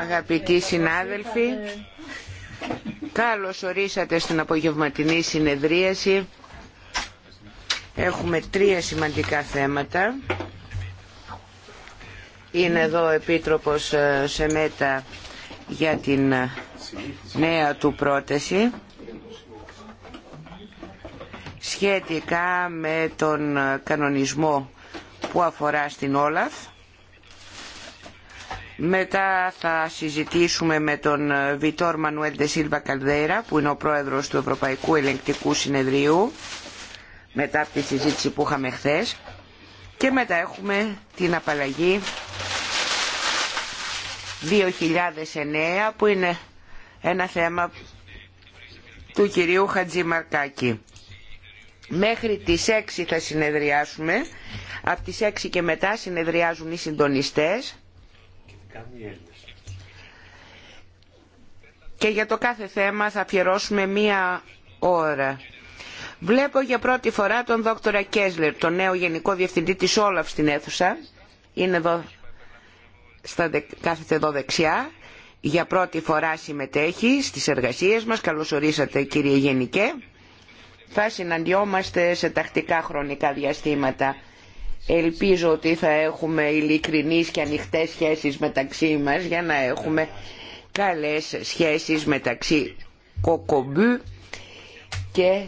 Αγαπητοί συνάδελφοι, καλώς ορίσατε στην απογευματινή συνεδρίαση. Έχουμε τρία σημαντικά θέματα. Είναι εδώ ο Επίτροπος ε, Σεμέτα για την ε, νέα του πρόταση σχετικά με τον ε, κανονισμό που αφορά στην Όλαφ. Μετά θα συζητήσουμε με τον Βιτόρ Μανουέλ Σίλβα Καλδέρα που είναι ο πρόεδρος του Ευρωπαϊκού Ελεγκτικού Συνεδρίου μετά από τη συζήτηση που είχαμε χθε. Και μετά έχουμε την απαλλαγή 2009 που είναι ένα θέμα του κυρίου Χατζημαρκάκη. Μέχρι τις 6 θα συνεδριάσουμε. Από τις 6 και μετά συνεδριάζουν οι συντονιστές. Και για το κάθε θέμα θα αφιερώσουμε μία ώρα. Βλέπω για πρώτη φορά τον δόκτωρα Κέσλερ, τον νέο Γενικό Διευθυντή της Όλαφ στην αίθουσα. Είναι εδώ, στα, κάθεται εδώ δεξιά. Για πρώτη φορά συμμετέχει στις εργασίες μας. Καλώς ορίσατε κύριε Γενικέ θα συναντιόμαστε σε τακτικά χρονικά διαστήματα. Ελπίζω ότι θα έχουμε ειλικρινείς και ανοιχτές σχέσεις μεταξύ μας για να έχουμε καλές σχέσεις μεταξύ Κοκομπού και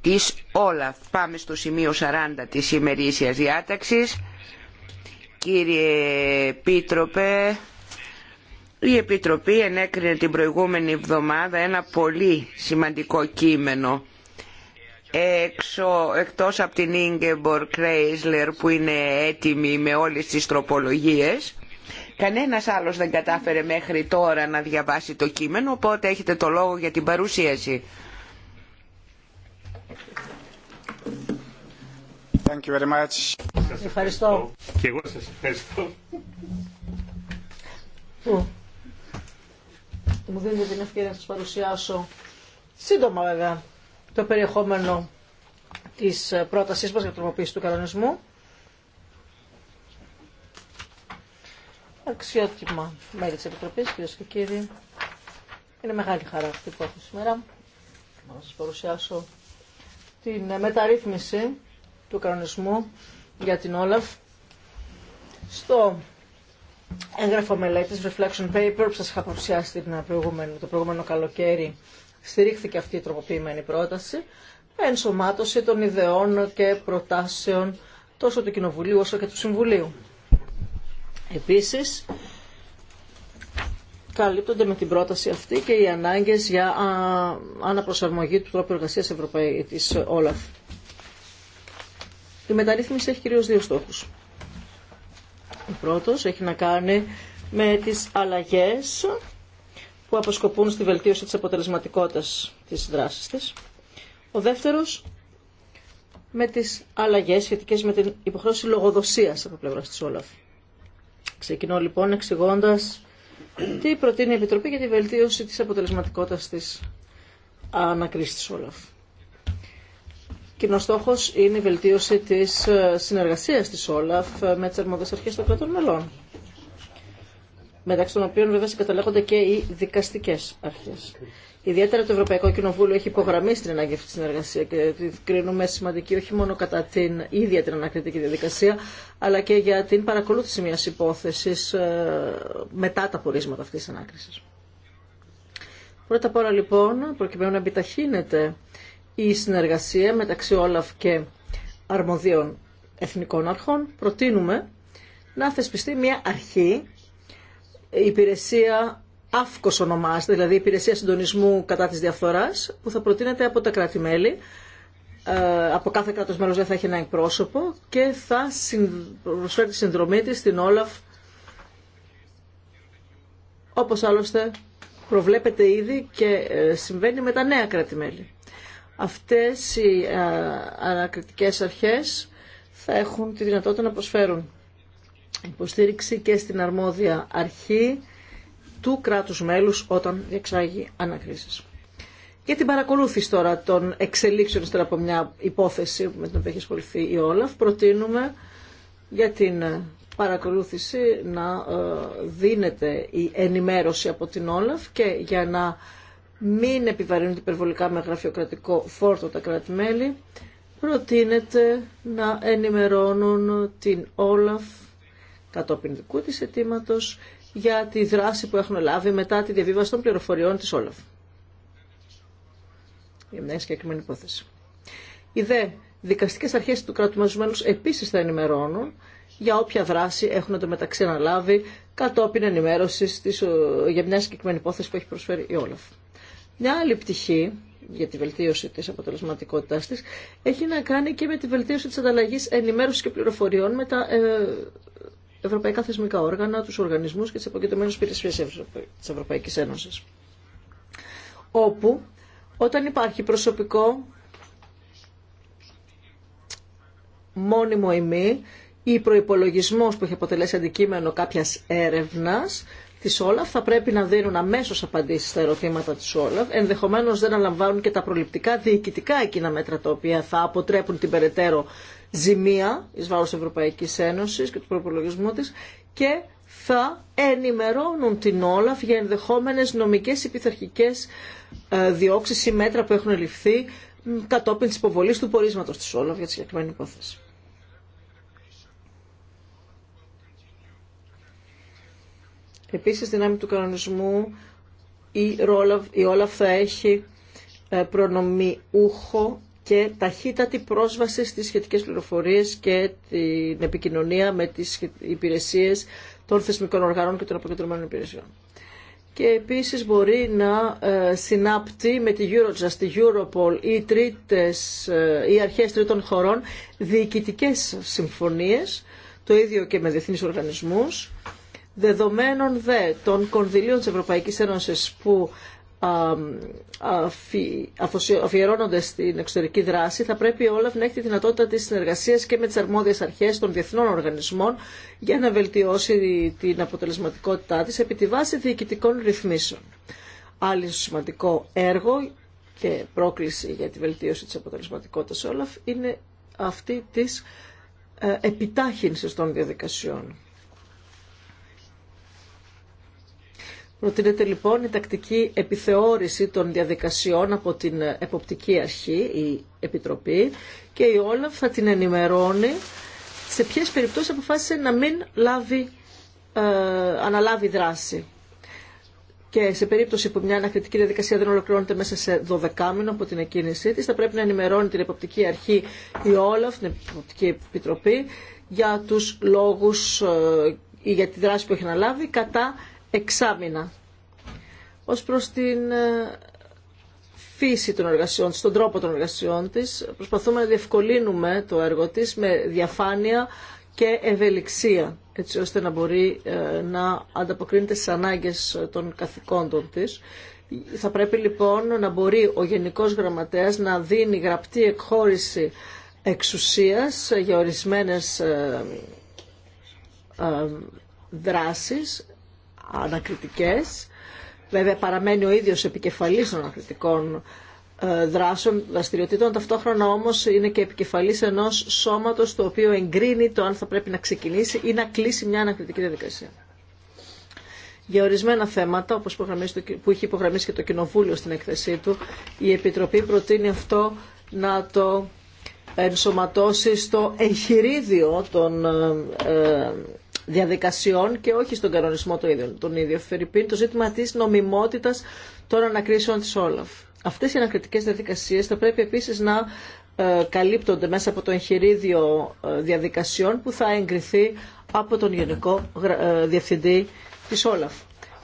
της Όλαφ. Πάμε στο σημείο 40 της ημερήσιας διάταξης. Κύριε Πίτροπε, η Επιτροπή ενέκρινε την προηγούμενη εβδομάδα ένα πολύ σημαντικό κείμενο έξω, εκτός από την Ίγκεμπορ Κρέισλερ που είναι έτοιμη με όλες τις τροπολογίες κανένας άλλος δεν κατάφερε μέχρι τώρα να διαβάσει το κείμενο οπότε έχετε το λόγο για την παρουσίαση Thank you very much. ευχαριστώ. εγώ σας ευχαριστώ που μου δίνετε την ευκαιρία να σας παρουσιάσω σύντομα βέβαια το περιεχόμενο της πρότασής μας για τροποποίηση του κανονισμού. Αξιότιμα μέλη της Επιτροπής, κύριε και κύριοι. Είναι μεγάλη χαρά αυτή που έχω σήμερα. Να σας παρουσιάσω την μεταρρύθμιση του κανονισμού για την Όλαφ στο έγγραφο μελέτης Reflection Paper που σας είχα παρουσιάσει το προηγούμενο καλοκαίρι στηρίχθηκε αυτή η τροποποιημένη πρόταση με ενσωμάτωση των ιδεών και προτάσεων τόσο του Κοινοβουλίου όσο και του Συμβουλίου. Επίσης, καλύπτονται με την πρόταση αυτή και οι ανάγκες για αναπροσαρμογή του τρόπου εργασίας Ευρωπαϊκής Όλαφ. Η μεταρρύθμιση έχει κυρίως δύο στόχους. Ο πρώτος έχει να κάνει με τις αλλαγές που αποσκοπούν στη βελτίωση της αποτελεσματικότητας της δράσης της. Ο δεύτερος με τις αλλαγές σχετικές με την υποχρέωση λογοδοσίας από πλευρά της Όλαφ. Ξεκινώ λοιπόν εξηγώντα τι προτείνει η Επιτροπή για τη βελτίωση της αποτελεσματικότητας της ανακρίσης της Όλαφ. Κοινό στόχο είναι η βελτίωση τη ε, συνεργασία τη Όλαφ ε, με τι αρμόδιε αρχέ των κρατών μελών. Μεταξύ των οποίων βέβαια συγκαταλέγονται και οι δικαστικέ αρχέ. Ιδιαίτερα το Ευρωπαϊκό Κοινοβούλιο έχει υπογραμμίσει την ανάγκη αυτή τη συνεργασία και τη κρίνουμε σημαντική όχι μόνο κατά την ίδια την ανακριτική διαδικασία, αλλά και για την παρακολούθηση μια υπόθεση ε, μετά τα πορίσματα αυτή τη ανάκριση. Πρώτα απ' όλα λοιπόν, προκειμένου να επιταχύνεται η συνεργασία μεταξύ Όλαφ και αρμοδίων εθνικών αρχών, προτείνουμε να θεσπιστεί μια αρχή, υπηρεσία αύκος ονομάζεται, δηλαδή υπηρεσία συντονισμού κατά της διαφθοράς, που θα προτείνεται από τα κράτη-μέλη, ε, από κάθε κράτος μέλος δεν θα έχει ένα εκπρόσωπο και θα προσφέρει τη συνδρομή της στην Όλαφ, όπως άλλωστε προβλέπεται ήδη και ε, συμβαίνει με τα νέα κράτη-μέλη αυτές οι ε, ανακριτικές αρχές θα έχουν τη δυνατότητα να προσφέρουν υποστήριξη και στην αρμόδια αρχή του κράτους μέλους όταν διεξάγει ανακρίσεις. Για την παρακολούθηση τώρα των εξελίξεων ύστερα από μια υπόθεση με την οποία έχει ασχοληθεί η Όλαφ, προτείνουμε για την παρακολούθηση να ε, δίνεται η ενημέρωση από την Όλαφ και για να μην επιβαρύνουν υπερβολικά με γραφειοκρατικό φόρτο τα κράτη-μέλη, προτείνεται να ενημερώνουν την Όλαφ κατόπιν δικού της αιτήματο για τη δράση που έχουν λάβει μετά τη διαβίβαση των πληροφοριών της Όλαφ. Για μια συγκεκριμένη υπόθεση. Οι δε δικαστικές αρχές του κράτου επίση μέλους επίσης θα ενημερώνουν για όποια δράση έχουν το μεταξύ αναλάβει κατόπιν ενημέρωση της, για μια συγκεκριμένη υπόθεση που έχει προσφέρει η Όλαφ. Μια άλλη πτυχή για τη βελτίωση της αποτελεσματικότητάς της έχει να κάνει και με τη βελτίωση της ανταλλαγής ενημέρωσης και πληροφοριών με τα ε, ευρωπαϊκά θεσμικά όργανα, τους οργανισμούς και τις αποκεντρωμένες υπηρεσίες της Ευρωπαϊκής Ένωσης. Όπου όταν υπάρχει προσωπικό μόνιμο ημί ή προϋπολογισμός που έχει αποτελέσει αντικείμενο κάποιας έρευνας, Τη Όλαφ θα πρέπει να δίνουν αμέσω απαντήσει στα ερωτήματα της Όλαφ, ενδεχομένως δεν αναλαμβάνουν και τα προληπτικά διοικητικά εκείνα μέτρα τα οποία θα αποτρέπουν την περαιτέρω ζημία εις βάρος Ευρωπαϊκής Ένωσης και του προπολογισμού της και θα ενημερώνουν την Όλαφ για ενδεχόμενε νομικές ή πειθαρχικέ ε, διώξει ή μέτρα που έχουν ληφθεί κατόπιν τη υποβολή του πορίσματος τη Όλαφ για τη συγκεκριμένη υπόθεση. Επίσης, δυνάμει του κανονισμού, η, Ρόλαβ, η Όλαφ θα έχει ε, προνομή ούχο και ταχύτατη πρόσβαση στις σχετικές πληροφορίες και την επικοινωνία με τις υπηρεσίες των θεσμικών οργάνων και των αποκεντρωμένων υπηρεσιών. Και επίσης μπορεί να ε, συνάπτει με τη Eurojust, τη Europol ή, τρίτες, ε, ή αρχές τρίτων χωρών διοικητικές συμφωνίες, το ίδιο και με διεθνείς οργανισμούς, Δεδομένων δε των κονδυλίων της Ευρωπαϊκής Ένωσης που αφιερώνονται στην εξωτερική δράση, θα πρέπει όλα να έχει τη δυνατότητα της συνεργασίας και με τις αρμόδιες αρχές των διεθνών οργανισμών για να βελτιώσει την αποτελεσματικότητά της επί τη βάση διοικητικών ρυθμίσεων. Άλλη σημαντικό έργο και πρόκληση για τη βελτίωση της αποτελεσματικότητας όλαφ είναι αυτή της ε, επιτάχυνσης των διαδικασιών. Προτείνεται λοιπόν η τακτική επιθεώρηση των διαδικασιών από την Εποπτική Αρχή, η Επιτροπή, και η Όλαφ θα την ενημερώνει σε ποιες περιπτώσεις αποφάσισε να μην λάβει, ε, αναλάβει δράση. Και σε περίπτωση που μια ανακριτική διαδικασία δεν ολοκληρώνεται μέσα σε 12 μήνων από την εκκίνησή τη, θα πρέπει να ενημερώνει την Εποπτική Αρχή η Όλαφ, την Εποπτική Επιτροπή, για του λόγου ε, ή για τη δράση που έχει αναλάβει κατά εξάμεινα. Ως προς την ε, φύση των εργασιών της, τον τρόπο των εργασιών της, προσπαθούμε να διευκολύνουμε το έργο της με διαφάνεια και ευελιξία, έτσι ώστε να μπορεί ε, να ανταποκρίνεται στις ανάγκες των καθηκόντων της. Θα πρέπει λοιπόν να μπορεί ο Γενικός Γραμματέας να δίνει γραπτή εκχώρηση εξουσίας για ορισμένες ε, δράσεις ανακριτικές. Βέβαια παραμένει ο ίδιος επικεφαλής των ανακριτικών ε, δράσεων, δραστηριοτήτων. Ταυτόχρονα όμως είναι και επικεφαλής ενός σώματος το οποίο εγκρίνει το αν θα πρέπει να ξεκινήσει ή να κλείσει μια ανακριτική διαδικασία. Για ορισμένα θέματα, όπως που είχε υπογραμμίσει και το Κοινοβούλιο στην έκθεσή του, η Επιτροπή προτείνει αυτό να το ενσωματώσει στο εγχειρίδιο των ε, ε, διαδικασιών και όχι στον κανονισμό των ίδιων. Τον ίδιο το ζήτημα της νομιμότητας των ανακρίσεων της Όλαφ. Αυτές οι ανακριτικές διαδικασίες θα πρέπει επίσης να ε, καλύπτονται μέσα από το εγχειρίδιο ε, διαδικασιών που θα εγκριθεί από τον Γενικό ε, Διευθυντή της Όλαφ,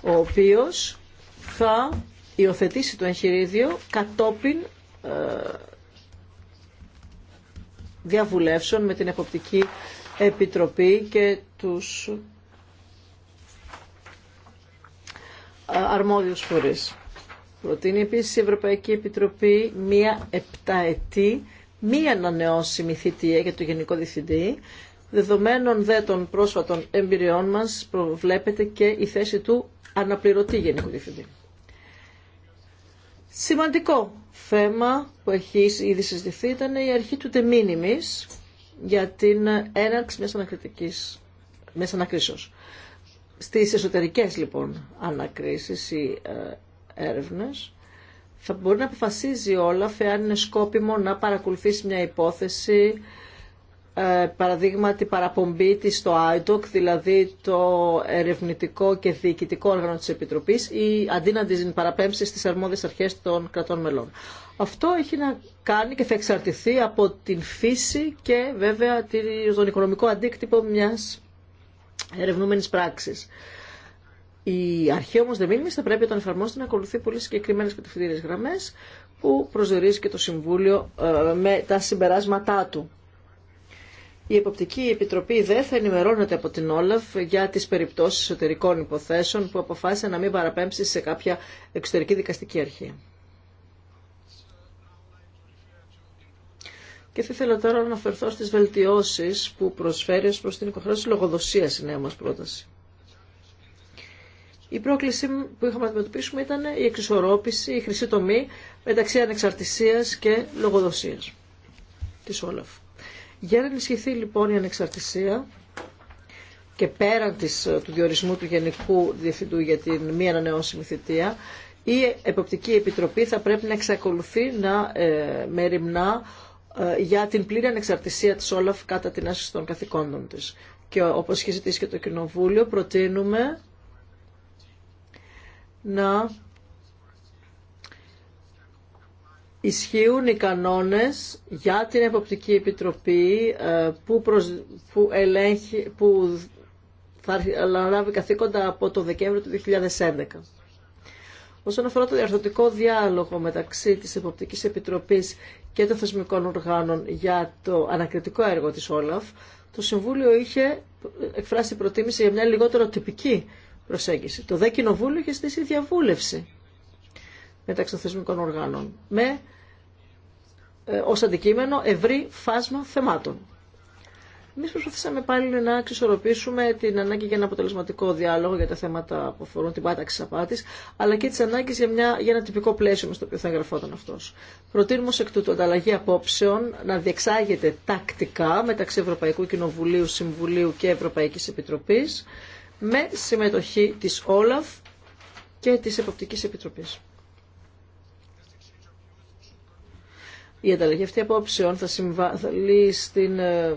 ο οποίος θα υιοθετήσει το εγχειρίδιο κατόπιν διαβουλεύσεων με την εποπτική Επιτροπή και τους αρμόδιους φορείς. Προτείνει επίσης η Ευρωπαϊκή Επιτροπή μία επταετή μη ανανεώσιμη θητεία για το Γενικό Διευθυντή. Δεδομένων δε των πρόσφατων εμπειριών μας προβλέπεται και η θέση του αναπληρωτή Γενικού Διευθυντή. Σημαντικό θέμα που έχει ήδη συζητηθεί ήταν η αρχή του τεμήνημις για την έναρξη μιας ανακριτικής, μιας ανακρίσεως. Στις εσωτερικές λοιπόν ανακρίσεις ή ε, έρευνες θα μπορεί να αποφασίζει όλα εάν είναι σκόπιμο να παρακολουθήσει μια υπόθεση ε, παραδείγματι παραπομπή της στο IDOC, δηλαδή το ερευνητικό και διοικητικό όργανο της Επιτροπής, ή αντί να την παραπέμψει στις αρμόδιες αρχές των κρατών μελών. Αυτό έχει να κάνει και θα εξαρτηθεί από την φύση και βέβαια τον οικονομικό αντίκτυπο μιας ερευνούμενης πράξης. Η αρχή όμως δεν μήνυμης θα πρέπει όταν εφαρμόζεται να ακολουθεί πολύ συγκεκριμένες κατευθυντήριε γραμμές που προσδιορίζει και το Συμβούλιο ε, με τα συμπεράσματά του η Εποπτική Επιτροπή δεν θα ενημερώνεται από την Όλαφ για τις περιπτώσεις εσωτερικών υποθέσεων που αποφάσισε να μην παραπέμψει σε κάποια εξωτερική δικαστική αρχή. Και θα ήθελα τώρα να αναφερθώ στις βελτιώσεις που προσφέρει ως προς την υποχρέωση λογοδοσίας η νέα μας πρόταση. Η πρόκληση που είχαμε να αντιμετωπίσουμε ήταν η εξισορρόπηση, η χρυσή τομή μεταξύ ανεξαρτησίας και λογοδοσίας της Όλαφ. Για να ενισχυθεί λοιπόν η ανεξαρτησία και πέραν της, ε, του διορισμού του Γενικού Διευθυντού για την μη ανανεώσιμη θητεία, η Εποπτική Επιτροπή θα πρέπει να εξακολουθεί να ε, μεριμνά ε, για την πλήρη ανεξαρτησία της Όλαφ κατά την άσκηση των καθηκόντων της. Και όπως έχει ζητήσει και το Κοινοβούλιο, προτείνουμε να ισχύουν οι κανόνες για την Εποπτική Επιτροπή ε, που, προσ... που, που θα λαμβάνει καθήκοντα από το Δεκέμβριο του 2011. Όσον αφορά το διαρθωτικό διάλογο μεταξύ της Εποπτικής Επιτροπής και των θεσμικών οργάνων για το ανακριτικό έργο της Όλαφ, το Συμβούλιο είχε εκφράσει προτίμηση για μια λιγότερο τυπική προσέγγιση. Το ΔΕ είχε στήσει διαβούλευση μεταξύ των θεσμικών οργάνων με ε, ως αντικείμενο ευρύ φάσμα θεμάτων. Εμεί προσπαθήσαμε πάλι να εξισορροπήσουμε την ανάγκη για ένα αποτελεσματικό διάλογο για τα θέματα που αφορούν την πάταξη τη απάτη, αλλά και τι ανάγκε για, για ένα τυπικό πλαίσιο με στο οποίο θα εγγραφόταν αυτό. Προτείνουμε ω εκ τούτου ανταλλαγή απόψεων να διεξάγεται τακτικά μεταξύ Ευρωπαϊκού Κοινοβουλίου, Συμβουλίου και Ευρωπαϊκή Επιτροπή με συμμετοχή τη Όλαφ και τη Εποπτική Επιτροπή. Η ανταλλαγή αυτή απόψεων θα συμβάλλει στην ε,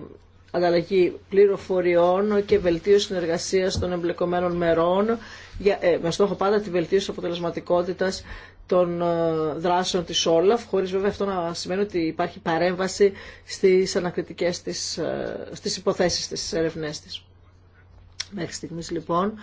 ανταλλαγή πληροφοριών και βελτίωση συνεργασία των εμπλεκομένων μερών για, ε, με στόχο πάντα τη βελτίωση αποτελεσματικότητα των ε, δράσεων της Όλαφ, χωρίς βέβαια αυτό να σημαίνει ότι υπάρχει παρέμβαση στις ανακριτικές της, ε, στις υποθέσεις της, στις έρευνές της. Μέχρι στιγμής λοιπόν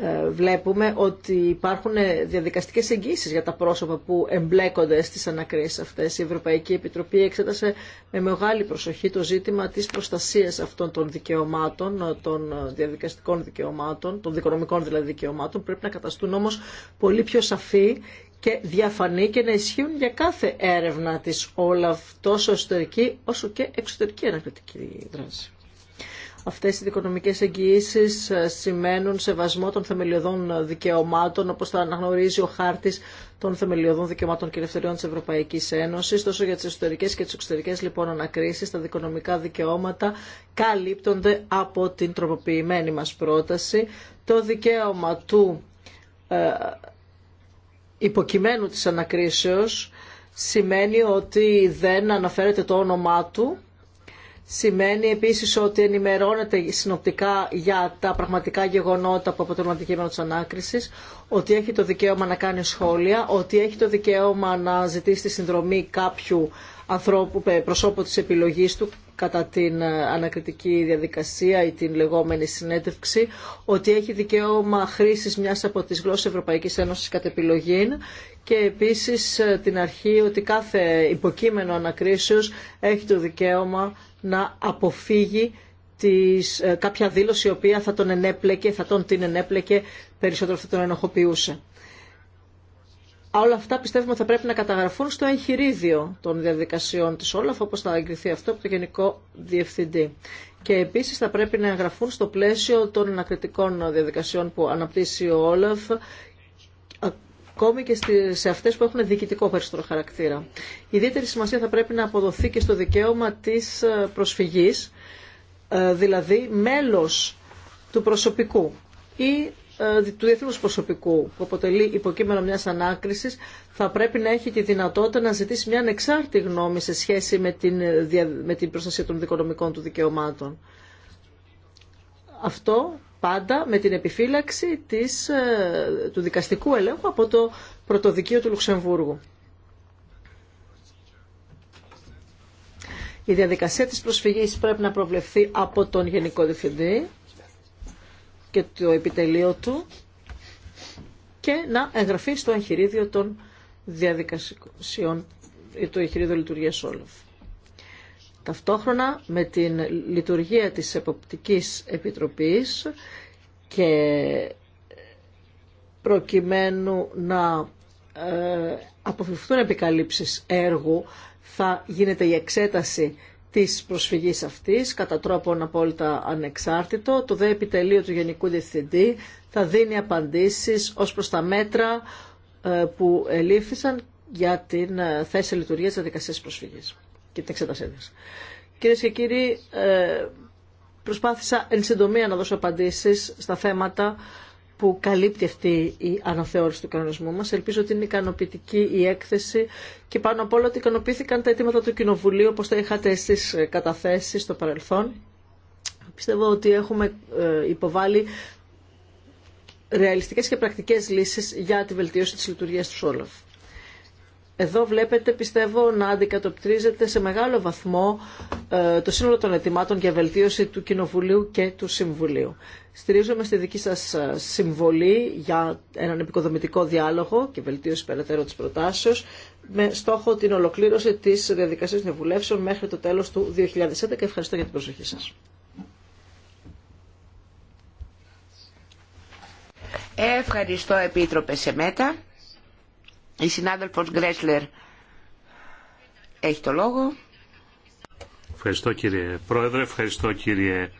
ε, βλέπουμε ότι υπάρχουν ε, διαδικαστικές εγγύσεις για τα πρόσωπα που εμπλέκονται στις ανακρίσεις αυτές. Η Ευρωπαϊκή Επιτροπή εξέτασε με μεγάλη προσοχή το ζήτημα της προστασίας αυτών των δικαιωμάτων, ε, των διαδικαστικών δικαιωμάτων, των δικονομικών δηλαδή δικαιωμάτων. Πρέπει να καταστούν όμως πολύ πιο σαφή και διαφανή και να ισχύουν για κάθε έρευνα της όλα τόσο εσωτερική όσο και εξωτερική ανακριτική δράση. Αυτές οι δικονομικές εγγυήσεις ε, σημαίνουν σεβασμό των θεμελιωδών δικαιωμάτων, όπως θα αναγνωρίζει ο χάρτης των θεμελιωδών δικαιωμάτων και ελευθεριών της Ευρωπαϊκής Ένωσης, τόσο για τις εσωτερικές και τις εξωτερικές λοιπόν ανακρίσεις, τα δικονομικά δικαιώματα καλύπτονται από την τροποποιημένη μας πρόταση. Το δικαίωμα του ε, υποκειμένου της ανακρίσεως σημαίνει ότι δεν αναφέρεται το όνομά του Σημαίνει επίση ότι ενημερώνεται συνοπτικά για τα πραγματικά γεγονότα που αποτελούν αντικείμενο τη ανάκριση, ότι έχει το δικαίωμα να κάνει σχόλια, ότι έχει το δικαίωμα να ζητήσει τη συνδρομή κάποιου ανθρώπου, ε, προσώπου τη επιλογή του κατά την ε, ανακριτική διαδικασία ή την λεγόμενη συνέντευξη, ότι έχει δικαίωμα χρήσης μιας από τις γλώσσες Ευρωπαϊκής Ένωσης κατά επιλογή και επίσης ε, την αρχή ότι κάθε υποκείμενο ανακρίσεως έχει το δικαίωμα να αποφύγει ε, κάποια δήλωση η οποία θα τον ενέπλεκε, θα τον την ενέπλεκε περισσότερο θα τον ενοχοποιούσε. Όλα αυτά πιστεύουμε θα πρέπει να καταγραφούν στο εγχειρίδιο των διαδικασιών της Όλαφ, όπως θα εγκριθεί αυτό από το Γενικό Διευθυντή. Και επίσης θα πρέπει να εγγραφούν στο πλαίσιο των ανακριτικών διαδικασιών που αναπτύσσει ο Όλαφ ακόμη και σε αυτές που έχουν διοικητικό περισσότερο χαρακτήρα. Η ιδιαίτερη σημασία θα πρέπει να αποδοθεί και στο δικαίωμα της ε, προσφυγής, ε, δηλαδή μέλος του προσωπικού ή ε, του διεθνού προσωπικού που αποτελεί υποκείμενο μιας ανάκρισης θα πρέπει να έχει τη δυνατότητα να ζητήσει μια ανεξάρτητη γνώμη σε σχέση με την, με την προστασία των δικονομικών του δικαιωμάτων. Αυτό πάντα με την επιφύλαξη της, ε, του δικαστικού ελέγχου από το πρωτοδικείο του Λουξεμβούργου. Η διαδικασία της προσφυγής πρέπει να προβλεφθεί από τον Γενικό Διευθυντή και το επιτελείο του και να εγγραφεί στο εγχειρίδιο των διαδικασιών, το εγχειρίδιο λειτουργίας όλων. Ταυτόχρονα με την λειτουργία της Εποπτικής Επιτροπής και προκειμένου να ε, αποφευθούν επικαλύψεις έργου θα γίνεται η εξέταση της προσφυγής αυτής κατά τρόπον απόλυτα ανεξάρτητο. Το δε επιτελείο του Γενικού Διευθυντή θα δίνει απαντήσεις ως προς τα μέτρα ε, που ελήφθησαν για την ε, θέση λειτουργίας της διαδικασίας προσφυγής και τα εξέτασέ Κυρίε και κύριοι, ε, προσπάθησα εν συντομία να δώσω απαντήσεις στα θέματα που καλύπτει αυτή η αναθεώρηση του κανονισμού μας. Ελπίζω ότι είναι ικανοποιητική η έκθεση και πάνω απ' όλα ότι ικανοποιήθηκαν τα αιτήματα του Κοινοβουλίου όπω τα είχατε εσεί καταθέσει στο παρελθόν. Πιστεύω ότι έχουμε ε, υποβάλει ρεαλιστικές και πρακτικές λύσεις για τη βελτίωση της λειτουργίας του Σόλαφ. Εδώ βλέπετε πιστεύω να αντικατοπτρίζεται σε μεγάλο βαθμό ε, το σύνολο των ετοιμάτων για βελτίωση του Κοινοβουλίου και του Συμβουλίου. Στηρίζομαι στη δική σας ε, συμβολή για έναν επικοδομητικό διάλογο και βελτίωση περαιτέρω της προτάσεως με στόχο την ολοκλήρωση της διαδικασίας διαβουλεύσεων μέχρι το τέλος του 2011. Ευχαριστώ για την προσοχή σας. Ευχαριστώ Επίτροπε Σεμέτα. Η συνάδελφος Γκρέσλερ έχει το λόγο. Ευχαριστώ κύριε Πρόεδρε, ευχαριστώ κύριε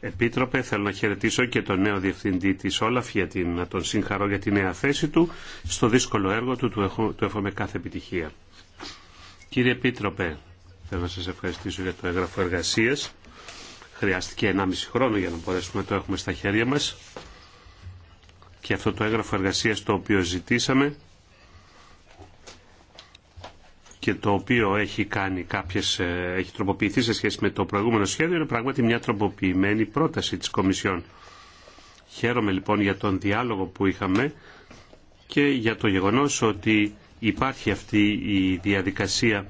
Επίτροπε. Θέλω να χαιρετήσω και τον νέο διευθυντή της Όλαφ για να τον συγχαρώ για τη νέα θέση του. Στο δύσκολο έργο του του, έχω, του εύχομαι κάθε επιτυχία. Κύριε Επίτροπε, θέλω να σας ευχαριστήσω για το έγγραφο εργασία. Χρειάστηκε 1,5 χρόνο για να μπορέσουμε να το έχουμε στα χέρια μας. Και αυτό το έγγραφο εργασία το οποίο ζητήσαμε και το οποίο έχει, κάνει κάποιες, ε, έχει τροποποιηθεί σε σχέση με το προηγούμενο σχέδιο είναι πράγματι μια τροποποιημένη πρόταση της Κομισιόν. Χαίρομαι λοιπόν για τον διάλογο που είχαμε και για το γεγονός ότι υπάρχει αυτή η διαδικασία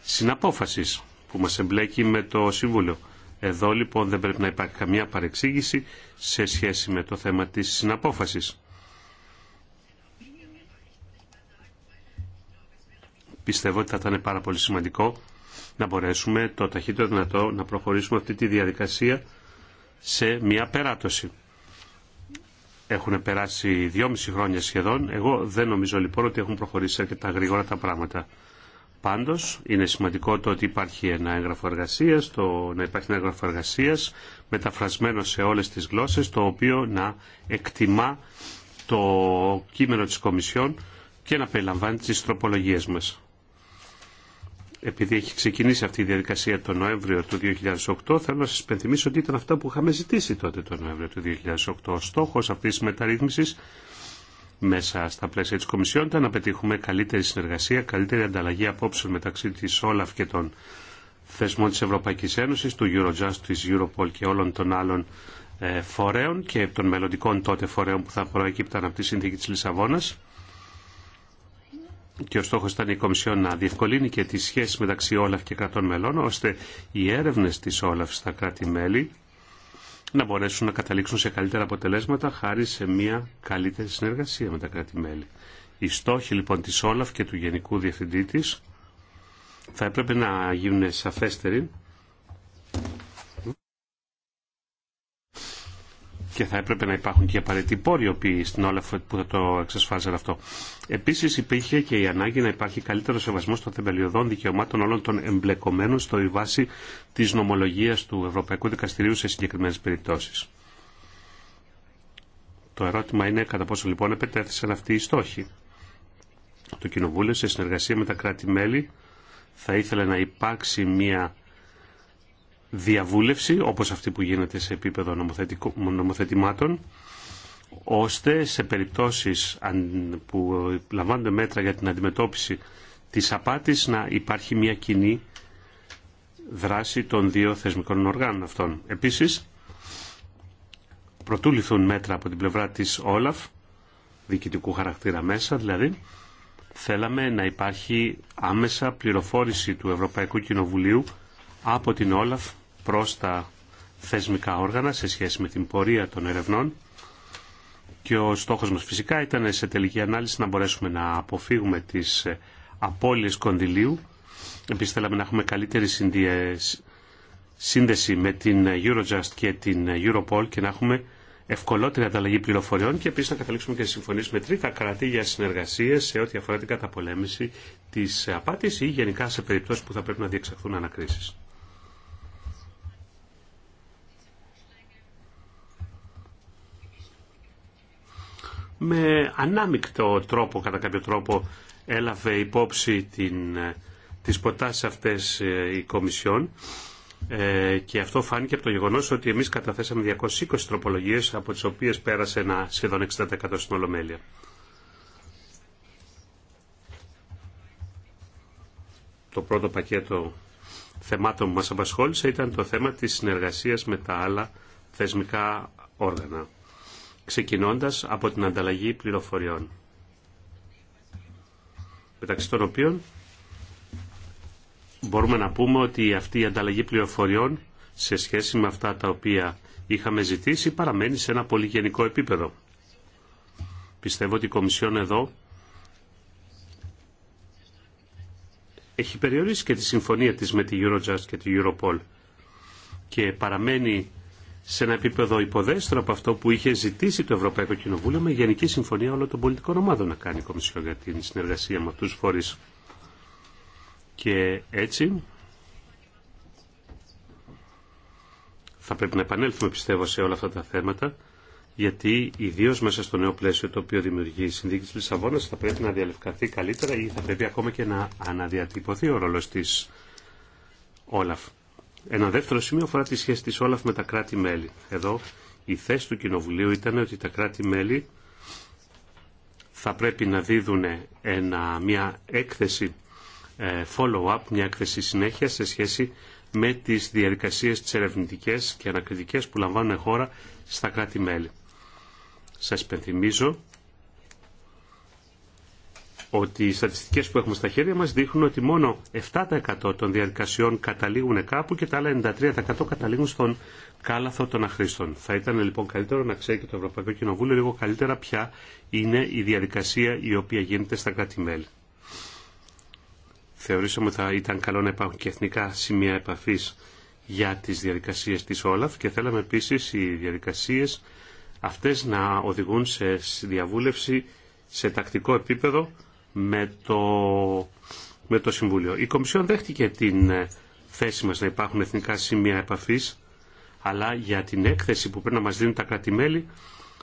συναπόφασης που μας εμπλέκει με το Συμβούλιο. Εδώ λοιπόν δεν πρέπει να υπάρχει καμία παρεξήγηση σε σχέση με το θέμα της συναπόφασης. πιστεύω ότι θα ήταν πάρα πολύ σημαντικό να μπορέσουμε το ταχύτερο δυνατό να προχωρήσουμε αυτή τη διαδικασία σε μια περάτωση. Έχουν περάσει δυόμιση χρόνια σχεδόν. Εγώ δεν νομίζω λοιπόν ότι έχουν προχωρήσει αρκετά γρήγορα τα πράγματα. Πάντω, είναι σημαντικό το ότι υπάρχει ένα έγγραφο εργασία, το να υπάρχει ένα έγγραφο εργασία μεταφρασμένο σε όλε τι γλώσσε, το οποίο να εκτιμά το κείμενο τη Κομισιόν και να περιλαμβάνει τι τροπολογίε μας επειδή έχει ξεκινήσει αυτή η διαδικασία τον Νοέμβριο του 2008, θέλω να σα υπενθυμίσω ότι ήταν αυτά που είχαμε ζητήσει τότε το Νοέμβριο του 2008. Ο στόχο αυτή τη μεταρρύθμισης μέσα στα πλαίσια τη Κομισιόν ήταν να πετύχουμε καλύτερη συνεργασία, καλύτερη ανταλλαγή απόψεων μεταξύ τη Όλαφ και των θεσμών τη Ευρωπαϊκή Ένωση, του Eurojust, τη Europol και όλων των άλλων ε, φορέων και των μελλοντικών τότε φορέων που θα προέκυπταν από τη Σύνθηκη τη Λισαβόνα και ο στόχος ήταν η Κομισιόν να διευκολύνει και τις σχέσεις μεταξύ Όλαφ και κρατών μελών, ώστε οι έρευνες της Όλαφ στα κράτη-μέλη να μπορέσουν να καταλήξουν σε καλύτερα αποτελέσματα χάρη σε μια καλύτερη συνεργασία με τα κράτη-μέλη. Οι στόχοι λοιπόν της Όλαφ και του Γενικού Διευθυντή της θα έπρεπε να γίνουν σαφέστεροι και θα έπρεπε να υπάρχουν και απαραίτητοι πόροι οποίοι στην που θα το εξασφάλιζαν αυτό. Επίση υπήρχε και η ανάγκη να υπάρχει καλύτερο σεβασμό των θεμελιωδών δικαιωμάτων όλων των εμπλεκομένων στο βάση τη νομολογία του Ευρωπαϊκού Δικαστηρίου σε συγκεκριμένε περιπτώσει. Το ερώτημα είναι κατά πόσο λοιπόν επετέθησαν αυτοί οι στόχοι. Το Κοινοβούλιο σε συνεργασία με τα κράτη-μέλη θα ήθελε να υπάρξει μια διαβούλευση, όπως αυτή που γίνεται σε επίπεδο νομοθετημάτων, ώστε σε περιπτώσεις που λαμβάνονται μέτρα για την αντιμετώπιση της απάτης να υπάρχει μια κοινή δράση των δύο θεσμικών οργάνων αυτών. Επίσης, προτού λυθούν μέτρα από την πλευρά της Όλαφ, διοικητικού χαρακτήρα μέσα δηλαδή, θέλαμε να υπάρχει άμεσα πληροφόρηση του Ευρωπαϊκού Κοινοβουλίου από την Όλαφ προς τα θεσμικά όργανα σε σχέση με την πορεία των ερευνών και ο στόχος μας φυσικά ήταν σε τελική ανάλυση να μπορέσουμε να αποφύγουμε τις απώλειες κονδυλίου. Επίσης θέλαμε να έχουμε καλύτερη σύνδεση με την Eurojust και την Europol και να έχουμε ευκολότερη ανταλλαγή πληροφοριών και επίσης να καταλήξουμε και συμφωνίες με τρίτα κράτη για συνεργασίες σε ό,τι αφορά την καταπολέμηση της απάτης ή γενικά σε περιπτώσεις που θα πρέπει να διεξαχθούν ανακρίσεις. με ανάμεικτο τρόπο, κατά κάποιο τρόπο, έλαβε υπόψη την, τις προτάσεις αυτές ε, η Κομισιόν ε, και αυτό φάνηκε από το γεγονός ότι εμείς καταθέσαμε 220 τροπολογίες από τις οποίες πέρασε ένα σχεδόν 60% στην Ολομέλεια. Το πρώτο πακέτο θεμάτων που μας απασχόλησε ήταν το θέμα της συνεργασίας με τα άλλα θεσμικά όργανα ξεκινώντας από την ανταλλαγή πληροφοριών. Μεταξύ των οποίων μπορούμε να πούμε ότι αυτή η ανταλλαγή πληροφοριών σε σχέση με αυτά τα οποία είχαμε ζητήσει παραμένει σε ένα πολύ γενικό επίπεδο. Πιστεύω ότι η Κομισιόν εδώ έχει περιορίσει και τη συμφωνία της με τη Eurojust και τη Europol και παραμένει σε ένα επίπεδο υποδέστερο από αυτό που είχε ζητήσει το Ευρωπαϊκό Κοινοβούλιο με γενική συμφωνία όλων των πολιτικών ομάδων να κάνει η Κομισιόν για την συνεργασία με αυτού του φορεί. Και έτσι θα πρέπει να επανέλθουμε πιστεύω σε όλα αυτά τα θέματα γιατί ιδίω μέσα στο νέο πλαίσιο το οποίο δημιουργεί η συνδίκη τη Λισαβόνα θα πρέπει να διαλευκαθεί καλύτερα ή θα πρέπει ακόμα και να αναδιατυπωθεί ο ρόλο τη Όλαφ. Ένα δεύτερο σημείο αφορά τη σχέση της Όλαφ με τα κράτη-μέλη. Εδώ η θέση του Κοινοβουλίου ήταν ότι τα κράτη-μέλη θα πρέπει να δίδουν ένα, μια έκθεση ε, follow-up, μια έκθεση συνέχεια σε σχέση με τις διαδικασίες τις ερευνητικές και ανακριτικές που λαμβάνουν χώρα στα κράτη-μέλη. Σας πενθυμίζω ότι οι στατιστικές που έχουμε στα χέρια μας δείχνουν ότι μόνο 7% των διαδικασιών καταλήγουν κάπου και τα άλλα 93% καταλήγουν στον κάλαθο των αχρήστων. Θα ήταν λοιπόν καλύτερο να ξέρει και το Ευρωπαϊκό Κοινοβούλιο λίγο καλύτερα ποια είναι η διαδικασία η οποία γίνεται στα κράτη-μέλη. Θεωρήσαμε ότι θα ήταν καλό να υπάρχουν και εθνικά σημεία επαφής για τις διαδικασίες της Όλαφ και θέλαμε επίσης οι διαδικασίες αυτές να οδηγούν σε διαβούλευση σε τακτικό επίπεδο με το, με το Συμβούλιο. Η Κομισιόν δέχτηκε την ε, θέση μας να υπάρχουν εθνικά σημεία επαφής, αλλά για την έκθεση που πρέπει να μας δίνουν τα κρατημέλη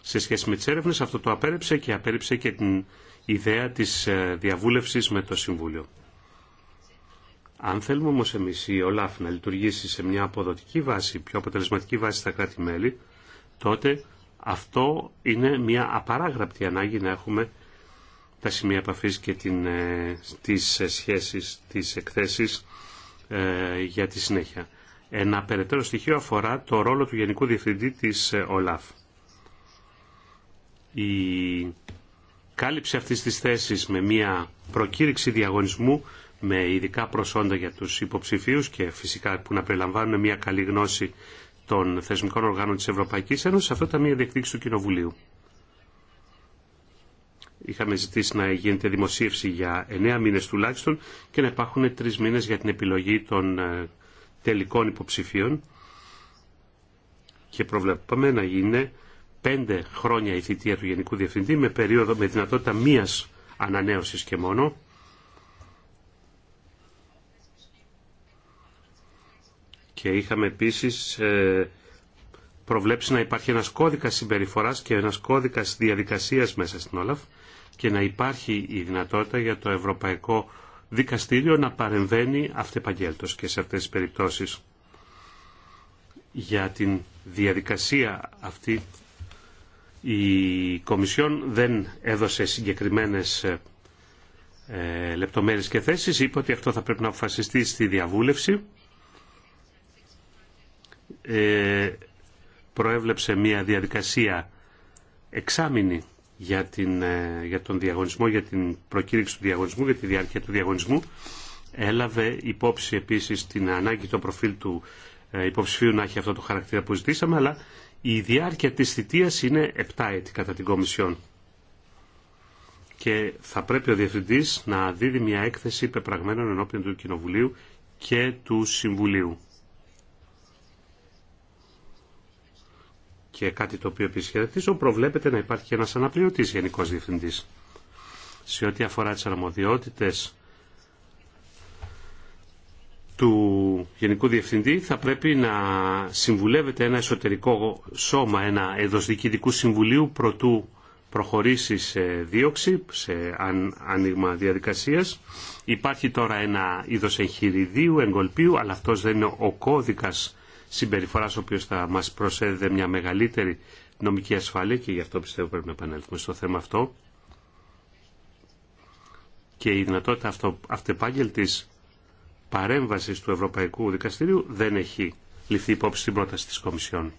σε σχέση με τις έρευνες, αυτό το απέρριψε και απέρριψε και την ιδέα της ε, διαβούλευσης με το Συμβούλιο. Αν θέλουμε όμως εμείς η ΟΛΑΦ να λειτουργήσει σε μια αποδοτική βάση, πιο αποτελεσματική βάση στα κράτη-μέλη, τότε αυτό είναι μια απαράγραπτη ανάγκη να έχουμε τα σημεία επαφής και την, ε, τις σχέσεις τις εκθέσεις ε, για τη συνέχεια. Ένα περαιτέρω στοιχείο αφορά το ρόλο του Γενικού Διευθυντή της ε, ΟΛΑΦ. Η κάλυψη αυτής της θέσης με μια προκήρυξη διαγωνισμού με ειδικά προσόντα για τους υποψηφίους και φυσικά που να περιλαμβάνουν μια καλή γνώση των θεσμικών οργάνων της Ευρωπαϊκής Ένωσης, αυτό ήταν μια διεκδίκηση του Κοινοβουλίου είχαμε ζητήσει να γίνεται δημοσίευση για εννέα μήνες τουλάχιστον και να υπάρχουν τρεις μήνες για την επιλογή των ε, τελικών υποψηφίων και προβλέπαμε να γίνει πέντε χρόνια η θητεία του Γενικού Διευθυντή με, περίοδο, με δυνατότητα μίας ανανέωσης και μόνο. Και είχαμε επίσης ε, προβλέψει να υπάρχει ένας κώδικας συμπεριφοράς και ένας κώδικας διαδικασίας μέσα στην Όλαφ και να υπάρχει η δυνατότητα για το Ευρωπαϊκό Δικαστήριο να παρεμβαίνει αυτεπαγγέλτος και σε αυτές τις περιπτώσεις. Για την διαδικασία αυτή η Κομισιόν δεν έδωσε συγκεκριμένες ε, λεπτομέρειες και θέσεις. Είπε ότι αυτό θα πρέπει να αποφασιστεί στη διαβούλευση. Ε, προέβλεψε μια διαδικασία εξάμηνη για, την, ε, για τον διαγωνισμό, για την προκήρυξη του διαγωνισμού, για τη διάρκεια του διαγωνισμού. Έλαβε υπόψη επίσης την ανάγκη το προφίλ του ε, υποψηφίου να έχει αυτό το χαρακτήρα που ζητήσαμε, αλλά η διάρκεια της θητείας είναι 7 έτη κατά την Κομισιόν. Και θα πρέπει ο Διευθυντής να δίδει μια έκθεση πεπραγμένων ενώπιον του Κοινοβουλίου και του Συμβουλίου. και κάτι το οποίο επίση χαιρετίζω, προβλέπεται να υπάρχει ένα ένας αναπληρωτής γενικός διευθυντής. Σε ό,τι αφορά τις αρμοδιότητε του Γενικού Διευθυντή θα πρέπει να συμβουλεύεται ένα εσωτερικό σώμα, ένα διοικητικού συμβουλίου προτού προχωρήσει σε δίωξη, σε άνοιγμα διαδικασίας. Υπάρχει τώρα ένα είδος εγχειριδίου, εγκολπίου, αλλά αυτός δεν είναι ο κώδικας συμπεριφοράς ο οποίος θα μας προσέδιδε μια μεγαλύτερη νομική ασφάλεια και γι' αυτό πιστεύω πρέπει να επανέλθουμε στο θέμα αυτό και η δυνατότητα αυτο, αυτεπάγγελτης παρέμβασης του Ευρωπαϊκού Δικαστηρίου δεν έχει ληφθεί υπόψη στην πρόταση της Κομισιόν.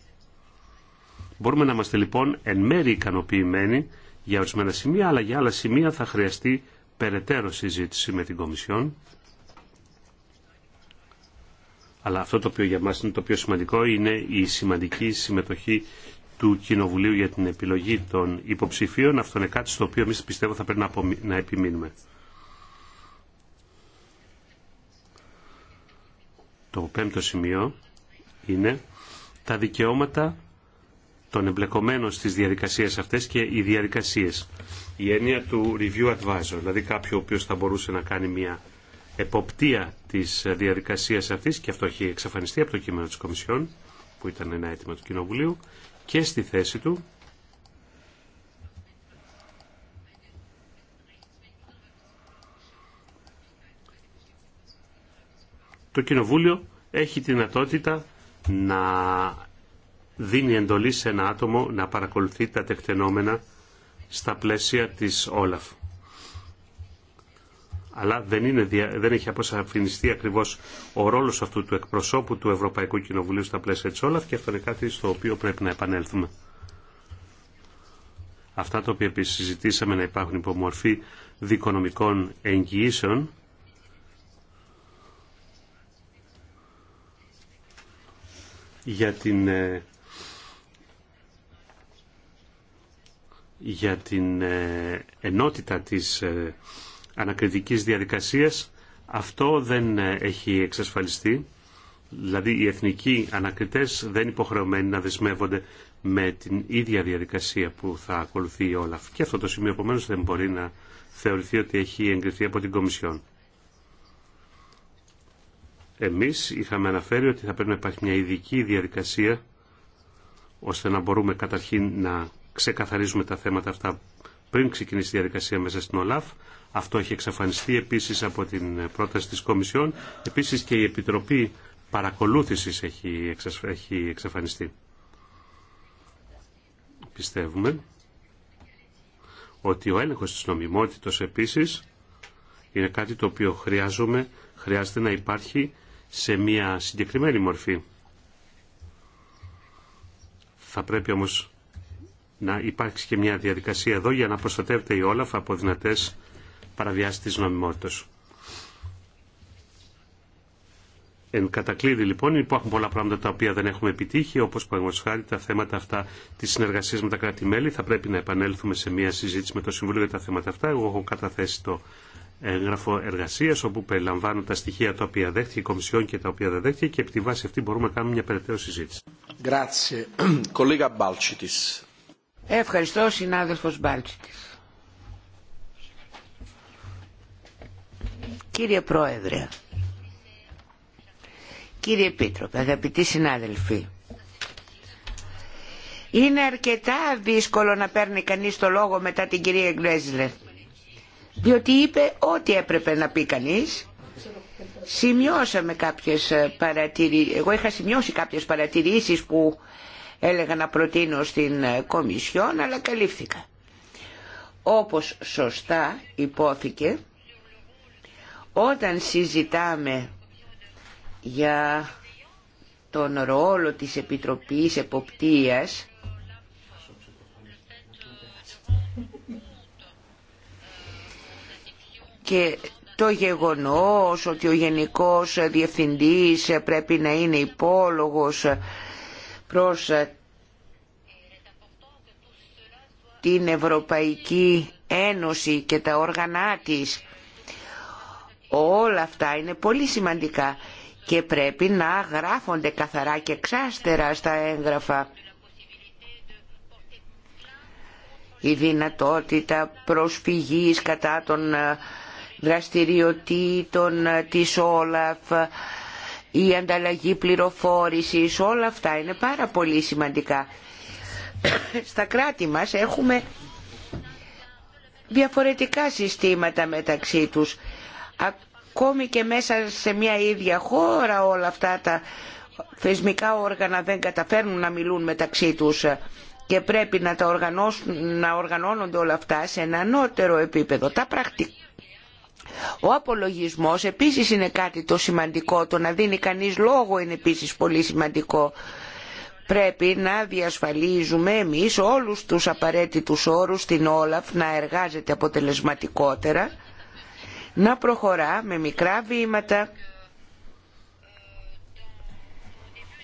Μπορούμε να είμαστε λοιπόν εν μέρη ικανοποιημένοι για ορισμένα σημεία, αλλά για άλλα σημεία θα χρειαστεί περαιτέρω συζήτηση με την Κομισιόν αλλά αυτό το οποίο για μας είναι το πιο σημαντικό είναι η σημαντική συμμετοχή του Κοινοβουλίου για την επιλογή των υποψηφίων. Αυτό είναι κάτι στο οποίο εμεί πιστεύω θα πρέπει να επιμείνουμε. Το πέμπτο σημείο είναι τα δικαιώματα των εμπλεκομένων στις διαδικασίες αυτές και οι διαδικασίες. Η έννοια του review advisor, δηλαδή κάποιο ο οποίος θα μπορούσε να κάνει μια εποπτεία της διαδικασίας αυτής και αυτό έχει εξαφανιστεί από το κείμενο της Κομισιόν που ήταν ένα αίτημα του Κοινοβουλίου και στη θέση του το Κοινοβούλιο έχει τη δυνατότητα να δίνει εντολή σε ένα άτομο να παρακολουθεί τα τεκτενόμενα στα πλαίσια της Όλαφ αλλά δεν, είναι, δεν έχει αποσαφινιστεί ακριβώ ο ρόλο αυτού του εκπροσώπου του Ευρωπαϊκού Κοινοβουλίου στα πλαίσια τη Όλαφ και αυτό είναι κάτι στο οποίο πρέπει να επανέλθουμε. Αυτά τα οποία επίση συζητήσαμε να υπάρχουν υπομορφή δικονομικών εγγυήσεων για την ε, για την ε, ενότητα της ε, ανακριτικής διαδικασίας αυτό δεν ε, έχει εξασφαλιστεί. Δηλαδή οι εθνικοί ανακριτές δεν υποχρεωμένοι να δεσμεύονται με την ίδια διαδικασία που θα ακολουθεί η Όλαφ. Και αυτό το σημείο επομένως δεν μπορεί να θεωρηθεί ότι έχει εγκριθεί από την Κομισιόν. Εμείς είχαμε αναφέρει ότι θα πρέπει να υπάρχει μια ειδική διαδικασία ώστε να μπορούμε καταρχήν να ξεκαθαρίζουμε τα θέματα αυτά πριν ξεκινήσει η διαδικασία μέσα στην ΟΛΑΦ, αυτό έχει εξαφανιστεί επίσης από την πρόταση της Κομισιόν. Επίσης και η Επιτροπή Παρακολούθησης έχει, έχει εξαφανιστεί. Πιστεύουμε ότι ο έλεγχος της νομιμότητος επίσης είναι κάτι το οποίο χρειάζομαι, χρειάζεται να υπάρχει σε μια συγκεκριμένη μορφή. Θα πρέπει όμως να υπάρξει και μια διαδικασία εδώ για να προστατεύεται η Όλαφ από δυνατές παραβιάσει της νομιμότητας. Εν κατακλείδη λοιπόν υπάρχουν πολλά πράγματα τα οποία δεν έχουμε επιτύχει, όπως παραδείγματος χάρη τα θέματα αυτά της συνεργασίας με τα κράτη-μέλη. Θα πρέπει να επανέλθουμε σε μια συζήτηση με το Συμβούλιο για τα θέματα αυτά. Εγώ έχω καταθέσει το έγγραφο εργασία, όπου περιλαμβάνω τα στοιχεία τα οποία δέχτηκε η Κομισιόν και τα οποία δεν δέχτηκε και επί τη βάση αυτή μπορούμε να κάνουμε μια περαιτέρω συζήτηση. Ευχαριστώ συνάδελφος Μπάλτσιτης. Κύριε Πρόεδρε, κύριε Επίτροπε, αγαπητοί συνάδελφοι, είναι αρκετά δύσκολο να παίρνει κανείς το λόγο μετά την κυρία Γκρέσλε, διότι είπε ό,τι έπρεπε να πει κανείς. Σημειώσαμε κάποιες ε, παρατηρήσεις, εγώ είχα σημειώσει κάποιες παρατηρήσεις που έλεγα να προτείνω στην ε, Κομισιόν, αλλά καλύφθηκα. Όπως σωστά υπόθηκε, όταν συζητάμε για τον ρόλο της Επιτροπής Εποπτείας και το γεγονός ότι ο Γενικός Διευθυντής πρέπει να είναι υπόλογος προς την Ευρωπαϊκή Ένωση και τα όργανά της Όλα αυτά είναι πολύ σημαντικά και πρέπει να γράφονται καθαρά και ξαστέρα στα έγγραφα. Η δυνατότητα προσφυγής κατά των ε, δραστηριοτήτων ε, της Όλαφ, η ανταλλαγή πληροφόρησης, όλα αυτά είναι πάρα πολύ σημαντικά. Στα κράτη μας έχουμε διαφορετικά συστήματα μεταξύ τους ακόμη και μέσα σε μια ίδια χώρα όλα αυτά τα θεσμικά όργανα δεν καταφέρνουν να μιλούν μεταξύ τους και πρέπει να, τα να οργανώνονται όλα αυτά σε ένα ανώτερο επίπεδο. Τα πρακτικά. Ο απολογισμός επίσης είναι κάτι το σημαντικό, το να δίνει κανείς λόγο είναι επίσης πολύ σημαντικό. Πρέπει να διασφαλίζουμε εμείς όλους τους απαραίτητους όρους στην Όλαφ να εργάζεται αποτελεσματικότερα να προχωρά με μικρά βήματα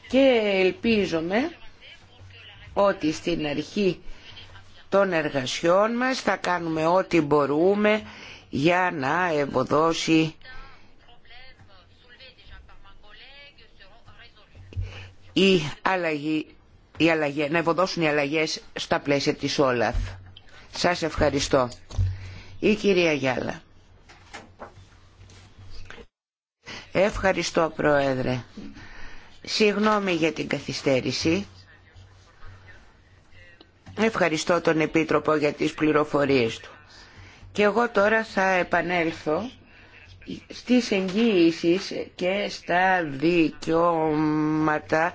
και ελπίζομαι ότι στην αρχή των εργασιών μας θα κάνουμε ό,τι μπορούμε για να ευωδώσει η αλλαγή, η αλλαγή, να ευωδώσουν οι αλλαγές στα πλαίσια της Όλαφ. Σας ευχαριστώ. Η κυρία Γιάλα. Ευχαριστώ Πρόεδρε. Συγγνώμη για την καθυστέρηση. Ευχαριστώ τον Επίτροπο για τις πληροφορίες του. Και εγώ τώρα θα επανέλθω στις εγγύησει και στα δικαιώματα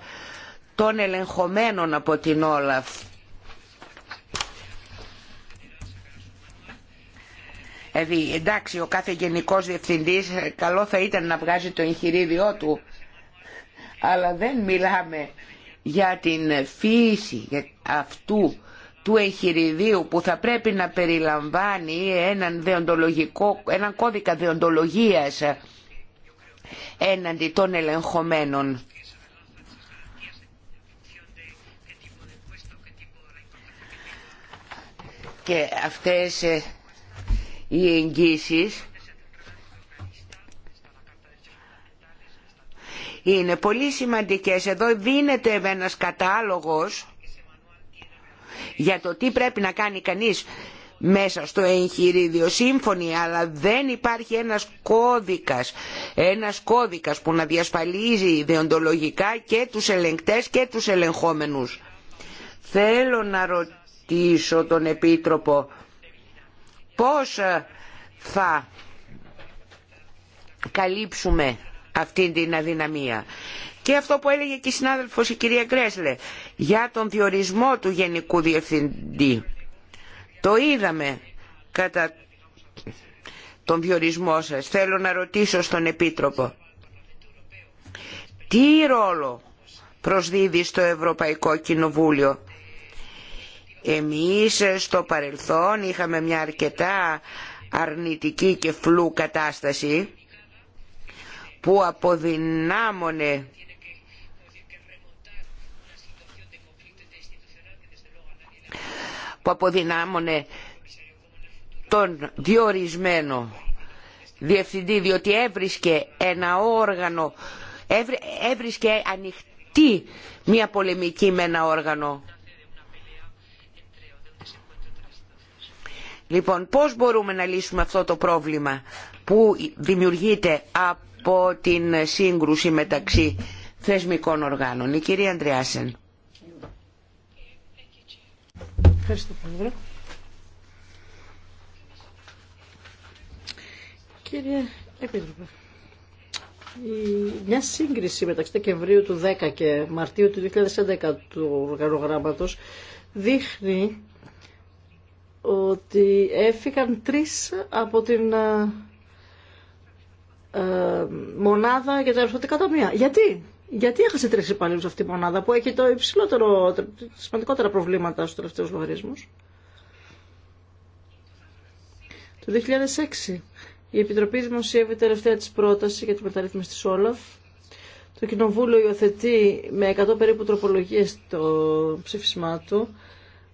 των ελεγχομένων από την Όλαφ Δηλαδή, εντάξει, ο κάθε γενικός διευθυντής ε, καλό θα ήταν να βγάζει το εγχειρίδιό του, αλλά δεν μιλάμε για την φύση αυτού του εγχειριδίου που θα πρέπει να περιλαμβάνει έναν, δεοντολογικό, έναν κώδικα δεοντολογίας ε, έναντι των ελεγχομένων. Και αυτές ε, οι εγγύσει είναι πολύ σημαντικές. Εδώ δίνεται ένας κατάλογος για το τι πρέπει να κάνει κανείς μέσα στο εγχειρίδιο σύμφωνοι, αλλά δεν υπάρχει ένας κώδικας, ένας κώδικας που να διασφαλίζει ιδεοντολογικά και τους ελεγκτές και τους ελεγχόμενους. Θέλω να ρωτήσω τον Επίτροπο πώς ε, θα καλύψουμε αυτήν την αδυναμία. Και αυτό που έλεγε και η συνάδελφος η κυρία Γκρέσλε για τον διορισμό του Γενικού Διευθυντή. Το είδαμε κατά τον διορισμό σας. Θέλω να ρωτήσω στον Επίτροπο. Τι ρόλο προσδίδει στο Ευρωπαϊκό Κοινοβούλιο εμείς στο παρελθόν είχαμε μια αρκετά αρνητική και φλού κατάσταση που αποδυνάμωνε που αποδυνάμωνε τον διορισμένο διευθυντή διότι έβρισκε ένα όργανο έβρισκε ανοιχτή μια πολεμική με ένα όργανο Λοιπόν, πώς μπορούμε να λύσουμε αυτό το πρόβλημα που δημιουργείται από την σύγκρουση μεταξύ θεσμικών οργάνων. Η κυρία Αντριάσεν. Ευχαριστώ, Πρόεδρε. Κύριε Επίτροπε, μια σύγκριση μεταξύ Δεκεμβρίου του 10 και Μαρτίου του 2011 του οργανογράμματος δείχνει ότι έφυγαν τρεις από την ε, ε μονάδα για τα κατά ταμεία. Γιατί? Γιατί έχασε τρεις υπαλλήλους αυτή η μονάδα που έχει το υψηλότερο, σημαντικότερα προβλήματα στους τελευταίους λογισμου. Το 2006 η Επιτροπή δημοσιεύει τελευταία της πρόταση για την μεταρρύθμιση της Όλαφ. Το Κοινοβούλιο υιοθετεί με 100 περίπου τροπολογίες το ψήφισμά του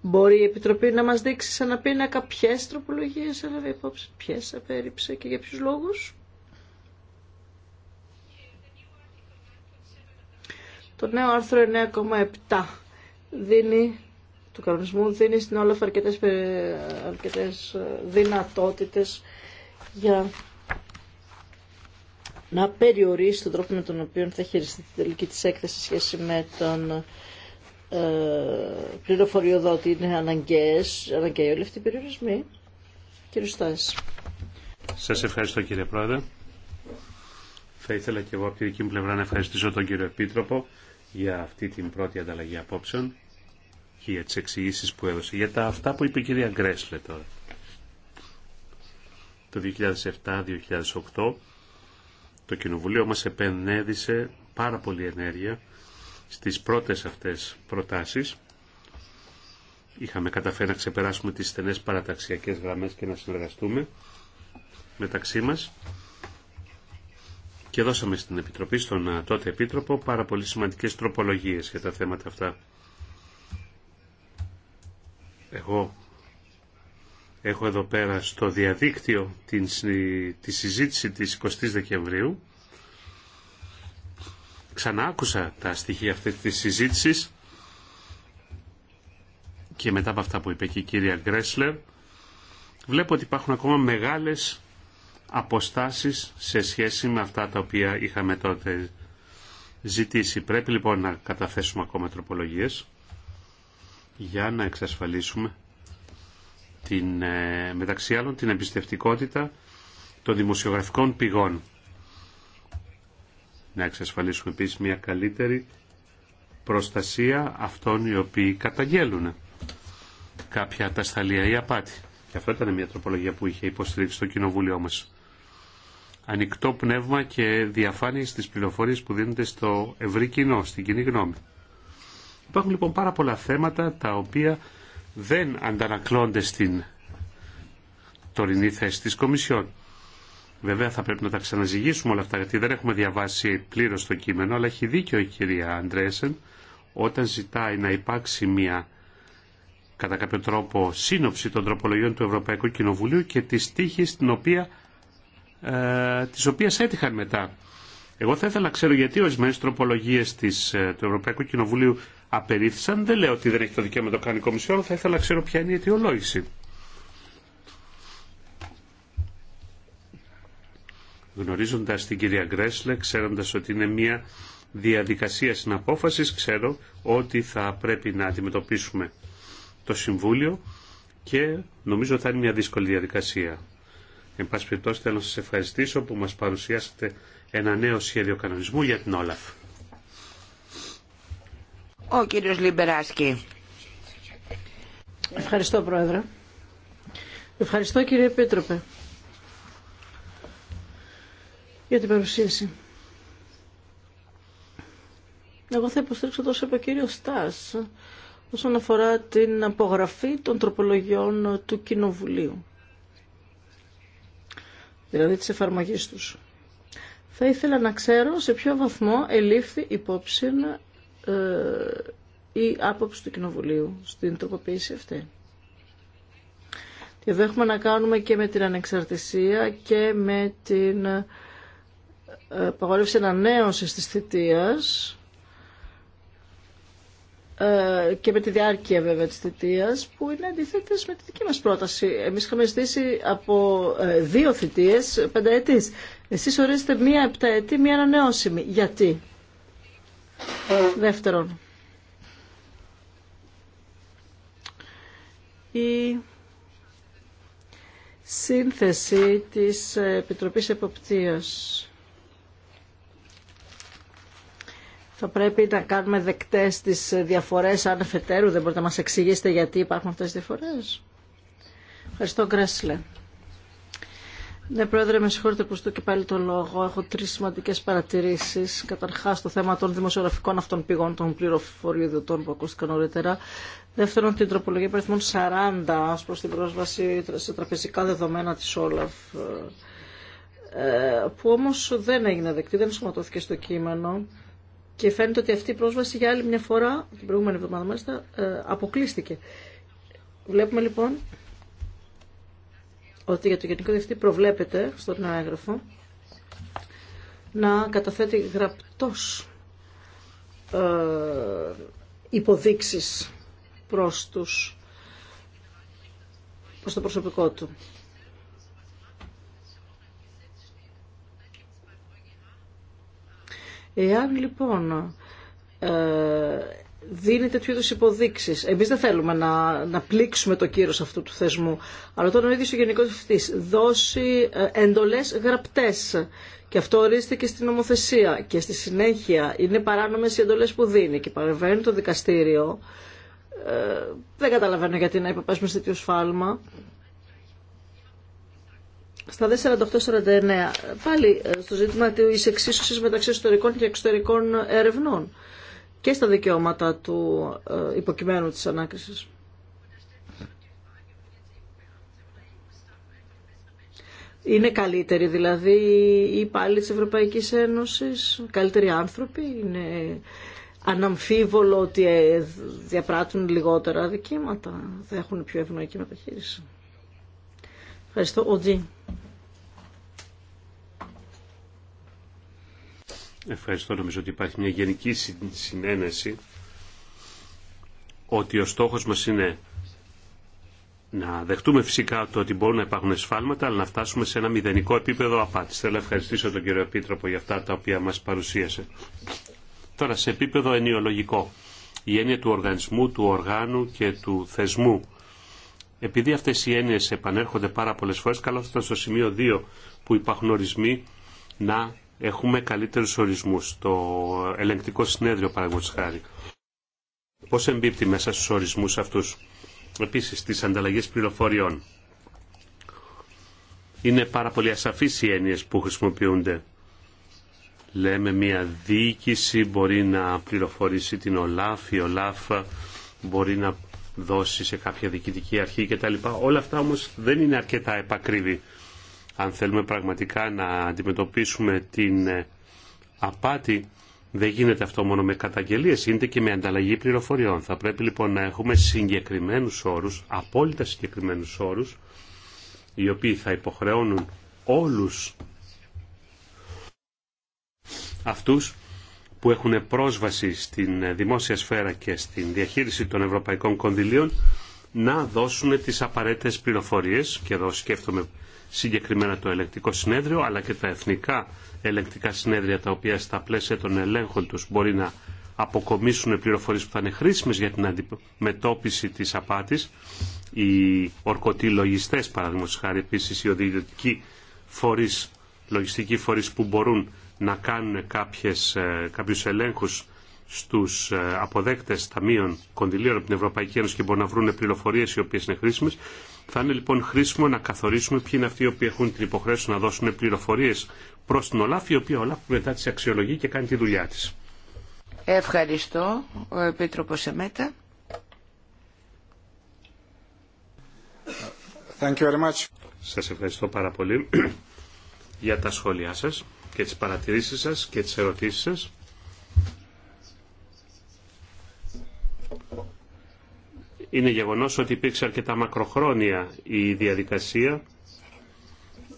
Μπορεί η Επιτροπή να μας δείξει σαν να πίνακα ποιες τροπολογίες έλαβε υπόψη, ποιες απέρριψε και για ποιους λόγους. Το νέο άρθρο 9,7 δίνει του κανονισμού δίνει στην όλα αρκετές, αρκετές ε, δυνατότητες για να περιορίσει τον τρόπο με τον οποίο θα χειριστεί την τελική της έκθεση σχέση με τον ε, ότι είναι αναγκαίες, αναγκαίοι όλοι αυτοί οι περιορισμοί. Κύριε Στάση. Σας ευχαριστώ κύριε Πρόεδρε. Θα ήθελα και εγώ από τη δική μου πλευρά να ευχαριστήσω τον κύριο Επίτροπο για αυτή την πρώτη ανταλλαγή απόψεων και για τις εξηγήσει που έδωσε. Για τα αυτά που είπε η κυρία Γκρέσλε τώρα. Το 2007-2008 το Κοινοβουλίο μας επενέδισε πάρα πολύ ενέργεια στις πρώτες αυτές προτάσεις είχαμε καταφέρει να ξεπεράσουμε τις στενές παραταξιακές γραμμές και να συνεργαστούμε μεταξύ μας και δώσαμε στην Επιτροπή, στον τότε Επίτροπο, πάρα πολύ σημαντικές τροπολογίες για τα θέματα αυτά. Εγώ έχω εδώ πέρα στο διαδίκτυο την, τη συζήτηση της 20 Δεκεμβρίου ξαναάκουσα τα στοιχεία αυτή της συζήτησης και μετά από αυτά που είπε και η κυρία Γκρέσλερ, βλέπω ότι υπάρχουν ακόμα μεγάλες αποστάσεις σε σχέση με αυτά τα οποία είχαμε τότε ζητήσει. Πρέπει λοιπόν να καταθέσουμε ακόμα τροπολογίες για να εξασφαλίσουμε την, ε, μεταξύ άλλων την εμπιστευτικότητα των δημοσιογραφικών πηγών να εξασφαλίσουμε επίσης μια καλύτερη προστασία αυτών οι οποίοι καταγγέλουν κάποια ατασταλία ή απάτη. Και αυτό ήταν μια τροπολογία που είχε υποστηρίξει το Κοινοβούλιο μας. Ανοιχτό πνεύμα και διαφάνεια στις πληροφορίες που δίνονται στο ευρύ κοινό, στην κοινή γνώμη. Υπάρχουν λοιπόν πάρα πολλά θέματα τα οποία δεν αντανακλώνται στην τωρινή θέση της Κομισιόν. Βέβαια θα πρέπει να τα ξαναζυγίσουμε όλα αυτά γιατί δεν έχουμε διαβάσει πλήρως το κείμενο αλλά έχει δίκιο η κυρία Αντρέσεν όταν ζητάει να υπάρξει μια κατά κάποιο τρόπο σύνοψη των τροπολογιών του Ευρωπαϊκού Κοινοβουλίου και της τύχης την οποία, ε, της οποίας έτυχαν μετά. Εγώ θα ήθελα να ξέρω γιατί ορισμένε τροπολογίε ε, του Ευρωπαϊκού Κοινοβουλίου απερίφθησαν. Δεν λέω ότι δεν έχει το δικαίωμα το κάνει η Κομισιόν, θα ήθελα να ξέρω ποια είναι η αιτιολόγηση. Γνωρίζοντας την κυρία Γκρέσλε, ξέροντας ότι είναι μια διαδικασία συναπόφασης, ξέρω ότι θα πρέπει να αντιμετωπίσουμε το Συμβούλιο και νομίζω θα είναι μια δύσκολη διαδικασία. Εν πάση περιπτώσει θέλω να σας ευχαριστήσω που μας παρουσιάσατε ένα νέο σχέδιο κανονισμού για την Όλαφ. Ο κύριος Λιμπεράσκη. Ευχαριστώ Πρόεδρε. Ευχαριστώ κύριε Επίτροπε για την παρουσίαση. Εγώ θα υποστήριξω τόσο από κύριο Στάς όσον αφορά την απογραφή των τροπολογιών του Κοινοβουλίου. Δηλαδή της εφαρμογής τους. Θα ήθελα να ξέρω σε ποιο βαθμό ελήφθη υπόψη ε, η άποψη του Κοινοβουλίου στην τροποποίηση αυτή. Και εδώ έχουμε να κάνουμε και με την ανεξαρτησία και με την απαγόρευση ανανέωση της θητείας ε, και με τη διάρκεια βέβαια της θητείας που είναι αντιθέτες με τη δική μας πρόταση. Εμείς είχαμε ζητήσει από ε, δύο θητείες πενταετής. Εσείς ορίζετε μία επταετή, μία ανανεώσιμη. Γιατί. Δεύτερον. Η σύνθεση της Επιτροπής Εποπτείας θα πρέπει να κάνουμε δεκτές τις διαφορές αν Δεν μπορείτε να μας εξηγήσετε γιατί υπάρχουν αυτές τις διαφορές. Ευχαριστώ, Γκρέσλε. Ναι, Πρόεδρε, με συγχωρείτε που ζητώ και πάλι το λόγο. Έχω τρει σημαντικέ παρατηρήσει. Καταρχά, το θέμα των δημοσιογραφικών αυτών πηγών των πληροφοριοδοτών που ακούστηκαν νωρίτερα. Δεύτερον, την τροπολογία περιθμών 40 ω προ την πρόσβαση σε τραπεζικά δεδομένα τη Όλαφ. Ε, που όμω δεν έγινε δεκτή, δεν σωματώθηκε στο κείμενο. Και φαίνεται ότι αυτή η πρόσβαση για άλλη μια φορά, την προηγούμενη εβδομάδα μάλιστα, ε, αποκλείστηκε. Βλέπουμε λοιπόν ότι για το Γενικό Διευθυντή προβλέπεται στο νέο έγγραφο να καταθέτει γραπτός ε, υποδείξεις προς, τους, προς το προσωπικό του. Εάν λοιπόν ε, δίνει τέτοιου είδου υποδείξει. Εμεί δεν θέλουμε να, να πλήξουμε το κύρο αυτού του θεσμού. Αλλά όταν ο ίδιο ο Γενικό Διευθυντή δώσει ε, εντολέ γραπτέ και αυτό ορίζεται και στην νομοθεσία και στη συνέχεια είναι παράνομε οι εντολέ που δίνει και παρεμβαίνει το δικαστήριο. Ε, δεν καταλαβαίνω γιατί να υποπέσουμε σε τέτοιο σφάλμα. Στα 4849, πάλι ε, στο ζήτημα τη εξίσωση μεταξύ εσωτερικών και εξωτερικών ερευνών και στα δικαιώματα του ε, υποκειμένου της ανάκρισης. Είναι καλύτεροι δηλαδή οι υπάλληλοι της Ευρωπαϊκής Ένωσης, καλύτεροι άνθρωποι, είναι αναμφίβολο ότι ε, διαπράττουν λιγότερα δικήματα, θα έχουν πιο ευνοϊκή μεταχείριση. Ευχαριστώ. Ο Ευχαριστώ. Νομίζω ότι υπάρχει μια γενική συνένεση ότι ο στόχος μας είναι να δεχτούμε φυσικά το ότι μπορούν να υπάρχουν εσφάλματα, αλλά να φτάσουμε σε ένα μηδενικό επίπεδο απάτη. Θέλω να ευχαριστήσω τον κύριο Επίτροπο για αυτά τα οποία μας παρουσίασε. Τώρα, σε επίπεδο ενιολογικό, η έννοια του οργανισμού, του οργάνου και του θεσμού. Επειδή αυτές οι έννοιες επανέρχονται πάρα πολλές φορές, καλό ήταν στο σημείο 2 που υπάρχουν ορισμοί να έχουμε καλύτερους ορισμούς. Το ελεγκτικό συνέδριο παραγωγής χάρη. Πώς εμπίπτει μέσα στους ορισμούς αυτούς. Επίσης, τις ανταλλαγές πληροφοριών. Είναι πάρα πολύ ασαφείς οι έννοιες που χρησιμοποιούνται. Λέμε μια διοίκηση μπορεί να πληροφορήσει την ΟΛΑΦ, η ΟΛΑΦ μπορεί να δώσει σε κάποια διοικητική αρχή κτλ. Όλα αυτά όμως δεν είναι αρκετά επακρίβη. Αν θέλουμε πραγματικά να αντιμετωπίσουμε την ε, απάτη, δεν γίνεται αυτό μόνο με καταγγελίες, γίνεται και με ανταλλαγή πληροφοριών. Θα πρέπει λοιπόν να έχουμε συγκεκριμένους όρους, απόλυτα συγκεκριμένους όρους, οι οποίοι θα υποχρεώνουν όλους αυτούς που έχουν πρόσβαση στην ε, δημόσια σφαίρα και στην διαχείριση των ευρωπαϊκών κονδυλίων να δώσουν τις απαραίτητες πληροφορίες και εδώ σκέφτομαι συγκεκριμένα το ελεκτικό συνέδριο αλλά και τα εθνικά ελεκτικά συνέδρια τα οποία στα πλαίσια των ελέγχων τους μπορεί να αποκομίσουν πληροφορίες που θα είναι χρήσιμες για την αντιμετώπιση της απάτης. Οι ορκωτοί λογιστές, παραδείγματο χάρη, επίση οι οδηγητικοί φορείς, λογιστικοί φορείς που μπορούν να κάνουν κάποιες, ε, κάποιους ελέγχους στους ε, αποδέκτες ταμείων κονδυλίων από την Ευρωπαϊκή Ένωση και μπορούν να βρουν πληροφορίες οι οποίες είναι χρήσιμες. Θα είναι λοιπόν χρήσιμο να καθορίσουμε ποιοι είναι αυτοί οι οποίοι έχουν την υποχρέωση να δώσουν πληροφορίε προ την ΟΛΑΦ, η οποία ΟΛΑΦ μετά τι αξιολογεί και κάνει τη δουλειά τη. Ευχαριστώ. Ο Επίτροπο Εμέτα. Thank you very much. Σας ευχαριστώ πάρα πολύ για τα σχόλιά σας και τις παρατηρήσεις σας και τις ερωτήσεις σας. Είναι γεγονός ότι υπήρξε αρκετά μακροχρόνια η διαδικασία.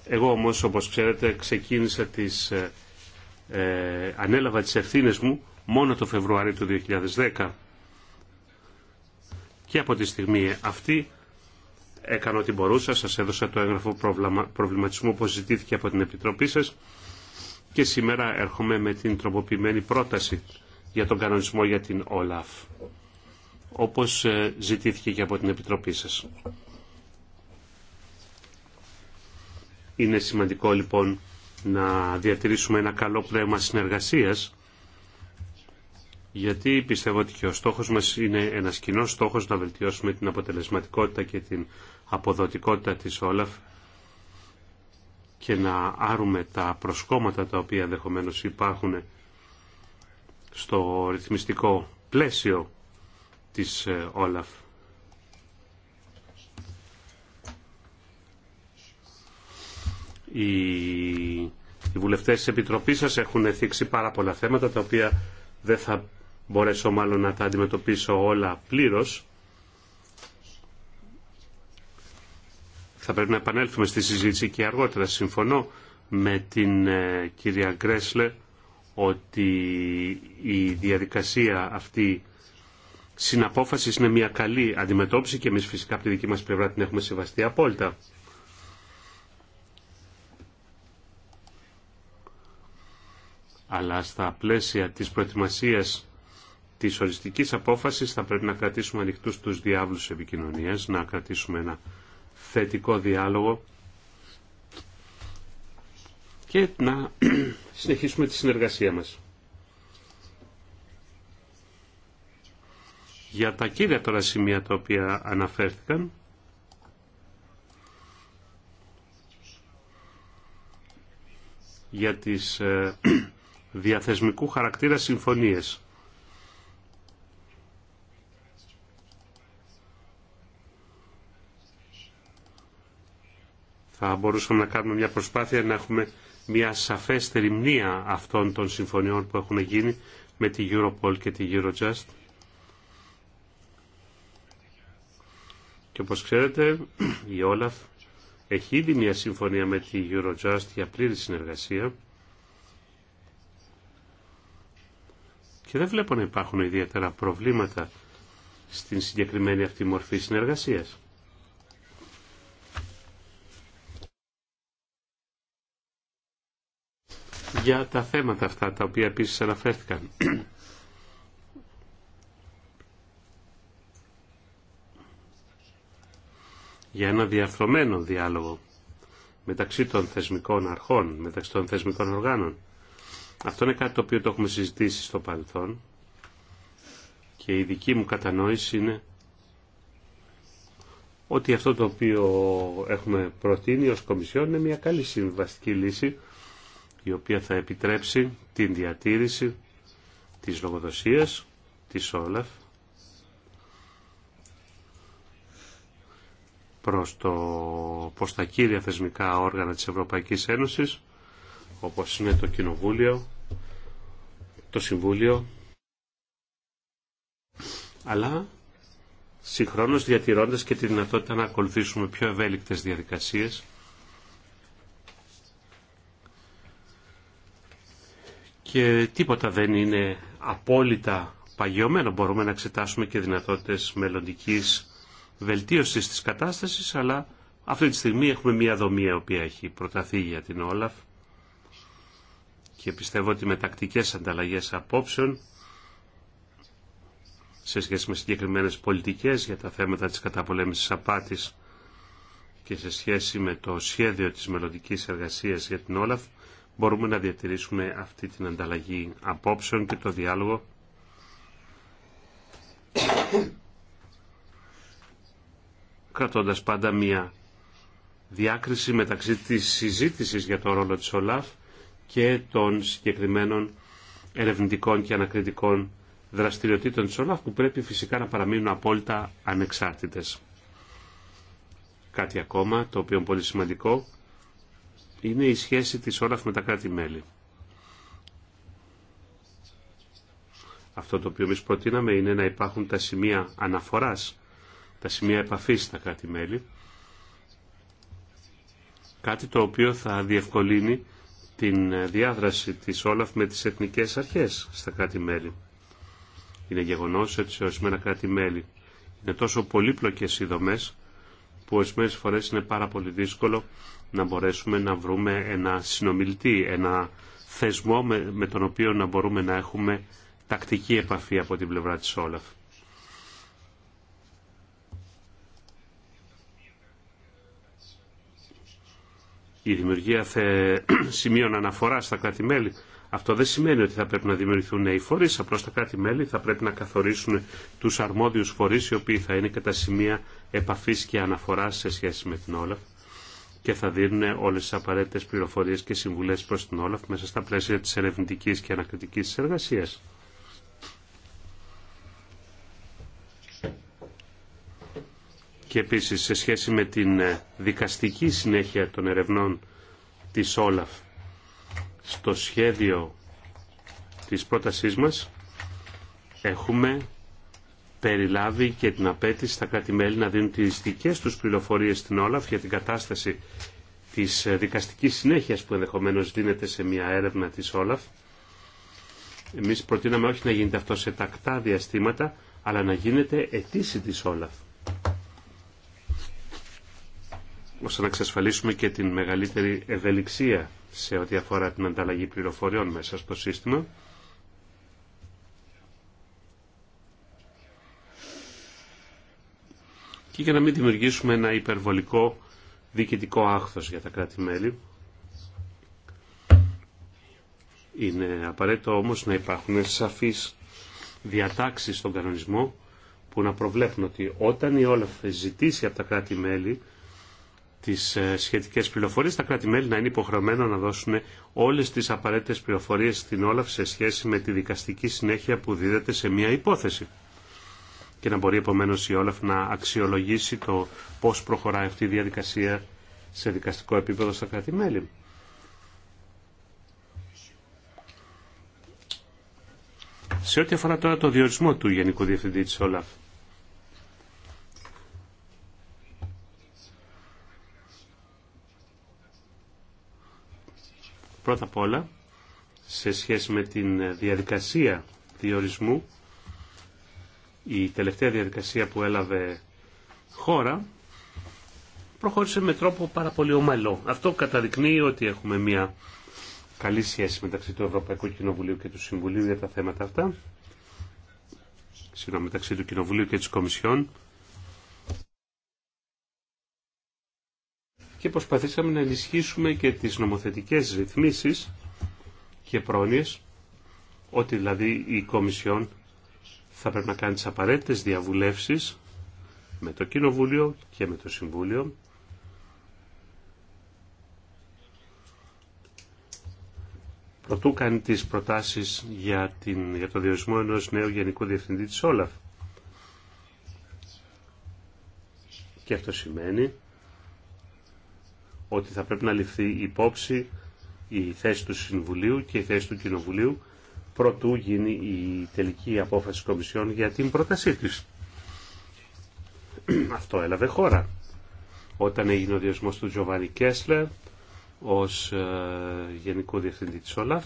Εγώ όμως, όπως ξέρετε, ξεκίνησα τις, ε, ε ανέλαβα τις ευθύνες μου μόνο το Φεβρουάριο του 2010. Και από τη στιγμή αυτή έκανα ό,τι μπορούσα, σας έδωσα το έγγραφο προβληματισμού που ζητήθηκε από την Επιτροπή σας και σήμερα έρχομαι με την τροποποιημένη πρόταση για τον κανονισμό για την ΟΛΑΦ όπως ε, ζητήθηκε και από την Επιτροπή σας. Είναι σημαντικό λοιπόν να διατηρήσουμε ένα καλό πνεύμα συνεργασίας γιατί πιστεύω ότι και ο στόχος μας είναι ένας κοινό στόχος να βελτιώσουμε την αποτελεσματικότητα και την αποδοτικότητα της Όλαφ και να άρουμε τα προσκόμματα τα οποία ενδεχομένω υπάρχουν στο ρυθμιστικό πλαίσιο της ε, Όλαφ. Οι οι βουλευτές της Επιτροπής έχουν θίξει πάρα πολλά θέματα τα οποία δεν θα μπορέσω μάλλον να τα αντιμετωπίσω όλα πλήρως. Θα πρέπει να επανέλθουμε στη συζήτηση και αργότερα. Συμφωνώ με την ε, κυρία Γκρέσλε ότι η διαδικασία αυτή συναπόφασης είναι μια καλή αντιμετώπιση και εμείς φυσικά από τη δική μας πλευρά την έχουμε σεβαστεί απόλυτα. Αλλά στα πλαίσια της προετοιμασίας της οριστικής απόφασης θα πρέπει να κρατήσουμε ανοιχτούς τους διάβλους επικοινωνίας, να κρατήσουμε ένα θετικό διάλογο και να συνεχίσουμε τη συνεργασία μας. Για τα κύρια τώρα σημεία τα οποία αναφέρθηκαν, για τις ε, διαθεσμικού χαρακτήρα συμφωνίες. Θα μπορούσαμε να κάνουμε μια προσπάθεια να έχουμε μια σαφέστερη μνήα αυτών των συμφωνιών που έχουν γίνει με τη Europol και τη Eurojust. Και όπως ξέρετε η Όλαφ έχει ήδη μια συμφωνία με τη Eurojust για πλήρη συνεργασία και δεν βλέπω να υπάρχουν ιδιαίτερα προβλήματα στην συγκεκριμένη αυτή μορφή συνεργασίας. Για τα θέματα αυτά τα οποία επίσης αναφέρθηκαν για ένα διαρθρωμένο διάλογο μεταξύ των θεσμικών αρχών, μεταξύ των θεσμικών οργάνων. Αυτό είναι κάτι το οποίο το έχουμε συζητήσει στο παρελθόν και η δική μου κατανόηση είναι ότι αυτό το οποίο έχουμε προτείνει ως Κομισιόν είναι μια καλή συμβαστική λύση η οποία θα επιτρέψει την διατήρηση της λογοδοσίας της Όλαφ προς, το, προς τα κύρια θεσμικά όργανα της Ευρωπαϊκής Ένωσης, όπως είναι το Κοινοβούλιο, το Συμβούλιο, αλλά συγχρόνως διατηρώντας και τη δυνατότητα να ακολουθήσουμε πιο ευέλικτες διαδικασίες και τίποτα δεν είναι απόλυτα παγιωμένο. Μπορούμε να εξετάσουμε και δυνατότητες μελλοντικής βελτίωσης της κατάστασης, αλλά αυτή τη στιγμή έχουμε μια δομή η οποία έχει προταθεί για την Όλαφ και πιστεύω ότι με τακτικές ανταλλαγές απόψεων σε σχέση με συγκεκριμένες πολιτικές για τα θέματα της καταπολέμησης απάτης και σε σχέση με το σχέδιο της μελλοντική εργασίας για την Όλαφ μπορούμε να διατηρήσουμε αυτή την ανταλλαγή απόψεων και το διάλογο κρατώντας πάντα μια διάκριση μεταξύ της συζήτησης για το ρόλο της ΟΛΑΦ και των συγκεκριμένων ερευνητικών και ανακριτικών δραστηριοτήτων της ΟΛΑΦ που πρέπει φυσικά να παραμείνουν απόλυτα ανεξάρτητες. Κάτι ακόμα το οποίο είναι πολύ σημαντικό είναι η σχέση της ΟΛΑΦ με τα κράτη-μέλη. Αυτό το οποίο εμεί προτείναμε είναι να υπάρχουν τα σημεία αναφοράς τα σημεία επαφής στα κράτη-μέλη, κάτι το οποίο θα διευκολύνει την διάδραση της Όλαφ με τις εθνικές αρχές στα κράτη-μέλη. Είναι γεγονός ότι σε ορισμένα κράτη-μέλη είναι τόσο πολύπλοκες οι δομές που ορισμένε φορές είναι πάρα πολύ δύσκολο να μπορέσουμε να βρούμε ένα συνομιλητή, ένα θεσμό με, τον οποίο να μπορούμε να έχουμε τακτική επαφή από την πλευρά της Όλαφ. η δημιουργία σημείων αναφορά στα κράτη-μέλη. Αυτό δεν σημαίνει ότι θα πρέπει να δημιουργηθούν νέοι φορεί. Απλώ τα κράτη-μέλη θα πρέπει να καθορίσουν του αρμόδιου φορεί, οι οποίοι θα είναι κατά σημεία επαφή και αναφορά σε σχέση με την Όλαφ και θα δίνουν όλε τι απαραίτητε πληροφορίε και συμβουλέ προ την Όλαφ μέσα στα πλαίσια τη ερευνητική και ανακριτική εργασία. και επίσης σε σχέση με την ε, δικαστική συνέχεια των ερευνών της Όλαφ στο σχέδιο της πρότασής μας έχουμε περιλάβει και την απέτηση στα κράτη-μέλη να δίνουν τις δικές τους πληροφορίες στην Όλαφ για την κατάσταση της ε, δικαστικής συνέχειας που ενδεχομένως δίνεται σε μια έρευνα της Όλαφ. Εμείς προτείναμε όχι να γίνεται αυτό σε τακτά διαστήματα, αλλά να γίνεται αιτήση της Όλαφ ώστε να εξασφαλίσουμε και την μεγαλύτερη ευελιξία σε ό,τι αφορά την ανταλλαγή πληροφοριών μέσα στο σύστημα. Και για να μην δημιουργήσουμε ένα υπερβολικό διοικητικό άχθος για τα κράτη-μέλη. Είναι απαραίτητο όμως να υπάρχουν σαφείς διατάξεις στον κανονισμό που να προβλέπουν ότι όταν η Όλαφ ζητήσει από τα κράτη-μέλη τις ε, σχετικές πληροφορίες, τα κράτη-μέλη να είναι υποχρεωμένα να δώσουν όλες τις απαραίτητε πληροφορίες στην Όλαφ σε σχέση με τη δικαστική συνέχεια που δίδεται σε μια υπόθεση. Και να μπορεί επομένω η Όλαφ να αξιολογήσει το πώ προχωράει αυτή η διαδικασία σε δικαστικό επίπεδο στα κράτη-μέλη. Σε ό,τι αφορά τώρα το διορισμό του Γενικού Διευθυντή της Όλαφ, Πρώτα απ' όλα, σε σχέση με την διαδικασία διορισμού, η τελευταία διαδικασία που έλαβε χώρα προχώρησε με τρόπο πάρα πολύ ομαλό. Αυτό καταδεικνύει ότι έχουμε μια καλή σχέση μεταξύ του Ευρωπαϊκού Κοινοβουλίου και του Συμβουλίου για τα θέματα αυτά. Συγγνώμη, μεταξύ του Κοινοβουλίου και της Κομισιόν και προσπαθήσαμε να ενισχύσουμε και τις νομοθετικές ρυθμίσεις και πρόνοιες ότι δηλαδή η Κομισιόν θα πρέπει να κάνει τις απαραίτητες διαβουλεύσεις με το Κοινοβούλιο και με το Συμβούλιο προτού κάνει τις προτάσεις για, την, για το διορισμό ενός νέου Γενικού Διευθυντή της Όλαφ. Και αυτό σημαίνει ότι θα πρέπει να ληφθεί υπόψη η θέση του Συμβουλίου και η θέση του Κοινοβουλίου προτού γίνει η τελική απόφαση Κομισιόν για την πρότασή της. Αυτό έλαβε χώρα. Όταν έγινε ο διασμός του Τζοβάνι Κέσλερ ως ε, Γενικό Διευθυντή της Όλαφ,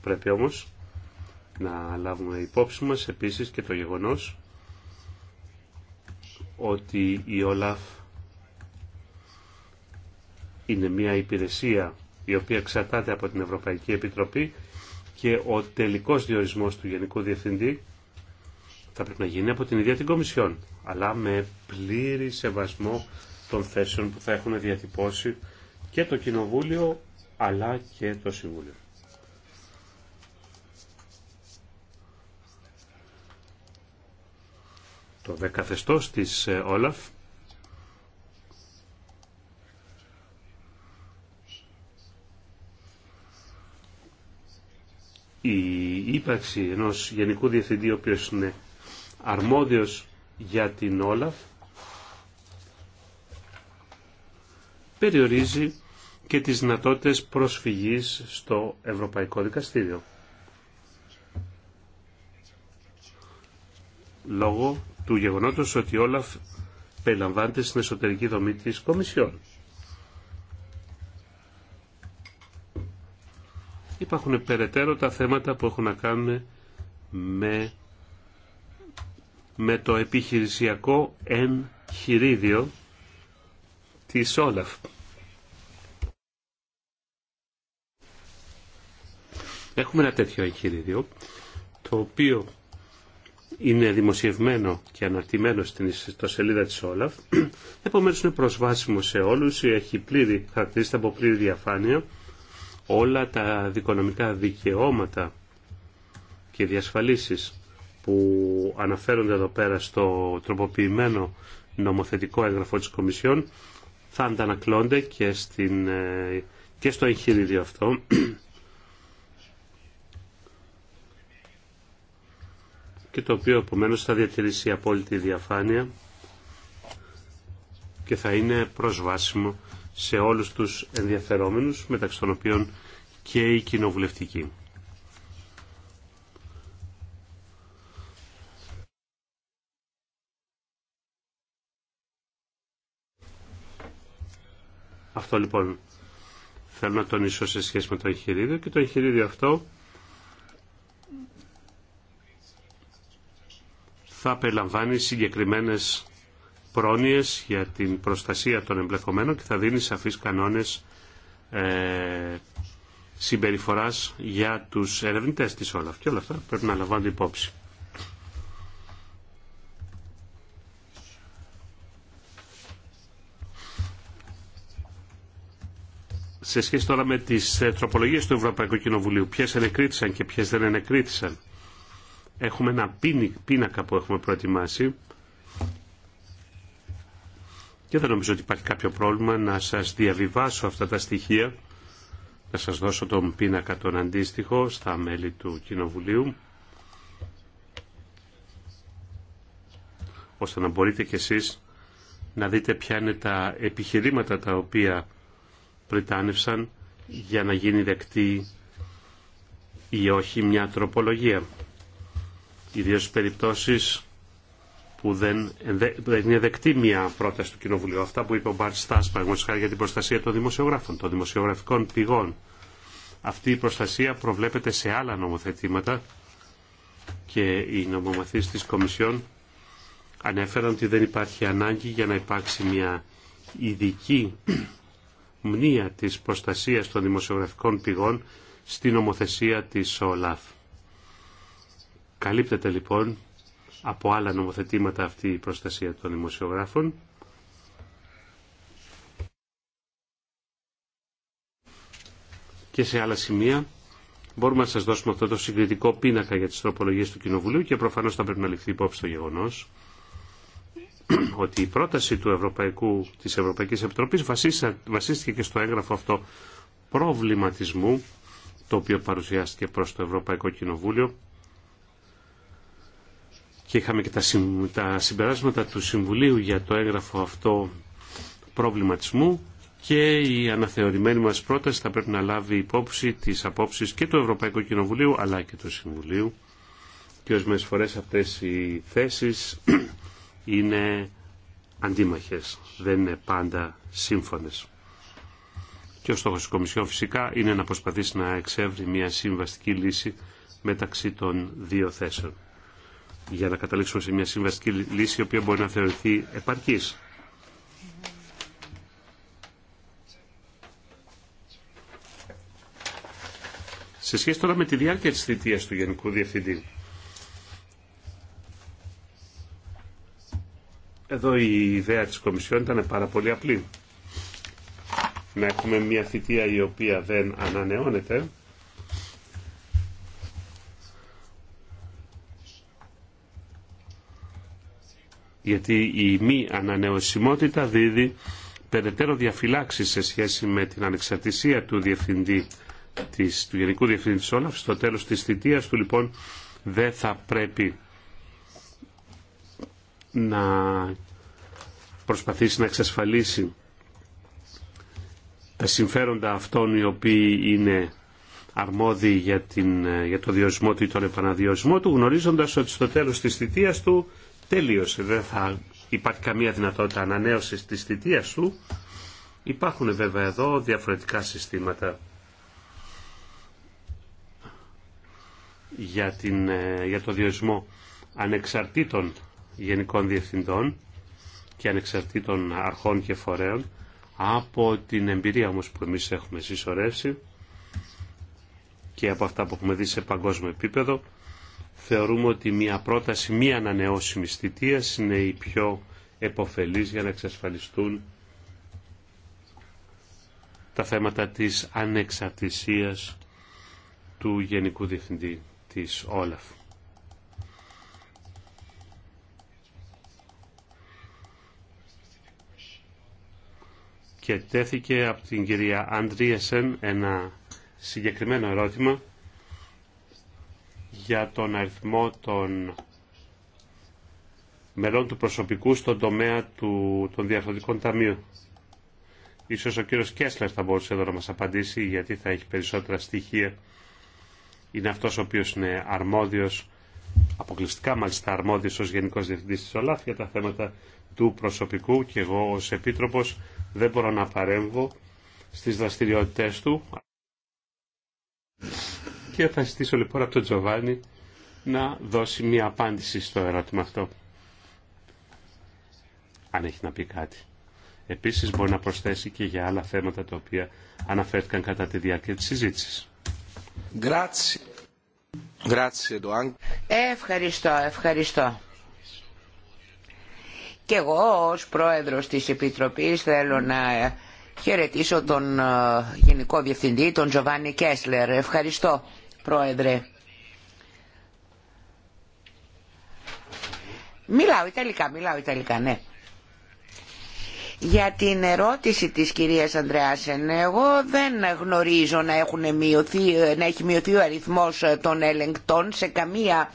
πρέπει όμως να λάβουμε υπόψη μας επίσης και το γεγονός ότι η ΟΛΑΦ είναι μια υπηρεσία η οποία εξαρτάται από την Ευρωπαϊκή Επιτροπή και ο τελικός διορισμός του Γενικού Διευθυντή θα πρέπει να γίνει από την ίδια την Κομισιόν, αλλά με πλήρη σεβασμό των θέσεων που θα έχουν διατυπώσει και το Κοινοβούλιο αλλά και το Συμβούλιο. το δεκαθεστώς της ε, Όλαφ η ύπαρξη ενός γενικού διευθυντή ο οποίος είναι αρμόδιος για την Όλαφ περιορίζει και τις δυνατότητες προσφυγής στο Ευρωπαϊκό Δικαστήριο. Λόγω του γεγονότος ότι η Όλαφ περιλαμβάνεται στην εσωτερική δομή της Κομισιόν. Υπάρχουν περαιτέρω τα θέματα που έχουν να κάνουν με, με το επιχειρησιακό εγχειρίδιο της Όλαφ. Έχουμε ένα τέτοιο εγχειρίδιο, το οποίο είναι δημοσιευμένο και αναρτημένο στην ιστοσελίδα της Όλαφ. Επομένως είναι προσβάσιμο σε όλους, έχει πλήρη, χαρακτηρίζεται από πλήρη διαφάνεια. Όλα τα δικονομικά δικαιώματα και διασφαλίσεις που αναφέρονται εδώ πέρα στο τροποποιημένο νομοθετικό έγγραφο της Κομισιόν θα αντανακλώνται και, στην, ε, και στο εγχειρίδιο αυτό και το οποίο επομένω θα διατηρήσει απόλυτη διαφάνεια και θα είναι προσβάσιμο σε όλους τους ενδιαφερόμενους, μεταξύ των οποίων και οι κοινοβουλευτικοί. Αυτό λοιπόν θέλω να τονίσω σε σχέση με το εγχειρίδιο και το εγχειρίδιο αυτό θα περιλαμβάνει συγκεκριμένες πρόνοιες για την προστασία των εμπλεκομένων και θα δίνει σαφείς κανόνες ε, συμπεριφοράς για τους ερευνητές της όλα. Και όλα αυτά πρέπει να λαμβάνονται υπόψη. Σε σχέση τώρα με τις ε, τροπολογίες του Ευρωπαϊκού Κοινοβουλίου, ποιες ενεκρίτησαν και ποιες δεν ενεκρίτησαν. Έχουμε ένα πίνακα που έχουμε προετοιμάσει και δεν νομίζω ότι υπάρχει κάποιο πρόβλημα να σας διαβιβάσω αυτά τα στοιχεία, να σας δώσω τον πίνακα τον αντίστοιχο στα μέλη του Κοινοβουλίου, ώστε να μπορείτε κι εσείς να δείτε ποια είναι τα επιχειρήματα τα οποία πριτάνευσαν για να γίνει δεκτή ή όχι μια τροπολογία ιδίως στις περιπτώσεις που δεν, δεν είναι δεκτή μια πρόταση του Κοινοβουλίου. Αυτά που είπε ο Μπαρτ χάρη για την προστασία των δημοσιογράφων, των δημοσιογραφικών πηγών. Αυτή η προστασία προβλέπεται σε άλλα νομοθετήματα και οι νομομαθείς της Κομισιόν ανέφεραν ότι δεν υπάρχει ανάγκη για να υπάρξει μια ειδική μνήα της προστασίας των δημοσιογραφικών πηγών στην νομοθεσία της ΟΛΑΦ. Καλύπτεται λοιπόν από άλλα νομοθετήματα αυτή η προστασία των δημοσιογράφων. Και σε άλλα σημεία μπορούμε να σας δώσουμε αυτό το συγκριτικό πίνακα για τις τροπολογίες του Κοινοβουλίου και προφανώς θα πρέπει να ληφθεί υπόψη το γεγονός ότι η πρόταση του Ευρωπαϊκού, της Ευρωπαϊκής Επιτροπής βασίστηκε και στο έγγραφο αυτό προβληματισμού το οποίο παρουσιάστηκε προς το Ευρωπαϊκό Κοινοβούλιο και είχαμε και τα συμπεράσματα του Συμβουλίου για το έγγραφο αυτό προβληματισμού και η αναθεωρημένη μας πρόταση θα πρέπει να λάβει υπόψη τις απόψεις και του Ευρωπαϊκού Κοινοβουλίου αλλά και του Συμβουλίου και ως φορές αυτές οι θέσεις είναι αντίμαχες, δεν είναι πάντα σύμφωνες. Και ο στόχος της Κομισιόν φυσικά είναι να προσπαθήσει να εξεύρει μια συμβαστική λύση μεταξύ των δύο θέσεων για να καταλήξουμε σε μια συμβαστική λύση η οποία μπορεί να θεωρηθεί επαρκής. Σε σχέση τώρα με τη διάρκεια της θητείας του Γενικού Διευθυντή. Εδώ η ιδέα της Κομισιόν ήταν πάρα πολύ απλή. Να έχουμε μια θητεία η οποία δεν ανανεώνεται γιατί η μη ανανεωσιμότητα δίδει περαιτέρω διαφυλάξει σε σχέση με την ανεξαρτησία του διευθυντή της, του Γενικού Διευθυντή Όλαφ. Στο τέλος της θητείας του λοιπόν δεν θα πρέπει να προσπαθήσει να εξασφαλίσει τα συμφέροντα αυτών οι οποίοι είναι αρμόδιοι για, την, για το διορισμό του ή τον επαναδιορισμό του, γνωρίζοντας ότι στο τέλος της θητείας του τελείωσε. Δεν θα υπάρχει καμία δυνατότητα ανανέωσης της θητείας σου. Υπάρχουν βέβαια εδώ διαφορετικά συστήματα για, την, ε, για το διορισμό ανεξαρτήτων γενικών διευθυντών και ανεξαρτήτων αρχών και φορέων από την εμπειρία όμως που εμείς έχουμε συσσωρεύσει και από αυτά που έχουμε δει σε παγκόσμιο επίπεδο θεωρούμε ότι μια πρόταση μη ανανεώσιμη θητείας είναι η πιο επωφελής για να εξασφαλιστούν τα θέματα της ανεξαρτησίας του Γενικού Διευθυντή της Όλαφ. Και τέθηκε από την κυρία Αντρίεσεν ένα συγκεκριμένο ερώτημα για τον αριθμό των μελών του προσωπικού στον τομέα του, των διαφορετικών ταμείων. Ίσως ο κύριος Κέσλερ θα μπορούσε εδώ να μας απαντήσει γιατί θα έχει περισσότερα στοιχεία. Είναι αυτός ο οποίος είναι αρμόδιος, αποκλειστικά μάλιστα αρμόδιος ως Γενικός Διευθυντής της ΟΛΑΦ για τα θέματα του προσωπικού και εγώ ως Επίτροπος δεν μπορώ να παρέμβω στις δραστηριότητες του. Και θα ζητήσω λοιπόν από τον Τζοβάνι να δώσει μία απάντηση στο ερώτημα αυτό. Αν έχει να πει κάτι. Επίσης μπορεί να προσθέσει και για άλλα θέματα τα οποία αναφέρθηκαν κατά τη διάρκεια της συζήτησης. Ευχαριστώ, ευχαριστώ. Και εγώ ως πρόεδρος της Επιτροπής θέλω να χαιρετήσω τον ε, Γενικό Διευθυντή, τον Τζοβάνι Κέσλερ. Ευχαριστώ Πρόεδρε. Μιλάω Ιταλικά, μιλάω Ιταλικά, ναι. Για την ερώτηση της κυρίας Ανδρεάσεν, εγώ δεν γνωρίζω να, έχουν μειωθεί, να έχει μειωθεί ο αριθμός των ελεγκτών σε καμία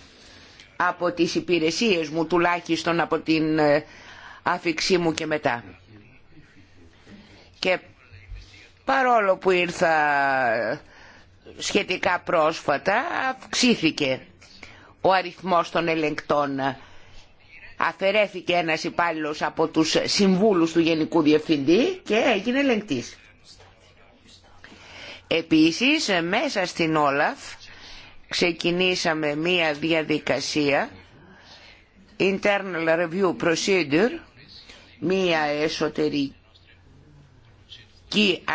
από τις υπηρεσίες μου, τουλάχιστον από την ε, άφηξή μου και μετά. Και παρόλο που ήρθα σχετικά πρόσφατα αυξήθηκε ο αριθμός των ελεγκτών. Αφαιρέθηκε ένας υπάλληλος από τους συμβούλους του Γενικού Διευθυντή και έγινε ελεγκτής. Επίσης, μέσα στην Όλαφ ξεκινήσαμε μία διαδικασία internal review procedure, μία εσωτερική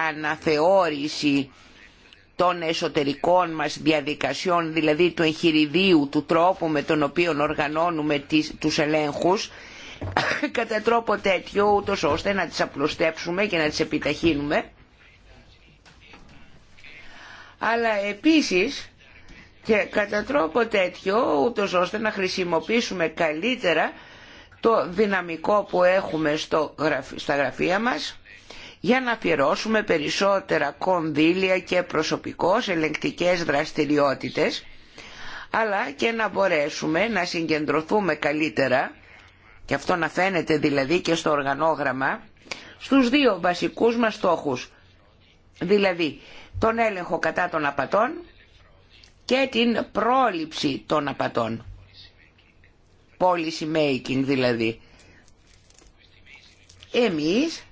αναθεώρηση των εσωτερικών μας διαδικασιών, δηλαδή του εγχειριδίου, του τρόπου με τον οποίο οργανώνουμε τις, τους ελέγχους, κατά τρόπο τέτοιο, ούτως ώστε να τις απλουστέψουμε και να τις επιταχύνουμε. Αλλά επίσης, και κατά τρόπο τέτοιο, ούτως ώστε να χρησιμοποιήσουμε καλύτερα το δυναμικό που έχουμε στο, στα γραφεία μας, για να αφιερώσουμε περισσότερα κονδύλια και προσωπικό ελεγκτικές δραστηριότητες αλλά και να μπορέσουμε να συγκεντρωθούμε καλύτερα και αυτό να φαίνεται δηλαδή και στο οργανόγραμμα στους δύο βασικούς μας στόχους δηλαδή τον έλεγχο κατά των απατών και την πρόληψη των απατών policy making δηλαδή εμείς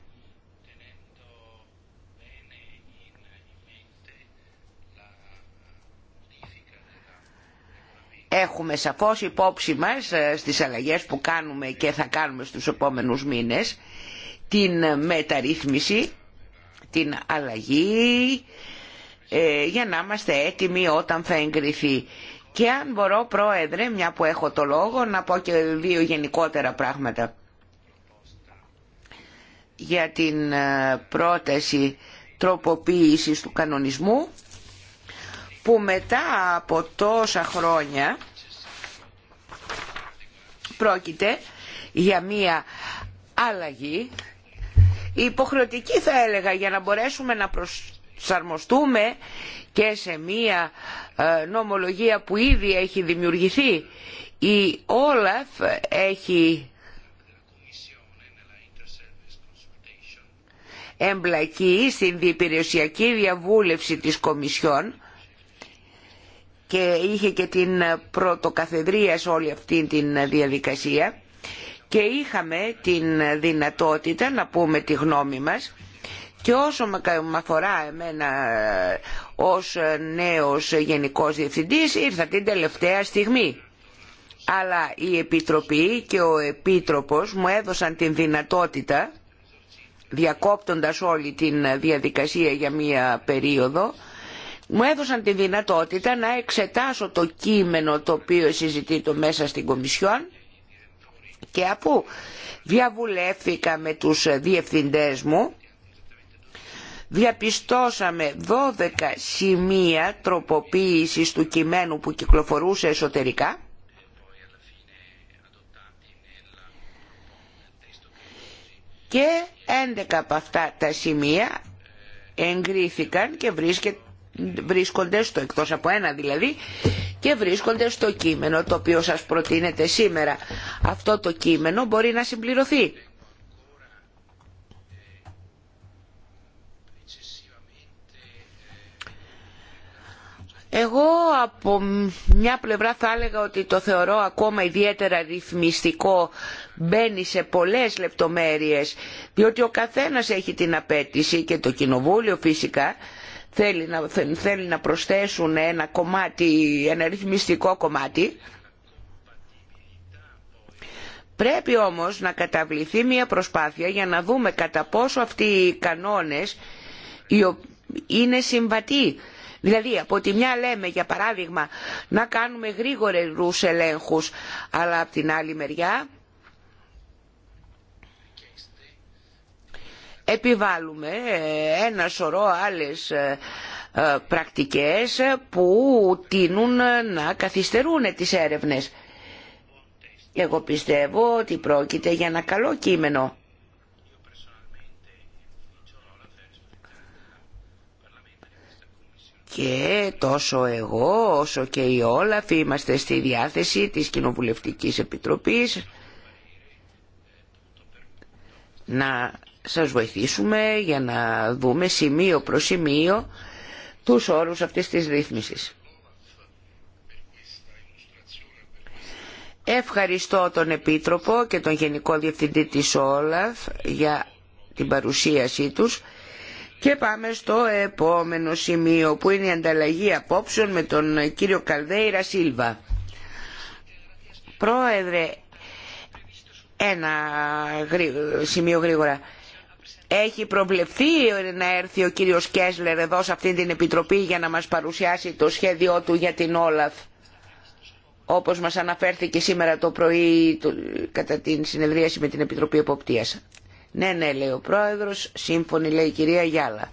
έχουμε σαφώς υπόψη μας ε, στις αλλαγές που κάνουμε και θα κάνουμε στους επόμενους μήνες την μεταρρύθμιση, την αλλαγή ε, για να είμαστε έτοιμοι όταν θα εγκριθεί. Και αν μπορώ πρόεδρε, μια που έχω το λόγο, να πω και δύο γενικότερα πράγματα για την ε, πρόταση τροποποίησης του κανονισμού που μετά από τόσα χρόνια πρόκειται για μία αλλαγή υποχρεωτική θα έλεγα για να μπορέσουμε να προσαρμοστούμε και σε μία ε, νομολογία που ήδη έχει δημιουργηθεί. Η Όλαφ έχει εμπλακεί στην διπηρεσιακή διαβούλευση της Κομισιόν και είχε και την πρωτοκαθεδρία σε όλη αυτή την διαδικασία και είχαμε την δυνατότητα να πούμε τη γνώμη μας και όσο με αφορά εμένα ε, ως ε, νέος γενικός διευθυντής ήρθα την τελευταία στιγμή. Αλλά η Επιτροπή και ο Επίτροπος μου έδωσαν την δυνατότητα, διακόπτοντας όλη την διαδικασία για μία περίοδο, μου έδωσαν τη δυνατότητα να εξετάσω το κείμενο το οποίο συζητεί το μέσα στην Κομισιόν και αφού διαβουλεύθηκα με τους διευθυντές μου διαπιστώσαμε 12 σημεία τροποποίησης του κειμένου που κυκλοφορούσε εσωτερικά και 11 από αυτά τα σημεία εγκρίθηκαν και βρίσκεται βρίσκονται στο εκτός από ένα δηλαδή και βρίσκονται στο κείμενο το οποίο σας προτείνεται σήμερα. Αυτό το κείμενο μπορεί να συμπληρωθεί. Εγώ από μια πλευρά θα έλεγα ότι το θεωρώ ακόμα ιδιαίτερα ρυθμιστικό, μπαίνει σε πολλές λεπτομέρειες, διότι ο καθένας έχει την απέτηση και το κοινοβούλιο φυσικά θέλει να, θέλει να προσθέσουν ένα κομμάτι, ένα ρυθμιστικό κομμάτι. Πρέπει όμως να καταβληθεί μια προσπάθεια για να δούμε κατά πόσο αυτοί οι κανόνες είναι συμβατοί. Δηλαδή από τη μια λέμε για παράδειγμα να κάνουμε γρήγορους ελέγχους αλλά από την άλλη μεριά επιβάλλουμε ε, ένα σωρό άλλες ε, ε, πρακτικές που τείνουν να καθυστερούν τις έρευνες. Εγώ πιστεύω ότι πρόκειται για ένα καλό κείμενο. Και τόσο εγώ όσο και οι Όλαφ είμαστε στη διάθεση της Κοινοβουλευτικής Επιτροπής να σας βοηθήσουμε για να δούμε σημείο προς σημείο τους όρους αυτής της ρύθμισης. Ευχαριστώ τον Επίτροπο και τον Γενικό Διευθυντή της Όλαφ για την παρουσίασή τους και πάμε στο επόμενο σημείο που είναι η ανταλλαγή απόψεων με τον κύριο Καλδέιρα Σίλβα. Πρόεδρε, ένα σημείο γρήγορα έχει προβλεφθεί να έρθει ο κύριος Κέσλερ εδώ σε αυτή την επιτροπή για να μας παρουσιάσει το σχέδιό του για την Όλαφ όπως μας αναφέρθηκε σήμερα το πρωί κατά την συνεδρίαση με την Επιτροπή Εποπτείας. Ναι, ναι, λέει ο Πρόεδρος, σύμφωνη λέει η κυρία Γιάλα.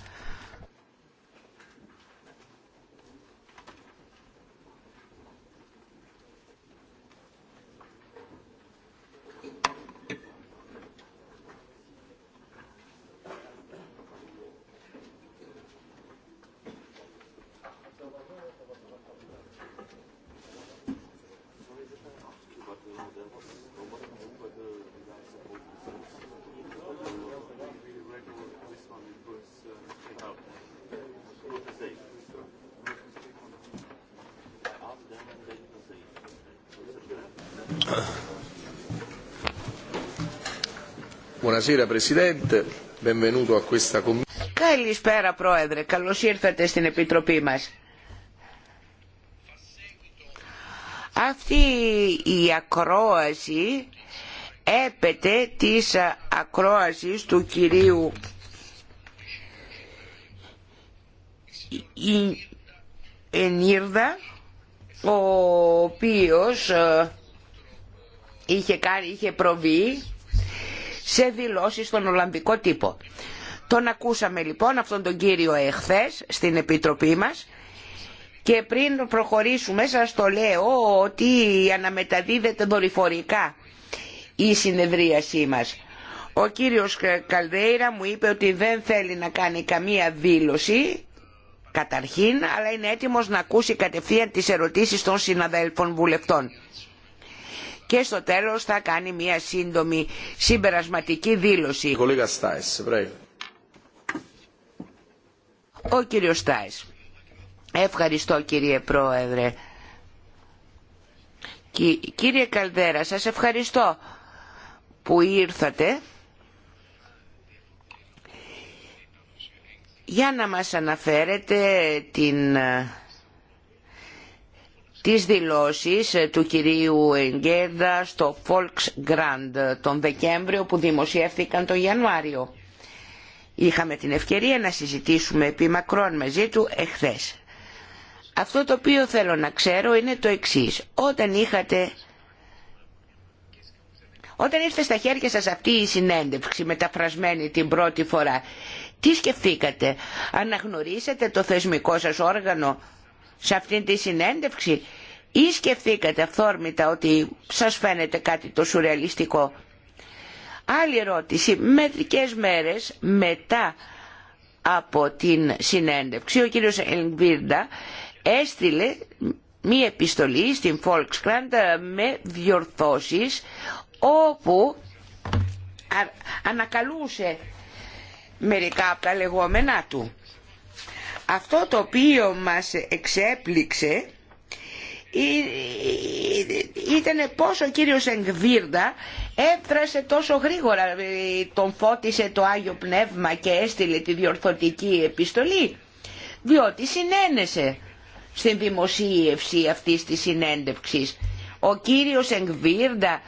Καλησπέρα Πρόεδρε, καλώς ήρθατε στην Επιτροπή μας. Αυτή η ακρόαση έπεται της ακρόασης του κυρίου Ενίρδα, ο οποίος ε, είχε, κάνει, είχε προβεί σε δηλώσεις στον Ολλανδικό τύπο. Τον ακούσαμε λοιπόν αυτόν τον κύριο εχθές στην Επιτροπή μας και πριν προχωρήσουμε σας το λέω ότι αναμεταδίδεται δορυφορικά η συνεδρίασή μας. Ο κύριος Καλδέιρα μου είπε ότι δεν θέλει να κάνει καμία δήλωση καταρχήν αλλά είναι έτοιμος να ακούσει κατευθείαν τις ερωτήσεις των συναδέλφων βουλευτών και στο τέλος θα κάνει μια σύντομη συμπερασματική δήλωση. Ο κύριος Στάις. Ευχαριστώ κύριε Πρόεδρε. Κύριε Καλδέρα, σας ευχαριστώ που ήρθατε για να μας αναφέρετε την τις δηλώσεις ε, του κυρίου Εγγέντα στο Volksgrand ε, τον Δεκέμβριο που δημοσιεύθηκαν τον Ιανουάριο. Είχαμε την ευκαιρία να συζητήσουμε επί μακρόν μαζί του εχθές. Αυτό το οποίο θέλω να ξέρω είναι το εξής. Όταν είχατε... Όταν ήρθε στα χέρια σας αυτή η συνέντευξη μεταφρασμένη την πρώτη φορά, τι σκεφτήκατε, αναγνωρίσατε το θεσμικό σας όργανο σε αυτήν τη συνέντευξη ή σκεφτήκατε αυθόρμητα ότι σας φαίνεται κάτι το σουρεαλιστικό. Άλλη ερώτηση. Μερικές μέρες μετά από την συνέντευξη ο κύριος Ελγκβίρντα έστειλε μία επιστολή στην Volkskrant με διορθώσεις όπου ανακαλούσε μερικά από τα λεγόμενά του. Αυτό το οποίο μας εξέπληξε ήταν πόσο ο κύριος Εγκβίρντα έφτρασε τόσο γρήγορα, ε, τον φώτισε το Άγιο Πνεύμα και έστειλε τη διορθωτική επιστολή, διότι συνένεσε στην δημοσίευση αυτής της συνέντευξης. Ο κύριος Εγκβίρντα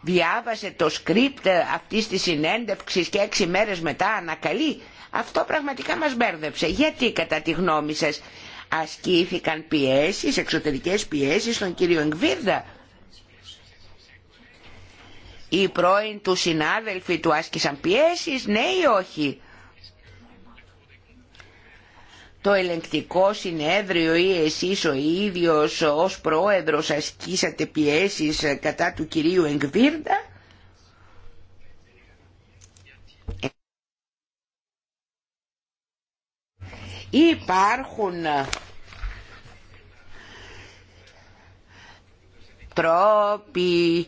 διάβασε το σκρίπτ αυτής της συνέντευξης και έξι μέρες μετά ανακαλεί αυτό πραγματικά μας μπέρδεψε. Γιατί κατά τη γνώμη σας ασκήθηκαν πιέσεις, εξωτερικές πιέσεις στον κύριο Εγκβίρδα. Οι πρώην του συνάδελφοι του άσκησαν πιέσεις, ναι ή όχι. Το ελεγκτικό συνέδριο ή εσείς ο ίδιος ως πρόεδρος ασκήσατε πιέσεις κατά του κυρίου Εγκβίρντα. Υπάρχουν ε, τρόποι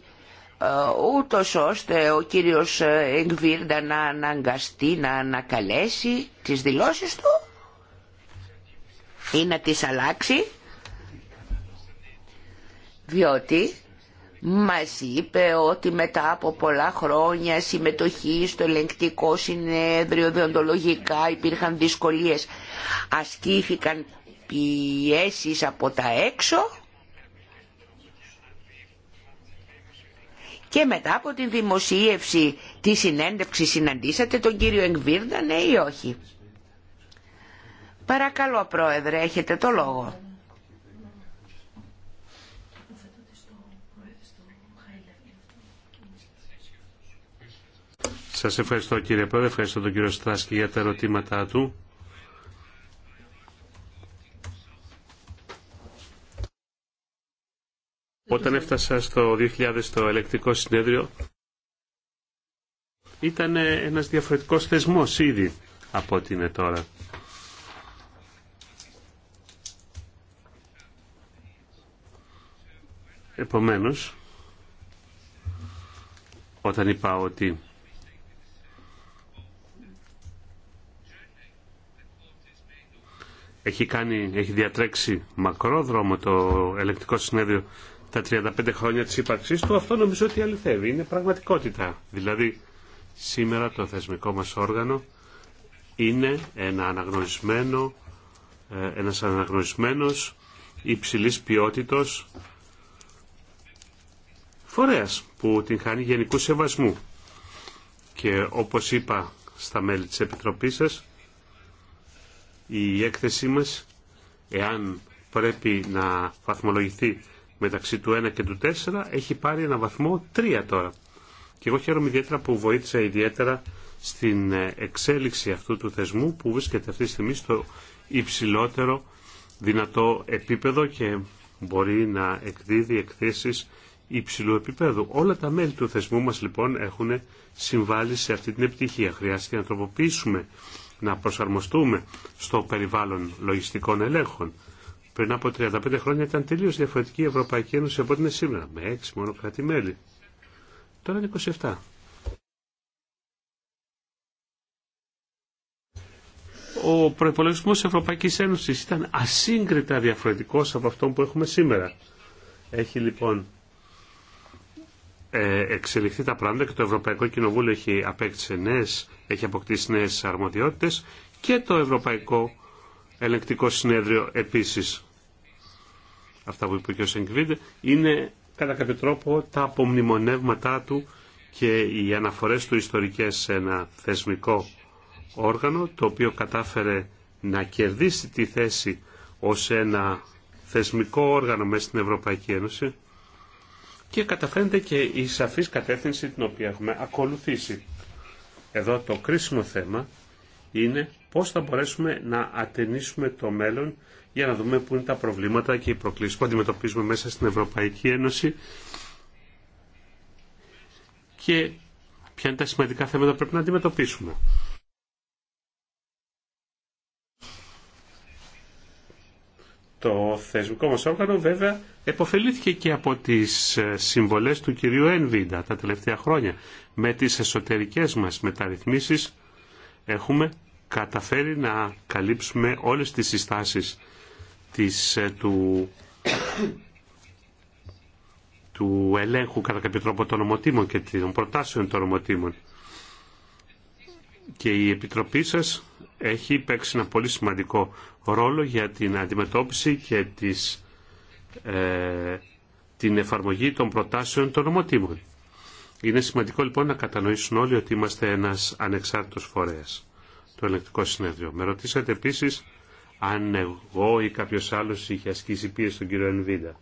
ε, ούτως ώστε ο κύριος ε, Εγκβίρντα να αναγκαστεί να ανακαλέσει τις δηλώσεις του ή να τις αλλάξει διότι μας είπε ότι μετά από πολλά χρόνια συμμετοχή στο ελεγκτικό συνέδριο διοντολογικά υπήρχαν δυσκολίες. Ασκήθηκαν πιέσεις από τα έξω και μετά από την δημοσίευση τη συνέντευξη συναντήσατε τον κύριο Εγκβίρντα, ναι ή όχι. Παρακαλώ πρόεδρε, έχετε το λόγο. Σας ευχαριστώ κύριε Πρόεδρε, ευχαριστώ τον κύριο Στράσκη για τα ερωτήματά του. Όταν έφτασα στο 2000 στο ελεκτικό συνέδριο, ήταν ένας διαφορετικός θεσμός ήδη από ό,τι είναι τώρα. Επομένως, όταν είπα ότι έχει, κάνει, έχει διατρέξει μακρό δρόμο το ελεκτικό συνέδριο τα 35 χρόνια της ύπαρξής του, αυτό νομίζω ότι αληθεύει, είναι πραγματικότητα. Δηλαδή, σήμερα το θεσμικό μας όργανο είναι ένα αναγνωρισμένο, ε, ένας αναγνωρισμένος υψηλής ποιότητος φορέας που την χάνει γενικού σεβασμού. Και όπως είπα στα μέλη της Επιτροπής σας, η έκθεσή μας, εάν πρέπει να βαθμολογηθεί μεταξύ του 1 και του 4, έχει πάρει ένα βαθμό 3 τώρα. Και εγώ χαίρομαι ιδιαίτερα που βοήθησα ιδιαίτερα στην εξέλιξη αυτού του θεσμού που βρίσκεται αυτή τη στιγμή στο υψηλότερο δυνατό επίπεδο και μπορεί να εκδίδει εκθέσεις υψηλού επίπεδου. Όλα τα μέλη του θεσμού μας λοιπόν έχουν συμβάλει σε αυτή την επιτυχία. Χρειάζεται να τροποποιήσουμε να προσαρμοστούμε στο περιβάλλον λογιστικών ελέγχων. Πριν από 35 χρόνια ήταν τελείω διαφορετική η Ευρωπαϊκή Ένωση από ό,τι είναι σήμερα, με έξι μόνο κράτη-μέλη. Τώρα είναι 27. Ο προϋπολογισμός της Ευρωπαϊκής Ένωσης ήταν ασύγκριτα διαφορετικός από αυτό που έχουμε σήμερα. Έχει λοιπόν ε, εξελιχθεί τα πράγματα και το Ευρωπαϊκό Κοινοβούλιο έχει, νέες, έχει αποκτήσει νέες αρμοδιότητες και το Ευρωπαϊκό Ελεκτικό Συνέδριο επίσης. Αυτά που είπε και ο Σενκβίντ είναι κατά κάποιο τρόπο τα απομνημονεύματά του και οι αναφορές του ιστορικές σε ένα θεσμικό όργανο το οποίο κατάφερε να κερδίσει τη θέση ως ένα θεσμικό όργανο μέσα στην Ευρωπαϊκή Ένωση και καταφέρεται και η σαφής κατεύθυνση την οποία έχουμε ακολουθήσει. Εδώ το κρίσιμο θέμα είναι πώς θα μπορέσουμε να ατενίσουμε το μέλλον για να δούμε πού είναι τα προβλήματα και οι προκλήσεις που αντιμετωπίζουμε μέσα στην Ευρωπαϊκή Ένωση και ποια είναι τα σημαντικά θέματα που πρέπει να αντιμετωπίσουμε. Το θεσμικό μας όργανο βέβαια εποφελήθηκε και από τις ε, συμβολές του κυρίου Ένβιντα τα τελευταία χρόνια. Με τις εσωτερικές μας μεταρρυθμίσεις έχουμε καταφέρει να καλύψουμε όλες τις συστάσεις της, ε, του, του ελέγχου κατά κάποιο τρόπο των ομοτήμων και των προτάσεων των ομοτήμων. Και η Επιτροπή σας έχει παίξει ένα πολύ σημαντικό ρόλο για την αντιμετώπιση και τις, ε, την εφαρμογή των προτάσεων των νομοτήμων. Είναι σημαντικό λοιπόν να κατανοήσουν όλοι ότι είμαστε ένας ανεξάρτητος φορέας, το ελεκτικό συνέδριο. Με ρωτήσατε επίσης αν εγώ ή κάποιος άλλος είχε ασκήσει πίεση στον κύριο Ενβίδα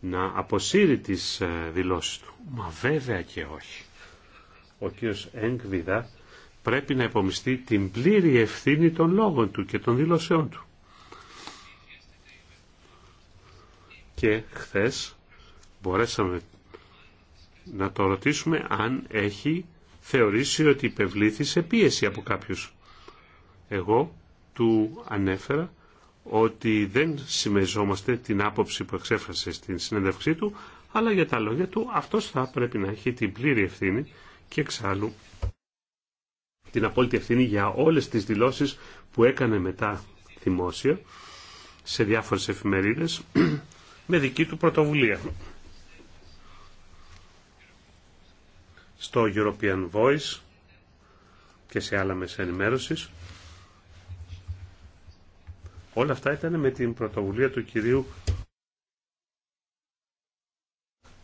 να αποσύρει τις ε, δηλώσεις του. Μα βέβαια και όχι. Ο κύριος Έγκβιδα πρέπει να υπομειστεί την πλήρη ευθύνη των λόγων του και των δηλώσεών του. Και χθες μπορέσαμε να το ρωτήσουμε αν έχει θεωρήσει ότι υπευλήθη σε πίεση από κάποιους. Εγώ του ανέφερα ότι δεν συμμεζόμαστε την άποψη που εξέφρασε στην συνέντευξή του, αλλά για τα λόγια του αυτός θα πρέπει να έχει την πλήρη ευθύνη και εξάλλου την απόλυτη ευθύνη για όλες τις δηλώσεις που έκανε μετά δημόσια σε διάφορες εφημερίδες με δική του πρωτοβουλία. Στο European Voice και σε άλλα μέσα όλα αυτά ήταν με την πρωτοβουλία του κυρίου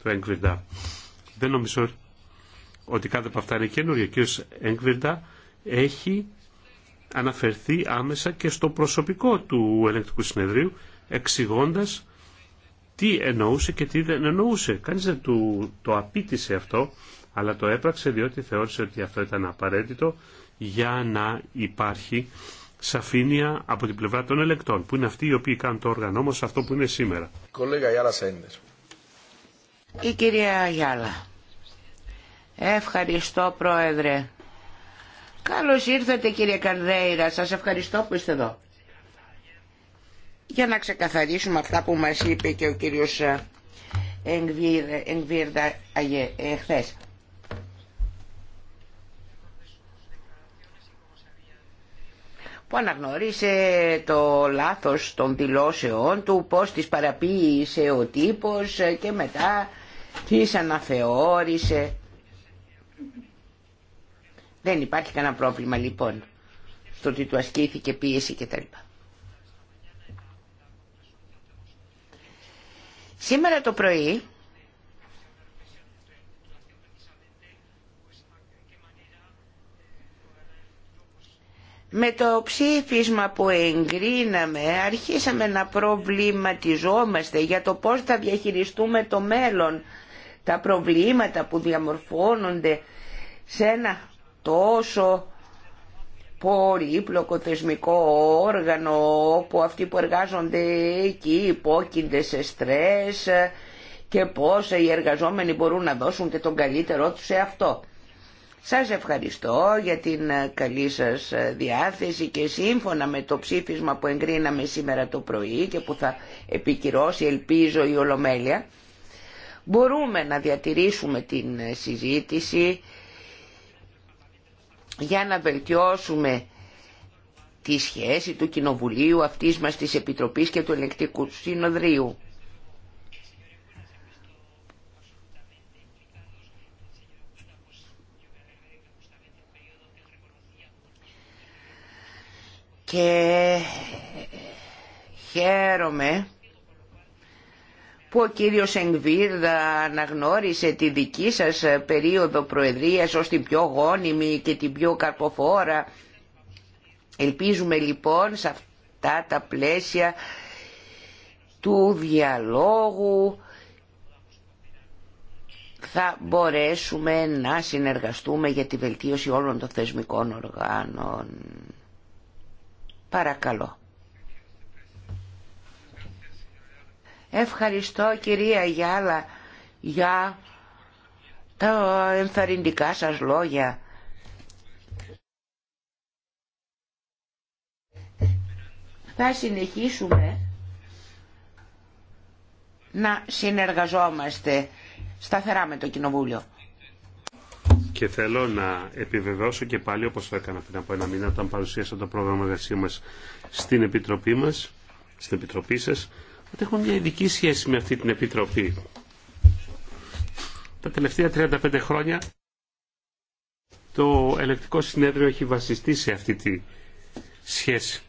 του Εγκριντά. Δεν νομίζω ότι κάθε από αυτά είναι καινούργια. Ο κύριος έχει αναφερθεί άμεσα και στο προσωπικό του ελεκτικού συνεδρίου εξηγώντας τι εννοούσε και τι δεν εννοούσε. Κανείς δεν του το απίτησε αυτό, αλλά το έπραξε διότι θεώρησε ότι αυτό ήταν απαραίτητο για να υπάρχει σαφήνεια από την πλευρά των ελεκτών, που είναι αυτοί οι οποίοι κάνουν το όργανο όμως αυτό που είναι σήμερα. Η κυρία Γιάλα. Ευχαριστώ πρόεδρε. Καλώς ήρθατε κύριε Καρδέιρα, σας ευχαριστώ που είστε εδώ. Για να ξεκαθαρίσουμε αυτά που μας είπε και ο κύριος ε, Εγκβίρδα εχθές. Ε, που αναγνωρίσε το λάθος των δηλώσεών του, πώς τις παραποίησε ο τύπος ε, και μετά τις αναθεώρησε. Δεν υπάρχει κανένα πρόβλημα λοιπόν στο ότι του ασκήθηκε πίεση κτλ. Σήμερα το πρωί με το ψήφισμα που εγκρίναμε αρχίσαμε να προβληματιζόμαστε για το πώς θα διαχειριστούμε το μέλλον τα προβλήματα που διαμορφώνονται σε ένα τόσο πολύπλοκο θεσμικό όργανο που αυτοί που εργάζονται εκεί υπόκεινται σε στρες και πώς οι εργαζόμενοι μπορούν να δώσουν και τον καλύτερό τους σε αυτό. Σας ευχαριστώ για την καλή σας διάθεση και σύμφωνα με το ψήφισμα που εγκρίναμε σήμερα το πρωί και που θα επικυρώσει ελπίζω η Ολομέλεια μπορούμε να διατηρήσουμε την συζήτηση για να βελτιώσουμε τη σχέση του Κοινοβουλίου, αυτής μας της Επιτροπής και του Ελεκτικού Συνοδρίου. Και χαίρομαι που ο κύριος Εγκβίρ αναγνώρισε τη δική σας ε, περίοδο προεδρίας ως την πιο γόνιμη και την πιο καρποφόρα. Ελπίζουμε λοιπόν σε αυτά τα πλαίσια του διαλόγου θα μπορέσουμε να συνεργαστούμε για τη βελτίωση όλων των θεσμικών οργάνων. Παρακαλώ. Ευχαριστώ κυρία Γιάλα για τα ενθαρρυντικά σας λόγια. Θα συνεχίσουμε να συνεργαζόμαστε σταθερά με το Κοινοβούλιο. Και θέλω να επιβεβαιώσω και πάλι όπως το έκανα πριν από ένα μήνα όταν παρουσίασα το πρόγραμμα εργασία μας στην Επιτροπή μας, στην Επιτροπή σας, ότι έχουμε μια ειδική σχέση με αυτή την Επιτροπή. Τα τελευταία 35 χρόνια το ελεκτικό συνέδριο έχει βασιστεί σε αυτή τη σχέση.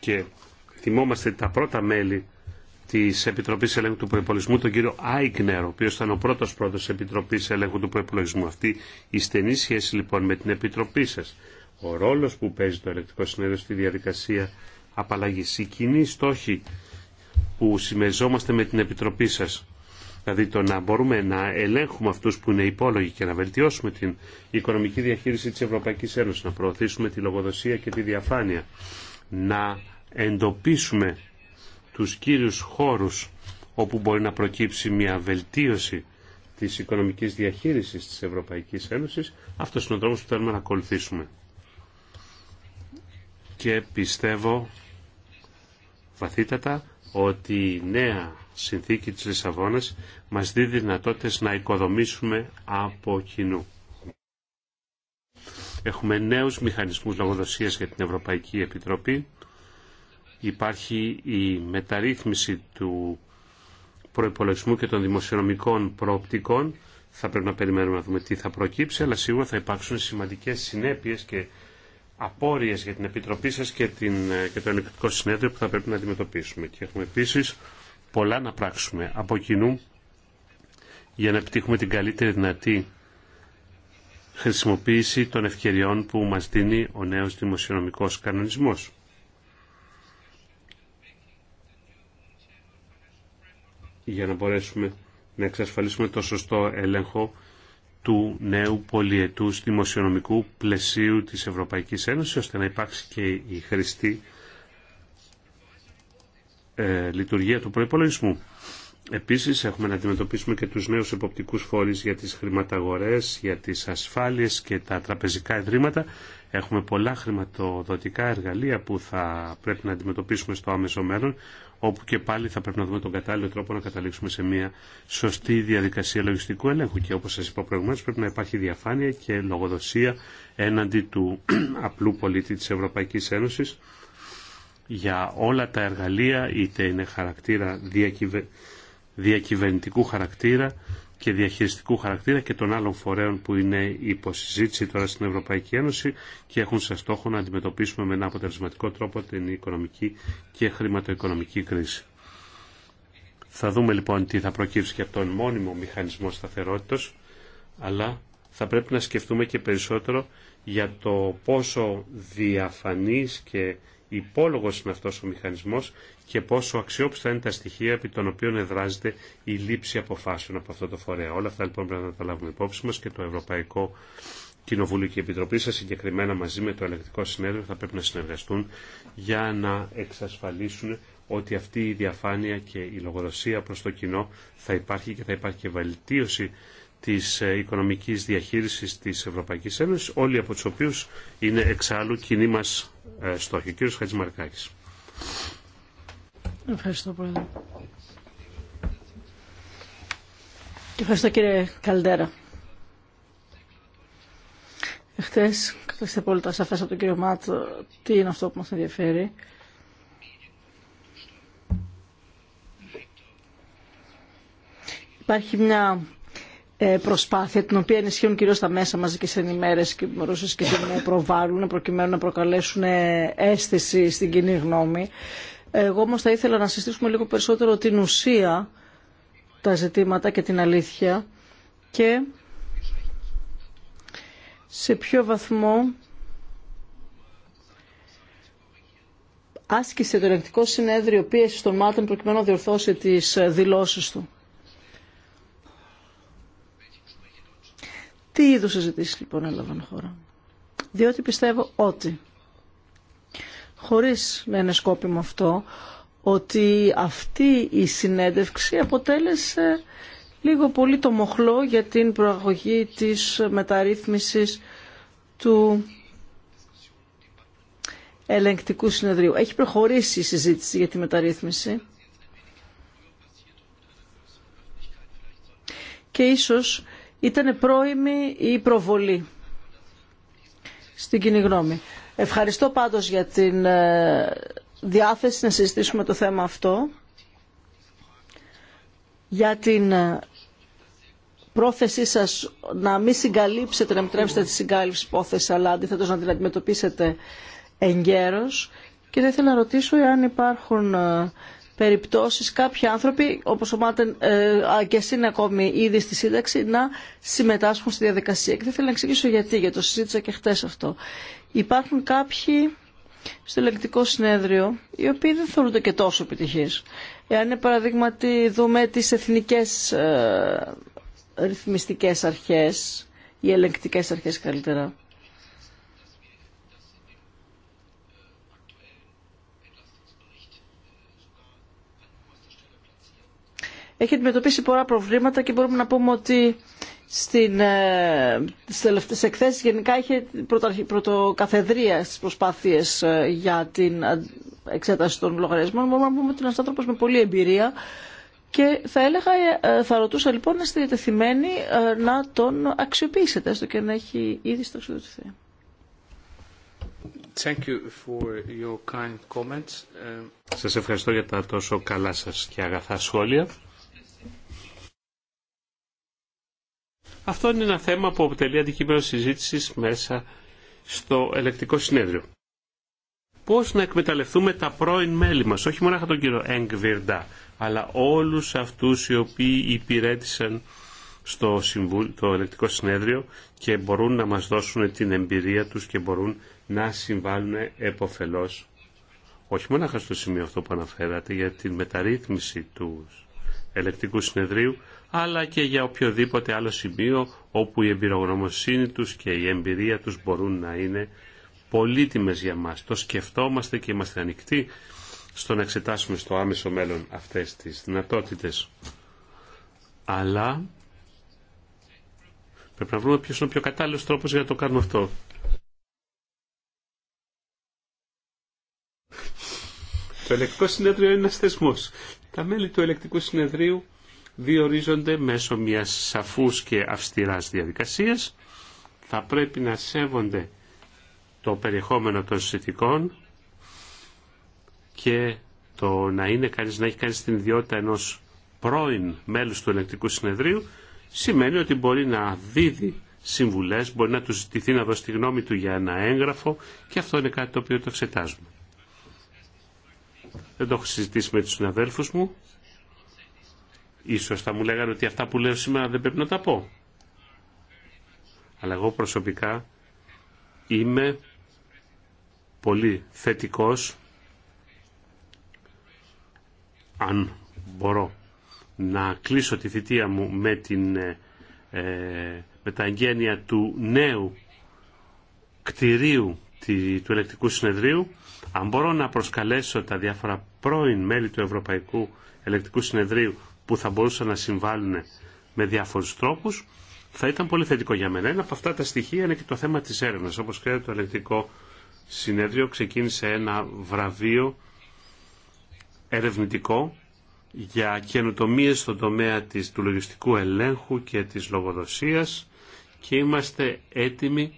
Και θυμόμαστε τα πρώτα μέλη τη Επιτροπή Ελέγχου του Προπολογισμού, τον κύριο Άικνερ, ο οποίο ήταν ο πρώτο πρόεδρο τη Επιτροπή Ελέγχου του Προπολογισμού. Αυτή η στενή σχέση λοιπόν με την Επιτροπή σα, ο ρόλο που παίζει το Ελεκτικό Συνέδριο στη διαδικασία απαλλαγή, οι κοινοί στόχοι που συμμεριζόμαστε με την Επιτροπή σα, δηλαδή το να μπορούμε να ελέγχουμε αυτού που είναι υπόλογοι και να βελτιώσουμε την οικονομική διαχείριση τη Ευρωπαϊκή Ένωση, να προωθήσουμε τη λογοδοσία και τη διαφάνεια, να εντοπίσουμε τους κύριους χώρους όπου μπορεί να προκύψει μια βελτίωση της οικονομικής διαχείρισης της Ευρωπαϊκής Ένωσης, αυτός είναι ο τρόπος που θέλουμε να ακολουθήσουμε. Και πιστεύω βαθύτατα ότι η νέα συνθήκη της Λισαβόνας μας δίνει δυνατότητες να οικοδομήσουμε από κοινού. Έχουμε νέους μηχανισμούς λογοδοσίας για την Ευρωπαϊκή Επιτροπή υπάρχει η μεταρρύθμιση του προϋπολογισμού και των δημοσιονομικών προοπτικών. Θα πρέπει να περιμένουμε να δούμε τι θα προκύψει, αλλά σίγουρα θα υπάρξουν σημαντικές συνέπειες και απόρριες για την Επιτροπή σας και, την, και το Ελεκτικό Συνέδριο που θα πρέπει να αντιμετωπίσουμε. Και έχουμε επίσης πολλά να πράξουμε από κοινού για να επιτύχουμε την καλύτερη δυνατή χρησιμοποίηση των ευκαιριών που μας δίνει ο νέος δημοσιονομικός κανονισμός. για να μπορέσουμε να εξασφαλίσουμε το σωστό έλεγχο του νέου πολιετούς δημοσιονομικού πλαισίου της Ευρωπαϊκής Ένωσης, ώστε να υπάρξει και η χρηστή ε, λειτουργία του προϋπολογισμού. Επίσης, έχουμε να αντιμετωπίσουμε και τους νέους εποπτικούς φόρους για τις χρηματαγορές, για τις ασφάλειες και τα τραπεζικά ιδρύματα Έχουμε πολλά χρηματοδοτικά εργαλεία που θα πρέπει να αντιμετωπίσουμε στο άμεσο μέλλον, όπου και πάλι θα πρέπει να δούμε τον κατάλληλο τρόπο να καταλήξουμε σε μια σωστή διαδικασία λογιστικού ελέγχου. Και όπως σας είπα προηγουμένω, πρέπει να υπάρχει διαφάνεια και λογοδοσία έναντι του απλού πολίτη της Ευρωπαϊκής Ένωση για όλα τα εργαλεία, είτε είναι χαρακτήρα διακυβερνητικού χαρακτήρα, και διαχειριστικού χαρακτήρα και των άλλων φορέων που είναι υποσυζήτηση τώρα στην Ευρωπαϊκή Ένωση και έχουν σαν στόχο να αντιμετωπίσουμε με ένα αποτελεσματικό τρόπο την οικονομική και χρηματοοικονομική κρίση. Θα δούμε λοιπόν τι θα προκύψει και από τον μόνιμο μηχανισμό σταθερότητας, αλλά θα πρέπει να σκεφτούμε και περισσότερο για το πόσο διαφανής και υπόλογος είναι αυτός ο μηχανισμός και πόσο αξιόπιστα είναι τα στοιχεία επί των οποίων εδράζεται η λήψη αποφάσεων από αυτό το φορέα. Όλα αυτά λοιπόν πρέπει να τα λάβουμε υπόψη μας και το Ευρωπαϊκό Κοινοβούλιο και η Επιτροπή σας συγκεκριμένα μαζί με το Ελεκτικό Συνέδριο θα πρέπει να συνεργαστούν για να εξασφαλίσουν ότι αυτή η διαφάνεια και η λογοδοσία προς το κοινό θα υπάρχει και θα υπάρχει και βελτίωση της ε, οικονομικής διαχείρισης της Ευρωπαϊκής Ένωσης, όλοι από τους οποίους είναι εξάλλου κοινή μας ε, στόχη. Κύριος Χατζημαρκάκης. Ευχαριστώ Πρόεδρε. Και ευχαριστώ κύριε Καλντέρα. Εχθές κατέξτε πολύ τα σαφές από τον κύριο Μάτ τι είναι αυτό που μας ενδιαφέρει. Υπάρχει μια ε, προσπάθεια, την οποία ενισχύουν κυρίως τα μέσα μαζικής ενημέρωσης και μπορούσε και την ε, προβάλλουν προκειμένου να προκαλέσουν ε, αίσθηση στην κοινή γνώμη. Εγώ όμως θα ήθελα να συστήσουμε λίγο περισσότερο την ουσία, τα ζητήματα και την αλήθεια και σε ποιο βαθμό άσκησε το ελεγκτικό συνέδριο πίεση των μάτων προκειμένου να διορθώσει τις δηλώσεις του. Τι είδους συζητήσει λοιπόν έλαβαν χώρα. Διότι πιστεύω ότι χωρίς να είναι σκόπιμο αυτό ότι αυτή η συνέντευξη αποτέλεσε λίγο πολύ το μοχλό για την προαγωγή της μεταρρύθμισης του ελεγκτικού συνεδρίου. Έχει προχωρήσει η συζήτηση για τη μεταρρύθμιση και ίσως ήταν πρόημη η προβολή στην κοινή γνώμη. Ευχαριστώ πάντως για την ε, διάθεση να συζητήσουμε το θέμα αυτό, για την ε, πρόθεσή σας να μην συγκαλύψετε, να τρέψετε τη συγκάλυψη υπόθεση, αλλά αντίθετος να την αντιμετωπίσετε εγκαίρως. Και θα ήθελα να ρωτήσω εάν υπάρχουν ε, περιπτώσεις κάποιοι άνθρωποι, όπως ο Μάτεν ε, και εσύ είναι ακόμη ήδη στη σύνταξη, να συμμετάσχουν στη διαδικασία. Και δεν θέλω να εξηγήσω γιατί, γιατί το συζήτησα και χτες αυτό. Υπάρχουν κάποιοι στο ελεγκτικό συνέδριο, οι οποίοι δεν θεωρούνται και τόσο επιτυχείς. Εάν, παραδείγματι, δούμε τις εθνικές ε, ρυθμιστικές αρχές, οι ελεγκτικές αρχές καλύτερα, έχει αντιμετωπίσει πολλά προβλήματα και μπορούμε να πούμε ότι στην, ε, στις εκθέσεις γενικά είχε πρωτοκαθεδρία στις προσπάθειες ε, για την ε, εξέταση των λογαριασμών. Μπορούμε να πούμε ότι είναι ένας άνθρωπος με πολλή εμπειρία και θα έλεγα, θα ρωτούσα λοιπόν να είστε διατεθειμένοι να τον αξιοποιήσετε, έστω και να έχει ήδη στοξιδοτηθεί. Thank you for your kind comments. Σας ευχαριστώ για τα τόσο καλά σας και αγαθά σχόλια. Αυτό είναι ένα θέμα που αποτελεί αντικείμενο συζήτηση μέσα στο ελεκτικό συνέδριο. Πώ να εκμεταλλευτούμε τα πρώην μέλη μας, όχι μόνο τον κύριο Εγκβιρντά, αλλά όλους αυτούς οι οποίοι υπηρέτησαν στο το ελεκτικό συνέδριο και μπορούν να μας δώσουν την εμπειρία τους και μπορούν να συμβάλλουν εποφελώς όχι μόνο στο σημείο αυτό που αναφέρατε για την μεταρρύθμιση του ελεκτικού συνεδρίου αλλά και για οποιοδήποτε άλλο σημείο όπου η εμπειρογνωμοσύνη τους και η εμπειρία τους μπορούν να είναι πολύτιμες για μας. Το σκεφτόμαστε και είμαστε ανοιχτοί στο να εξετάσουμε στο άμεσο μέλλον αυτές τις δυνατότητες. Αλλά πρέπει να βρούμε ποιος είναι ο πιο κατάλληλος τρόπος για να το κάνουμε αυτό. Το ελεκτικό συνέδριο είναι ένας θεσμός. Τα μέλη του ελεκτικού συνεδρίου διορίζονται μέσω μιας σαφούς και αυστηράς διαδικασίας. Θα πρέπει να σέβονται το περιεχόμενο των συζητικών και το να, είναι κανείς, να έχει κάνει την ιδιότητα ενός πρώην μέλους του ελεκτικού συνεδρίου σημαίνει ότι μπορεί να δίδει συμβουλές, μπορεί να του ζητηθεί να δώσει τη γνώμη του για ένα έγγραφο και αυτό είναι κάτι το οποίο το εξετάζουμε. Δεν το έχω συζητήσει με τους συναδέλφους μου. Ίσως θα μου λέγανε ότι αυτά που λέω σήμερα δεν πρέπει να τα πω. Αλλά εγώ προσωπικά είμαι πολύ θετικός αν μπορώ να κλείσω τη θητεία μου με, την, ε, ε τα εγγένεια του νέου κτηρίου του Ελεκτικού Συνεδρίου, αν μπορώ να προσκαλέσω τα διάφορα πρώην μέλη του Ευρωπαϊκού Ελεκτικού Συνεδρίου που θα μπορούσαν να συμβάλλουν με διάφορους τρόπους, θα ήταν πολύ θετικό για μένα. Ένα από αυτά τα στοιχεία είναι και το θέμα της έρευνας. Όπως ξέρετε το ελεκτικό συνέδριο ξεκίνησε ένα βραβείο ερευνητικό για καινοτομίες στον τομέα της, του λογιστικού ελέγχου και της λογοδοσίας και είμαστε έτοιμοι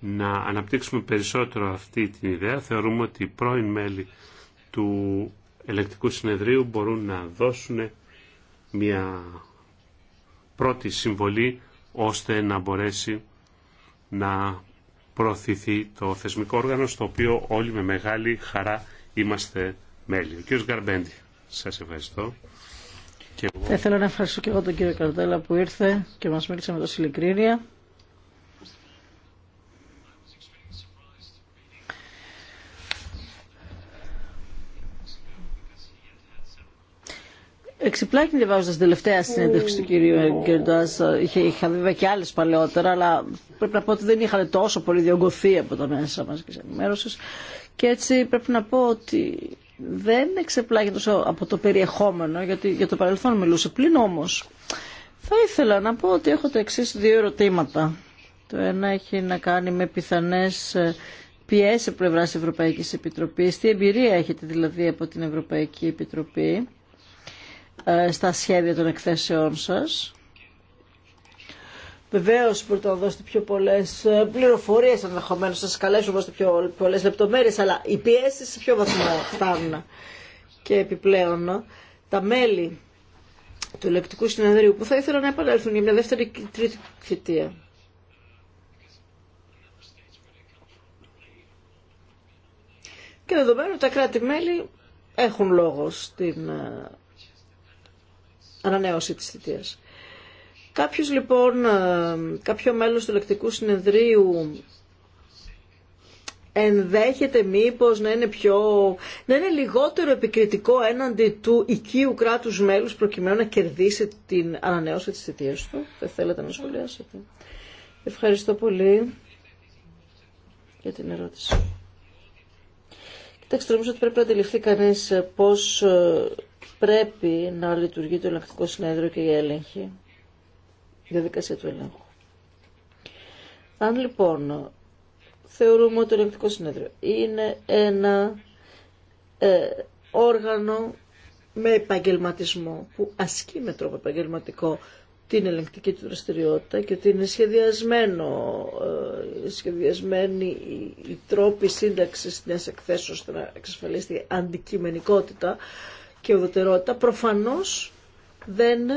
να αναπτύξουμε περισσότερο αυτή την ιδέα. Θεωρούμε ότι οι πρώην μέλη του ελεκτικού συνεδρίου μπορούν να δώσουν μια πρώτη συμβολή ώστε να μπορέσει να προωθηθεί το θεσμικό όργανο στο οποίο όλοι με μεγάλη χαρά είμαστε μέλη. Ο κ. Γκαρμπέντη, σας ευχαριστώ. Και Θα ήθελα να ευχαριστώ και εγώ τον κύριο Καρδέλα που ήρθε και μας μίλησε με τόση ειλικρίνεια. Εξυπλάκη διαβάζοντα τελευταία συνέντευξη του κυρίου Έγκερντα. Είχα βέβαια και άλλε παλαιότερα, αλλά πρέπει να πω ότι δεν είχαν τόσο πολύ διωγγωθεί από τα μέσα μα και ενημέρωση. Και έτσι πρέπει να πω ότι δεν εξεπλάγει τόσο από το περιεχόμενο, γιατί για το παρελθόν μιλούσε. Πλην όμω, θα ήθελα να πω ότι έχω τα εξή δύο ερωτήματα. Το ένα έχει να κάνει με πιθανέ ε, πιέσει πλευρά Ευρωπαϊκή Επιτροπή. Τι εμπειρία έχετε δηλαδή από την Ευρωπαϊκή Επιτροπή ε, στα σχέδια των εκθέσεών σας. Βεβαίως μπορείτε να δώσετε πιο πολλές ε, πληροφορίες να σας καλέσω να δώσετε πιο πολλές λεπτομέρειες, αλλά οι πιέσει σε πιο βαθμό φτάνουν. Και επιπλέον τα μέλη του ελεκτικού συνεδρίου που θα ήθελα να επανέλθουν για μια δεύτερη και τρίτη θητεία. Και δεδομένου τα κράτη-μέλη έχουν λόγο στην ε, ανανέωση της θητείας. Κάποιος λοιπόν, ε, κάποιο μέλος του ελεκτικού συνεδρίου ενδέχεται μήπως να είναι, πιο, να είναι λιγότερο επικριτικό έναντι του οικίου κράτους μέλους προκειμένου να κερδίσει την ανανέωση της θητείας του. Δεν θέλετε να σχολιάσετε. Ευχαριστώ πολύ για την ερώτηση. Κοιτάξτε, νομίζω ότι πρέπει να αντιληφθεί κανείς ε, πώς ε, πρέπει να λειτουργεί το ελεγκτικό συνέδριο και η έλεγχη, η διαδικασία του ελέγχου. Αν λοιπόν θεωρούμε ότι το ελεγκτικό συνέδριο είναι ένα ε, όργανο με επαγγελματισμό που ασκεί με τρόπο επαγγελματικό την ελεγκτική του δραστηριότητα και ότι είναι σχεδιασμένο, ε, η οι, οι τρόποι σύνταξης μιας εκθέσεως ώστε να εξασφαλίσει αντικειμενικότητα και ουδετερότητα προφανώς δεν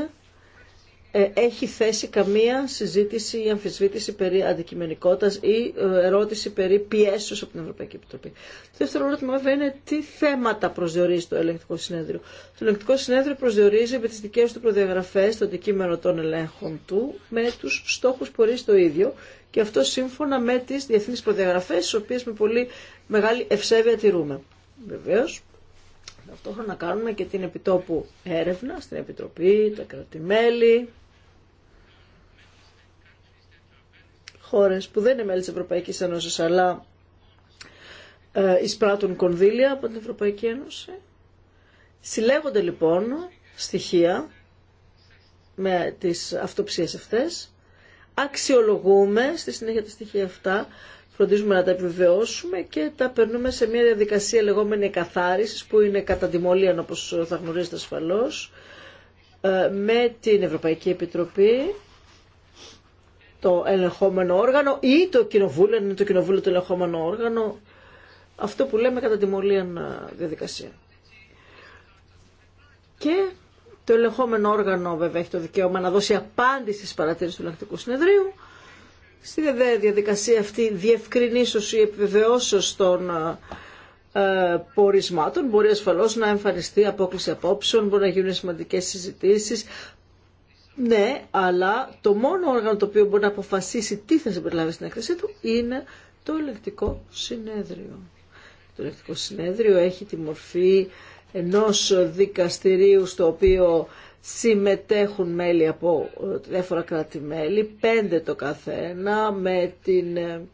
ε, έχει θέσει καμία συζήτηση ή αμφισβήτηση περί αντικειμενικότητας ή ε, ερώτηση περί πιέσεως από την Ευρωπαϊκή Επιτροπή. Το δεύτερο ερώτημα βέβαια είναι τι θέματα προσδιορίζει το ελεγκτικό συνέδριο. Το ελεγκτικό συνέδριο προσδιορίζει με τις δικές του προδιαγραφές το αντικείμενο των ελέγχων του με τους στόχους που ορίζει το ίδιο και αυτό σύμφωνα με τις διεθνείς προδιαγραφές τις οποίες με πολύ μεγάλη ευσέβεια τηρούμε. Βεβαίως, ταυτόχρονα κάνουμε και την επιτόπου έρευνα στην Επιτροπή, τα κρατημέλη, χώρες που δεν είναι μέλη της Ευρωπαϊκής Ένωσης αλλά ε, εισπράττουν κονδύλια από την Ευρωπαϊκή Ένωση. Συλλέγονται λοιπόν στοιχεία με τις αυτοψίες αυτές, αξιολογούμε στη συνέχεια τα στοιχεία αυτά, φροντίζουμε να τα επιβεβαιώσουμε και τα περνούμε σε μια διαδικασία λεγόμενη καθάρισης που είναι κατά τιμολίαν όπως θα γνωρίζετε ασφαλώς ε, με την Ευρωπαϊκή Επιτροπή το ελεγχόμενο όργανο ή το κοινοβούλιο, είναι το κοινοβούλιο το ελεγχόμενο όργανο αυτό που λέμε κατά τιμολίαν διαδικασία. Και το ελεγχόμενο όργανο βέβαια έχει το δικαίωμα να δώσει απάντηση στις παρατήρησεις του λακτικού Συνεδρίου στη διαδικασία αυτή διευκρινίσως ή επιβεβαιώσεως των ε, ε, πορισμάτων μπορεί ασφαλώς να εμφανιστεί απόκληση απόψεων, μπορεί να γίνουν σημαντικές συζητήσεις. Ναι, αλλά το μόνο όργανο το οποίο μπορεί να αποφασίσει τι θα συμπεριλάβει στην έκθεσή του είναι το ελεκτικό συνέδριο. Το ελεκτικό συνέδριο έχει τη μορφή ενός δικαστηρίου στο οποίο συμμετέχουν μέλη από ε, διάφορα κράτη-μέλη, πέντε το καθένα, με την ε,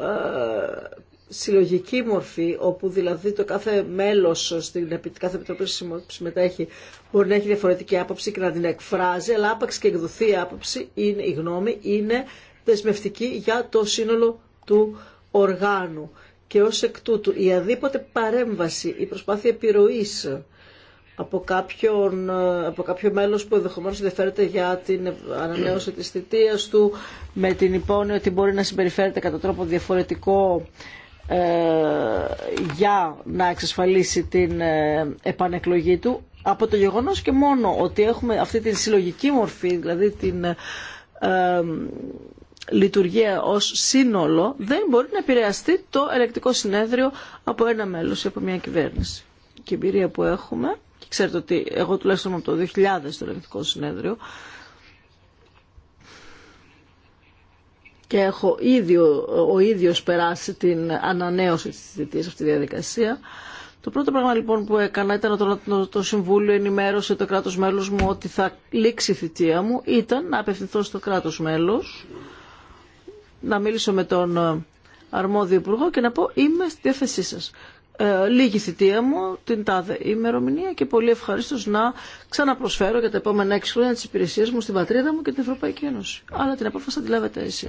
ε, συλλογική μορφή, όπου δηλαδή το κάθε μέλος στην κάθε επιτροπή που συμμετέχει μπορεί να έχει διαφορετική άποψη και να την εκφράζει, αλλά άπαξ και εκδοθεί η άποψη, είναι, η γνώμη είναι δεσμευτική για το σύνολο του οργάνου. Και ως εκ τούτου, η αδίποτε παρέμβαση, η προσπάθεια επιρροής από, κάποιον, από κάποιο μέλος που ενδεχομένω ενδιαφέρεται για την ανανέωση της θητείας του με την υπόνοια ότι μπορεί να συμπεριφέρεται κατά τρόπο διαφορετικό ε, για να εξασφαλίσει την ε, επανεκλογή του από το γεγονός και μόνο ότι έχουμε αυτή την συλλογική μορφή, δηλαδή την ε, ε, λειτουργία ως σύνολο, δεν μπορεί να επηρεαστεί το ελεκτικό συνέδριο από ένα μέλος ή από μια κυβέρνηση. Και η εμπειρία που έχουμε Ξέρετε ότι εγώ τουλάχιστον από το 2000 στο Ελεγκτικό Συνέδριο και έχω ο ίδιος περάσει την ανανέωση της θητείας αυτή τη διαδικασία. Το πρώτο πράγμα λοιπόν που έκανα ήταν όταν το, το Συμβούλιο ενημέρωσε το κράτος μέλος μου ότι θα λήξει η θητεία μου ήταν να απευθυνθώ στο κράτος μέλος, να μίλησω με τον ε, αρμόδιο υπουργό και να πω είμαι στη διάθεσή σας. Ε, λίγη θητεία μου την τάδε ημερομηνία και πολύ ευχαρίστω να ξαναπροσφέρω για τα επόμενα έξι χρόνια τι υπηρεσίε μου στην πατρίδα μου και την Ευρωπαϊκή Ένωση. Αλλά την απόφαση θα τη εσεί.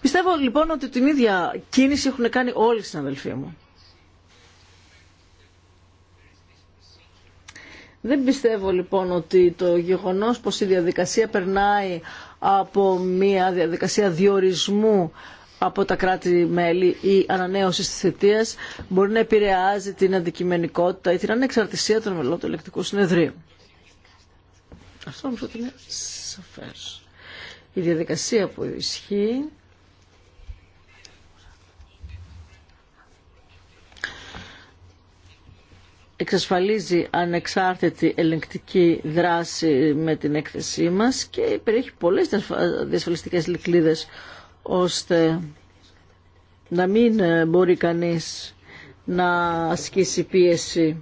Πιστεύω λοιπόν ότι την ίδια κίνηση έχουν κάνει όλοι οι συναδελφοί μου. Δεν πιστεύω λοιπόν ότι το γεγονός πως η διαδικασία περνάει από μια διαδικασία διορισμού από τα κράτη-μέλη η ανανέωση της θητείας μπορεί να επηρεάζει την αντικειμενικότητα ή την ανεξαρτησία των μελών του ελεκτικού συνεδρίου. Αυτό όμως ότι είναι σαφές. Η διαδικασία που ισχύει εξασφαλίζει ανεξάρτητη ελεγκτική δράση με την έκθεσή μας και περιέχει πολλές διασφαλιστικές λικλίδες ώστε να μην ε, μπορεί κανείς να ασκήσει πίεση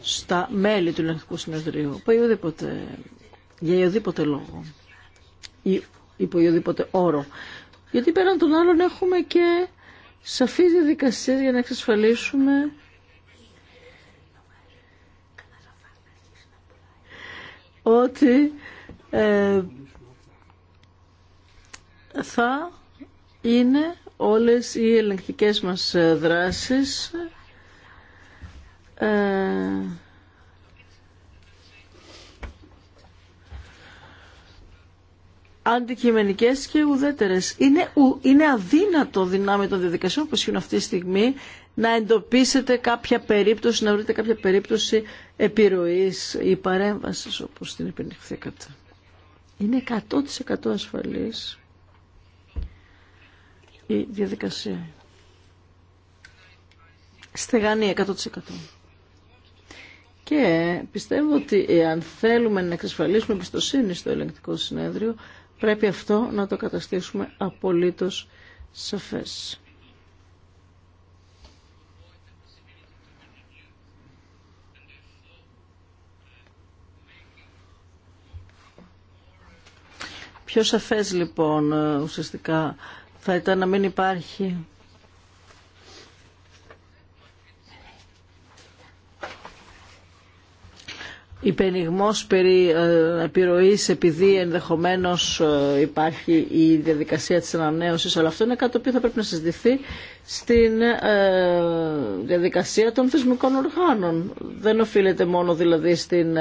στα μέλη του Ελληνικού Συνεδρίου, για οδήποτε λόγο ή υπό οποιοδήποτε όρο. Γιατί πέραν των άλλων έχουμε και σαφείς διαδικασίες για να εξασφαλίσουμε ότι ε, θα είναι όλες οι ελεγκτικές μας δράσεις ε, αντικειμενικές και ουδέτερες. Είναι, είναι αδύνατο δυνάμει των διαδικασιών που ισχύουν αυτή τη στιγμή να εντοπίσετε κάποια περίπτωση, να βρείτε κάποια περίπτωση επιρροής ή παρέμβασης όπως την επενεχθήκατε. Είναι 100% ασφαλής η διαδικασία. Στεγανή 100%. Και πιστεύω ότι εάν θέλουμε να εξασφαλίσουμε εμπιστοσύνη στο ελεγκτικό συνέδριο, πρέπει αυτό να το καταστήσουμε απολύτως σαφές. Πιο σαφές λοιπόν ουσιαστικά θα ήταν να μην υπάρχει υπενιγμός περί ε, επιρροής επειδή ενδεχομένως ε, υπάρχει η διαδικασία της ανανέωσης αλλά αυτό είναι κάτι που θα πρέπει να συζητηθεί στην ε, διαδικασία των θεσμικών οργάνων. Δεν οφείλεται μόνο δηλαδή στην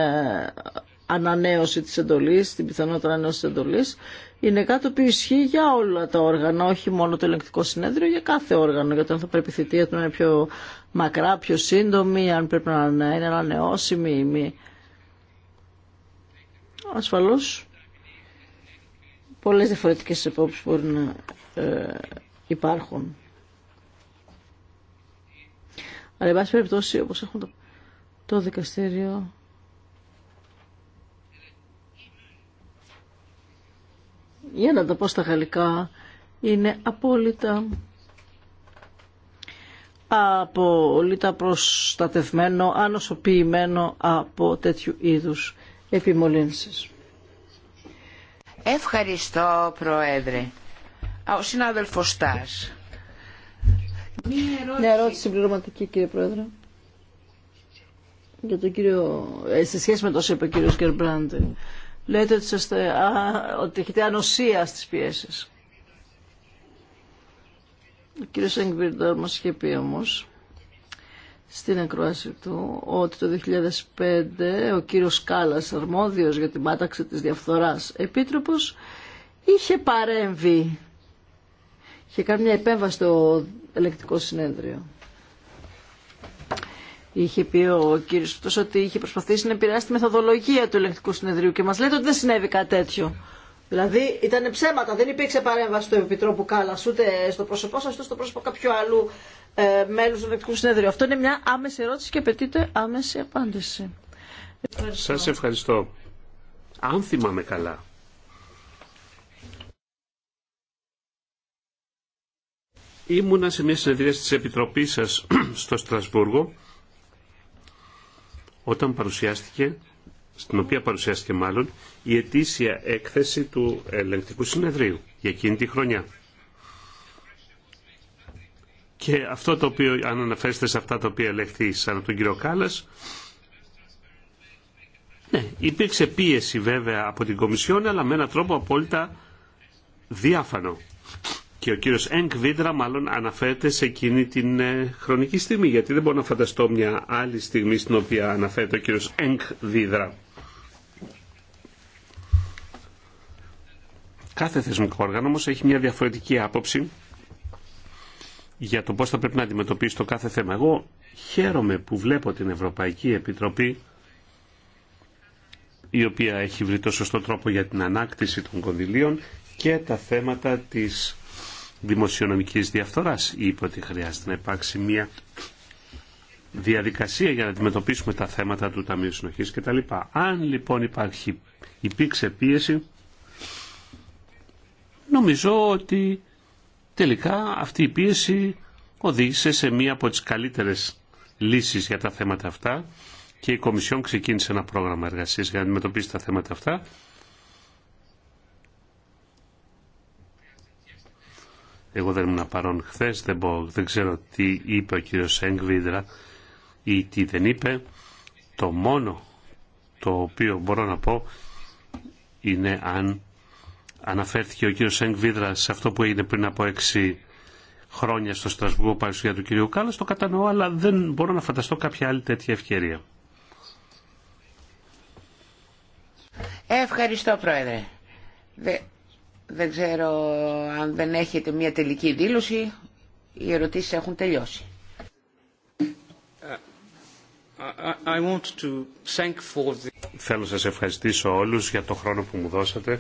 ανανέωση της εντολής, στην πιθανότητα ανανέωση της εντολής είναι κάτι που ισχύει για όλα τα όργανα, όχι μόνο το ελεγκτικό συνέδριο, για κάθε όργανο, γιατί αν θα πρέπει η θητεία του να είναι πιο μακρά, πιο σύντομη, αν πρέπει να είναι ανανεώσιμη ή μη. Ασφαλώς, πολλές διαφορετικές επόψεις μπορεί να ε, υπάρχουν. Αλλά, εν πάση περιπτώσει, όπως έχουμε το, το δικαστήριο για να τα πω στα γαλλικά, είναι απόλυτα απόλυτα προστατευμένο, ανοσοποιημένο από τέτοιου είδους επιμολύνσεις. Ευχαριστώ Πρόεδρε. Ο συνάδελφος Στάς. Μια ερώτηση. Μια κύριε Πρόεδρε. Για τον κύριο, ε, σε σχέση με το είπε ο κύριος Κερμπράντε λέτε ότι, είστε, α, ότι έχετε ανοσία στις πιέσεις. Ο κύριος Εγκβιρντόρ μας είχε πει όμως στην ακρόαση του ότι το 2005 ο κύριος Κάλλας, αρμόδιος για την πάταξη της διαφθοράς επίτροπος, είχε παρέμβει. Είχε κάνει μια επέμβαση στο ελεκτικό συνέδριο είχε πει ο κύριο Σουτό ότι είχε προσπαθήσει να επηρεάσει τη μεθοδολογία του ελεγκτικού συνεδρίου και μα λέτε ότι δεν συνέβη κάτι τέτοιο. Δηλαδή ήταν ψέματα, δεν υπήρξε παρέμβαση του Επιτρόπου Κάλλα ούτε στο πρόσωπό σα ούτε στο πρόσωπο κάποιου άλλου ε, μέλου του ελεγκτικού συνεδρίου. Αυτό είναι μια άμεση ερώτηση και απαιτείται άμεση απάντηση. Σα ευχαριστώ. Αν θυμάμαι καλά. Ήμουνα σε μια συνεδρία της Επιτροπής σας στο Στρασβούργο όταν παρουσιάστηκε, στην οποία παρουσιάστηκε μάλλον, η ετήσια έκθεση του ελεγκτικού συνεδρίου για εκείνη τη χρονιά. Και αυτό το οποίο, αν αναφέρεστε σε αυτά τα οποία ελεγχθεί σαν τον κύριο Κάλλας, ναι, υπήρξε πίεση βέβαια από την Κομισιόν, αλλά με έναν τρόπο απόλυτα διάφανο και ο κύριος Ενκ Βίντρα μάλλον αναφέρεται σε εκείνη την ε, χρονική στιγμή γιατί δεν μπορώ να φανταστώ μια άλλη στιγμή στην οποία αναφέρεται ο κύριος Ενκ Βίδρα. Κάθε θεσμικό όργανο όμως έχει μια διαφορετική άποψη για το πώς θα πρέπει να αντιμετωπίσει το κάθε θέμα. Εγώ χαίρομαι που βλέπω την Ευρωπαϊκή Επιτροπή η οποία έχει βρει το σωστό τρόπο για την ανάκτηση των κονδυλίων και τα θέματα της δημοσιονομικής διαφθοράς. Είπε ότι χρειάζεται να υπάρξει μια διαδικασία για να αντιμετωπίσουμε τα θέματα του Ταμείου Συνοχής κτλ. Αν λοιπόν υπάρχει, υπήρξε πίεση, νομίζω ότι τελικά αυτή η πίεση οδήγησε σε μία από τις καλύτερες λύσεις για τα θέματα αυτά και η Κομισιόν ξεκίνησε ένα πρόγραμμα εργασίας για να αντιμετωπίσει τα θέματα αυτά Εγώ δεν ήμουν παρόν χθε, δεν, δεν ξέρω τι είπε ο κύριος Σέγγβίδρα ή τι δεν είπε. Το μόνο το οποίο μπορώ να πω είναι αν αναφέρθηκε ο κύριος Σέγγβίδρα σε αυτό που έγινε πριν από έξι χρόνια στο Στρασβούργο παρουσία του κυρίου Κάλλα. το κατανοώ, αλλά δεν μπορώ να φανταστώ κάποια άλλη τέτοια ευκαιρία. Ευχαριστώ Πρόεδρε. Δεν ξέρω αν δεν έχετε μια τελική δήλωση. Οι ερωτήσεις έχουν τελειώσει. Ε, I want to thank for Θέλω να σας ευχαριστήσω όλους για το χρόνο που μου δώσατε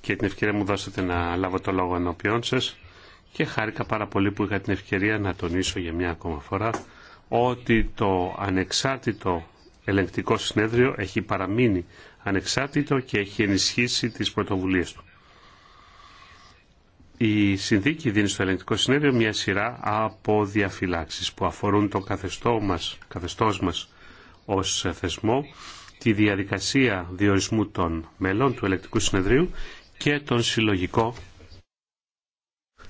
και την ευκαιρία μου δώσατε να λάβω το λόγο ενώπιόν σας και χάρηκα πάρα πολύ που είχα την ευκαιρία να τονίσω για μια ακόμα φορά ότι το ανεξάρτητο ελεγκτικό συνέδριο έχει παραμείνει ανεξάρτητο και έχει ενισχύσει τις πρωτοβουλίες του. Η συνθήκη δίνει στο ελεγκτικό συνέδριο μια σειρά από διαφυλάξεις που αφορούν το καθεστώ μας, καθεστώς μας ως θεσμό, τη διαδικασία διορισμού των μελών του ελεκτικού συνεδρίου και τον συλλογικό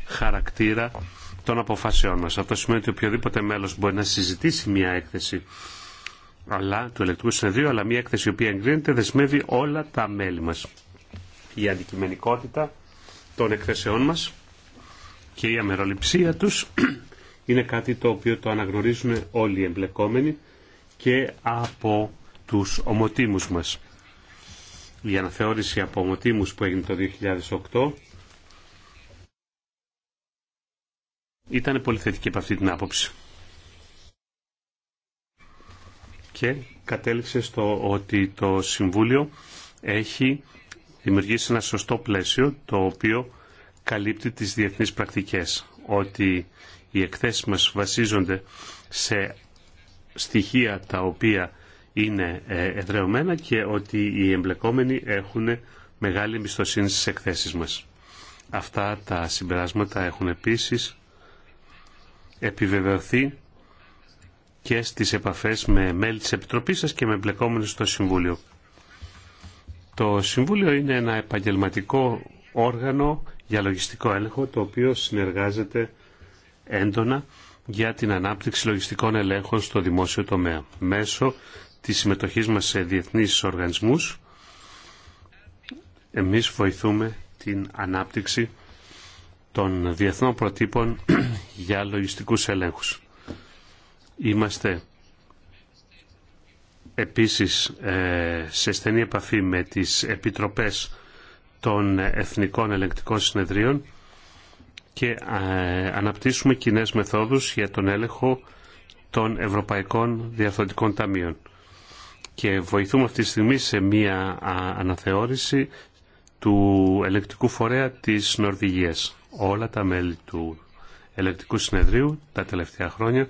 χαρακτήρα των αποφάσεών μας. Αυτό σημαίνει ότι οποιοδήποτε μέλος μπορεί να συζητήσει μια έκθεση αλλά, του ηλεκτρικού συνεδρίου, αλλά μια έκθεση η οποία εγκρίνεται δεσμεύει όλα τα μέλη μας. Η αντικειμενικότητα των εκθέσεών μας και η αμεροληψία τους είναι κάτι το οποίο το αναγνωρίζουν όλοι οι εμπλεκόμενοι και από τους ομοτήμους μας. Η αναθεώρηση από ομοτήμους που έγινε το 2008 ήταν πολύ θετική από αυτή την άποψη. και κατέληξε στο ότι το Συμβούλιο έχει δημιουργήσει ένα σωστό πλαίσιο το οποίο καλύπτει τις διεθνείς πρακτικές. Ότι οι εκθέσεις μας βασίζονται σε στοιχεία τα οποία είναι ε, εδρεωμένα και ότι οι εμπλεκόμενοι έχουν μεγάλη εμπιστοσύνη στις εκθέσεις μας. Αυτά τα συμπεράσματα έχουν επίσης επιβεβαιωθεί και στις επαφές με μέλη της Επιτροπής σας και με εμπλεκόμενους στο Συμβούλιο. Το Συμβούλιο είναι ένα επαγγελματικό όργανο για λογιστικό έλεγχο το οποίο συνεργάζεται έντονα για την ανάπτυξη λογιστικών ελέγχων στο δημόσιο τομέα μέσω της συμμετοχής μας σε διεθνείς οργανισμούς εμείς βοηθούμε την ανάπτυξη των διεθνών προτύπων για λογιστικούς ελέγχους. Είμαστε επίσης ε, σε στενή επαφή με τις επιτροπές των Εθνικών Ελεκτικών Συνεδρίων και ε, αναπτύσσουμε κοινέ μεθόδους για τον έλεγχο των Ευρωπαϊκών Διαθροντικών Ταμείων. Και βοηθούμε αυτή τη στιγμή σε μία αναθεώρηση του ελεκτικού φορέα της Νορβηγίας. Όλα τα μέλη του ελεκτικού συνεδρίου τα τελευταία χρόνια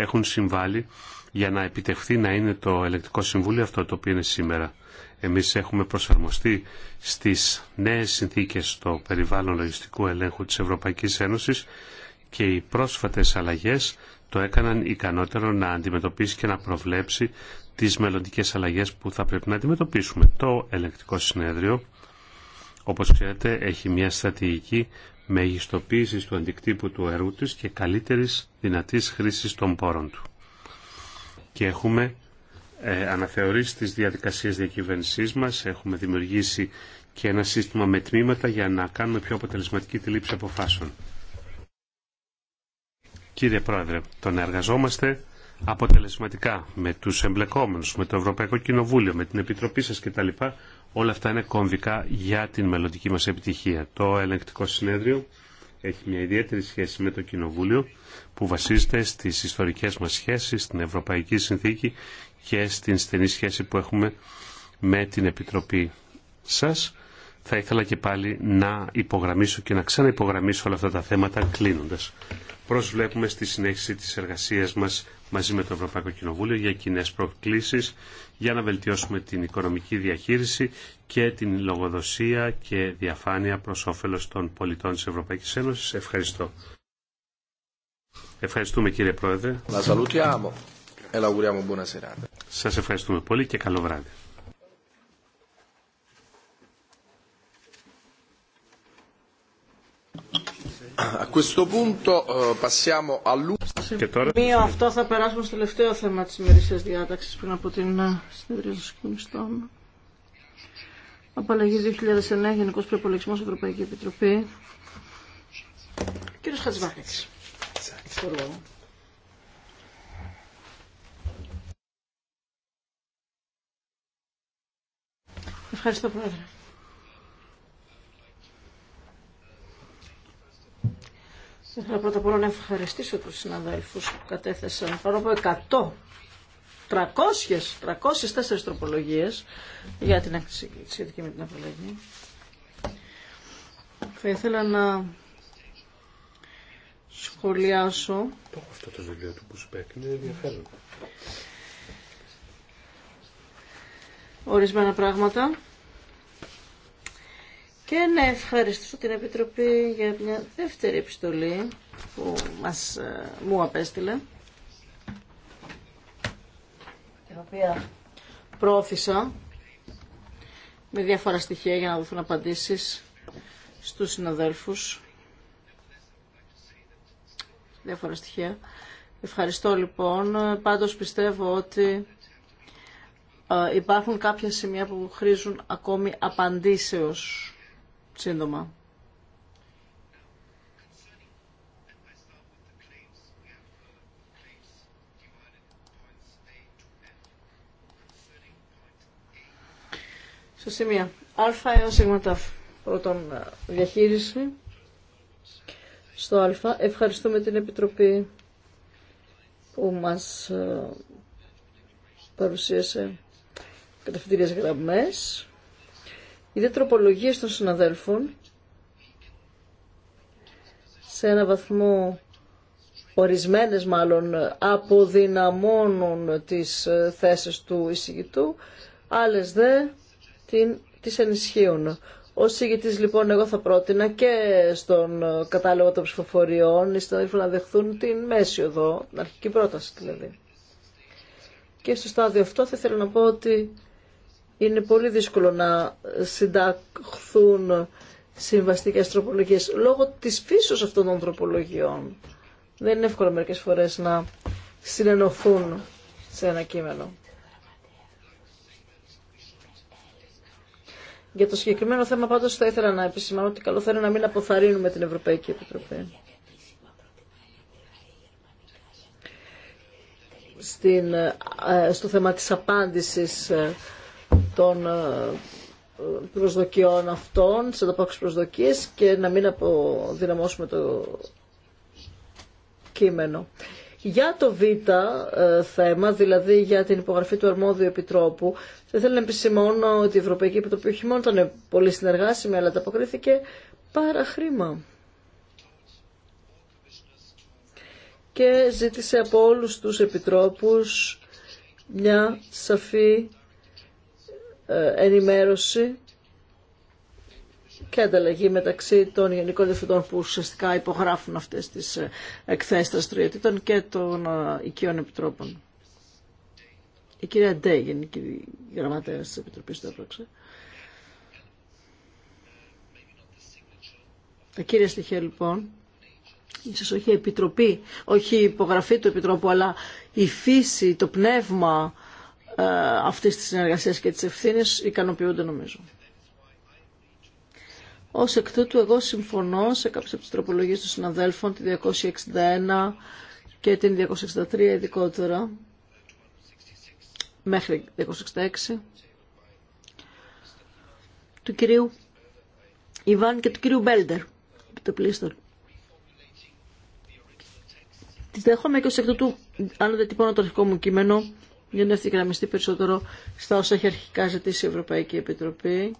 έχουν συμβάλει για να επιτευχθεί να είναι το ελεκτικό συμβούλιο αυτό το οποίο είναι σήμερα. Εμείς έχουμε προσαρμοστεί στις νέες συνθήκες στο περιβάλλον λογιστικού ελέγχου της Ευρωπαϊκής Ένωσης και οι πρόσφατες αλλαγές το έκαναν ικανότερο να αντιμετωπίσει και να προβλέψει τις μελλοντικές αλλαγές που θα πρέπει να αντιμετωπίσουμε. Το ελεκτικό συνέδριο, όπως ξέρετε, έχει μια στρατηγική μεγιστοποίησης του αντικτύπου του αερού της και καλύτερης δυνατής χρήσης των πόρων του. Και έχουμε ε, αναθεωρήσει τις διαδικασίες διακυβέρνησής μας, έχουμε δημιουργήσει και ένα σύστημα με τμήματα για να κάνουμε πιο αποτελεσματική τη λήψη αποφάσεων. Κύριε Πρόεδρε, τον εργαζόμαστε αποτελεσματικά με τους εμπλεκόμενους, με το Ευρωπαϊκό Κοινοβούλιο, με την Επιτροπή σας κτλ. Όλα αυτά είναι κομβικά για την μελλοντική μας επιτυχία. Το ελεγκτικό συνέδριο έχει μια ιδιαίτερη σχέση με το Κοινοβούλιο που βασίζεται στις ιστορικές μας σχέσεις, στην Ευρωπαϊκή Συνθήκη και στην στενή σχέση που έχουμε με την Επιτροπή σας. Θα ήθελα και πάλι να υπογραμμίσω και να ξαναυπογραμμίσω όλα αυτά τα θέματα κλείνοντας προσβλέπουμε στη συνέχιση της εργασίας μας μαζί με το Ευρωπαϊκό Κοινοβούλιο για κοινέ προκλήσεις για να βελτιώσουμε την οικονομική διαχείριση και την λογοδοσία και διαφάνεια προς όφελος των πολιτών της Ευρωπαϊκής Ένωσης. Ευχαριστώ. Ευχαριστούμε κύριε Πρόεδρε. E Σας ευχαριστούμε πολύ και καλό βράδυ. Σε αυτό Μία αυτό θα περάσουμε στο τελευταίο θέμα της ημερήσιας διάταξης πριν από την ε, συνεδρία των συγκομιστών. Απαλλαγή 2009, Γενικός Προϋπολογισμός, Ευρωπαϊκή Επιτροπή. Κύριος Χατζημάκης. Ευχαριστώ, Πρόεδρε. Θα ήθελα πρώτα απ' όλα να ευχαριστήσω τους συναδέλφους που κατέθεσαν πάνω από 100, 300, 304 τροπολογίες για την σχετική με την απαλλαγή. Θα ήθελα να σχολιάσω. Το αυτό το βιβλίο του πέκ, είναι ενδιαφέρον. Ορισμένα πράγματα και να ευχαριστήσω την Επιτροπή για μια δεύτερη επιστολή που μας, ε, μου απέστειλε. Την οποία πρόωθησα με διάφορα στοιχεία για να δοθούν απαντήσεις στους συναδέλφους. Διάφορα στοιχεία. Ευχαριστώ λοιπόν. Πάντως πιστεύω ότι ε, υπάρχουν κάποια σημεία που χρήζουν ακόμη απαντήσεως σύντομα. Στο σημείο α έως σιγματάφ. Πρώτον, ε, διαχείριση. Στο α, ευχαριστούμε την Επιτροπή που μας ε, παρουσίασε κατευθυντήριες γραμμές οι δύο τροπολογίες των συναδέλφων σε ένα βαθμό ορισμένες μάλλον αποδυναμώνουν τις ε, θέσεις του εισηγητού, άλλες δε την, τις ενισχύουν. Ο εισηγητής λοιπόν εγώ θα πρότεινα και στον ε, κατάλογο των ψηφοφοριών οι συναδέλφοι να δεχθούν την μέση εδώ, την αρχική πρόταση δηλαδή. Και στο στάδιο αυτό θα ήθελα να πω ότι είναι πολύ δύσκολο να συνταχθούν συμβαστικέ τροπολογίε. λόγω της φύσεως αυτών των τροπολογιών. Δεν είναι εύκολο μερικές φορές να συνενωθούν σε ένα κείμενο. Για το συγκεκριμένο θέμα πάντως θα ήθελα να επισημάνω ότι καλό θα είναι να μην αποθαρρύνουμε την Ευρωπαϊκή Επιτροπή. Ε, στο θέμα της απάντησης ε, των ε, προσδοκιών αυτών, σε ανταπόκρισεις προσδοκίες και να μην αποδυναμώσουμε το κείμενο. Για το Β ε, θέμα, δηλαδή για την υπογραφή του αρμόδιου επιτρόπου, θα ήθελα να επισημώνω ότι η Ευρωπαϊκή Επιτροπή όχι μόνο ήταν πολύ συνεργάσιμη, αλλά ανταποκρίθηκε πάρα χρήμα. Και ζήτησε από όλους τους επιτρόπους μια σαφή ε, ενημέρωση και ανταλλαγή μεταξύ των γενικών διευθυντών που ουσιαστικά υπογράφουν αυτές τις ε, εκθέσεις δραστηριοτήτων και των ε, οικείων επιτρόπων. Η κυρία Ντέ, γενική γραμματέα της Επιτροπής το έπραξε. Τα κύρια στοιχεία λοιπόν, ίσως όχι επιτροπή, όχι η υπογραφή του επιτρόπου, αλλά η φύση, το πνεύμα ε, Αυτή τη συνεργασία και της ευθύνης ικανοποιούνται νομίζω. Ως εκ τούτου εγώ συμφωνώ σε κάποιες από τις τροπολογίες των συναδέλφων, τη 261 και την 263 ειδικότερα, μέχρι 266, του κυρίου Ιβάν και του κυρίου Μπέλντερ, πλήστορ. Τις δέχομαι και ως εκ τούτου, αν δεν τυπώνω το αρχικό μου κείμενο, για να ευθυγραμμιστεί περισσότερο στα όσα έχει αρχικά ζητήσει η Ευρωπαϊκή Επιτροπή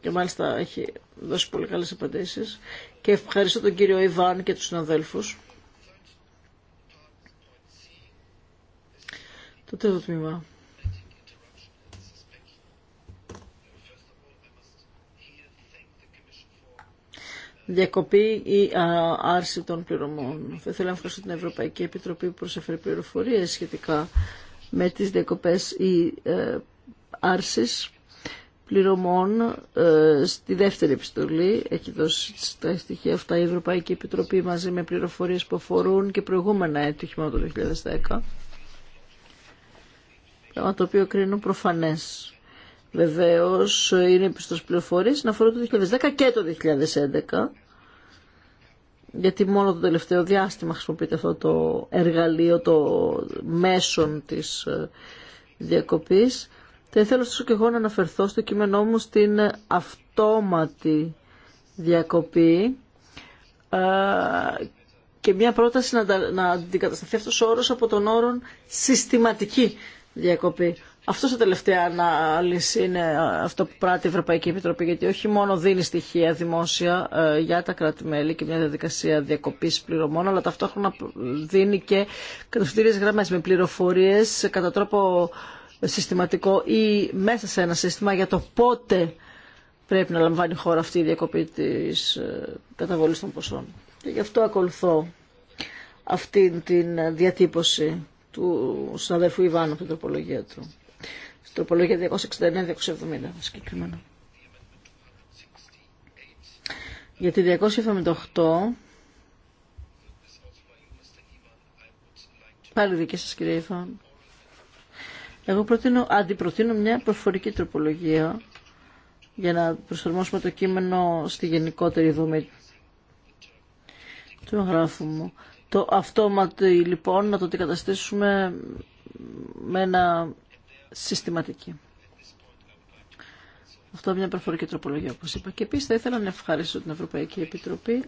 και μάλιστα έχει δώσει πολύ καλές απαντήσεις και ευχαριστώ τον κύριο Ιβάν και τους συναδέλφους. Το τρίτο τμήμα. διακοπή ή άρση των πληρωμών. Θα ήθελα να ευχαριστώ την Ευρωπαϊκή Επιτροπή που προσέφερε πληροφορίες σχετικά με τις διακοπές ή ε, άρσεις πληρωμών ε, στη δεύτερη επιστολή. Έχει δώσει τα στοιχεία αυτά η Ευρωπαϊκή Επιτροπή μαζί με πληροφορίες που αφορούν και προηγούμενα έτη, το 2010. Πράγμα το οποίο κρίνουν προφανές. Βεβαίως είναι πιστός πληροφορίες να αφορούν το 2010 και το 2011 γιατί μόνο το τελευταίο διάστημα χρησιμοποιείται αυτό το εργαλείο, το μέσον της ε, διακοπής. Θα ήθελα ωστόσο και εγώ να αναφερθώ στο κείμενό μου στην αυτόματη διακοπή ε, και μια πρόταση να αντικατασταθεί αυτός ο όρος από τον όρο συστηματική διακοπή. Αυτό σε τελευταία ανάλυση είναι αυτό που πράττει η Ευρωπαϊκή Επιτροπή, γιατί όχι μόνο δίνει στοιχεία δημόσια ε, για τα κράτη-μέλη και μια διαδικασία διακοπή πληρωμών, αλλά ταυτόχρονα δίνει και κατευθυντήριε γραμμέ με πληροφορίε κατά τρόπο συστηματικό ή μέσα σε ένα σύστημα για το πότε πρέπει να λαμβάνει η χώρα αυτή η διακοπή της ε, καταβολή των ποσών. Και γι' αυτό ακολουθώ αυτή την διατύπωση του συναδελφού Ιβάνου από την τροπολογία του. Στην τροπολογία 269-270 συγκεκριμένα. Για τη 278 πάλι δική σας κυρία Ιφάν. Εγώ προτείνω, αντιπροτείνω μια προφορική τροπολογία για να προσαρμόσουμε το κείμενο στη γενικότερη δομή του εγγράφου μου. Το αυτόματι λοιπόν να το αντικαταστήσουμε με ένα συστηματική. Αυτό είναι μια προφορική τροπολογία, όπω είπα. Και επίση θα ήθελα να ευχαριστήσω την Ευρωπαϊκή Επιτροπή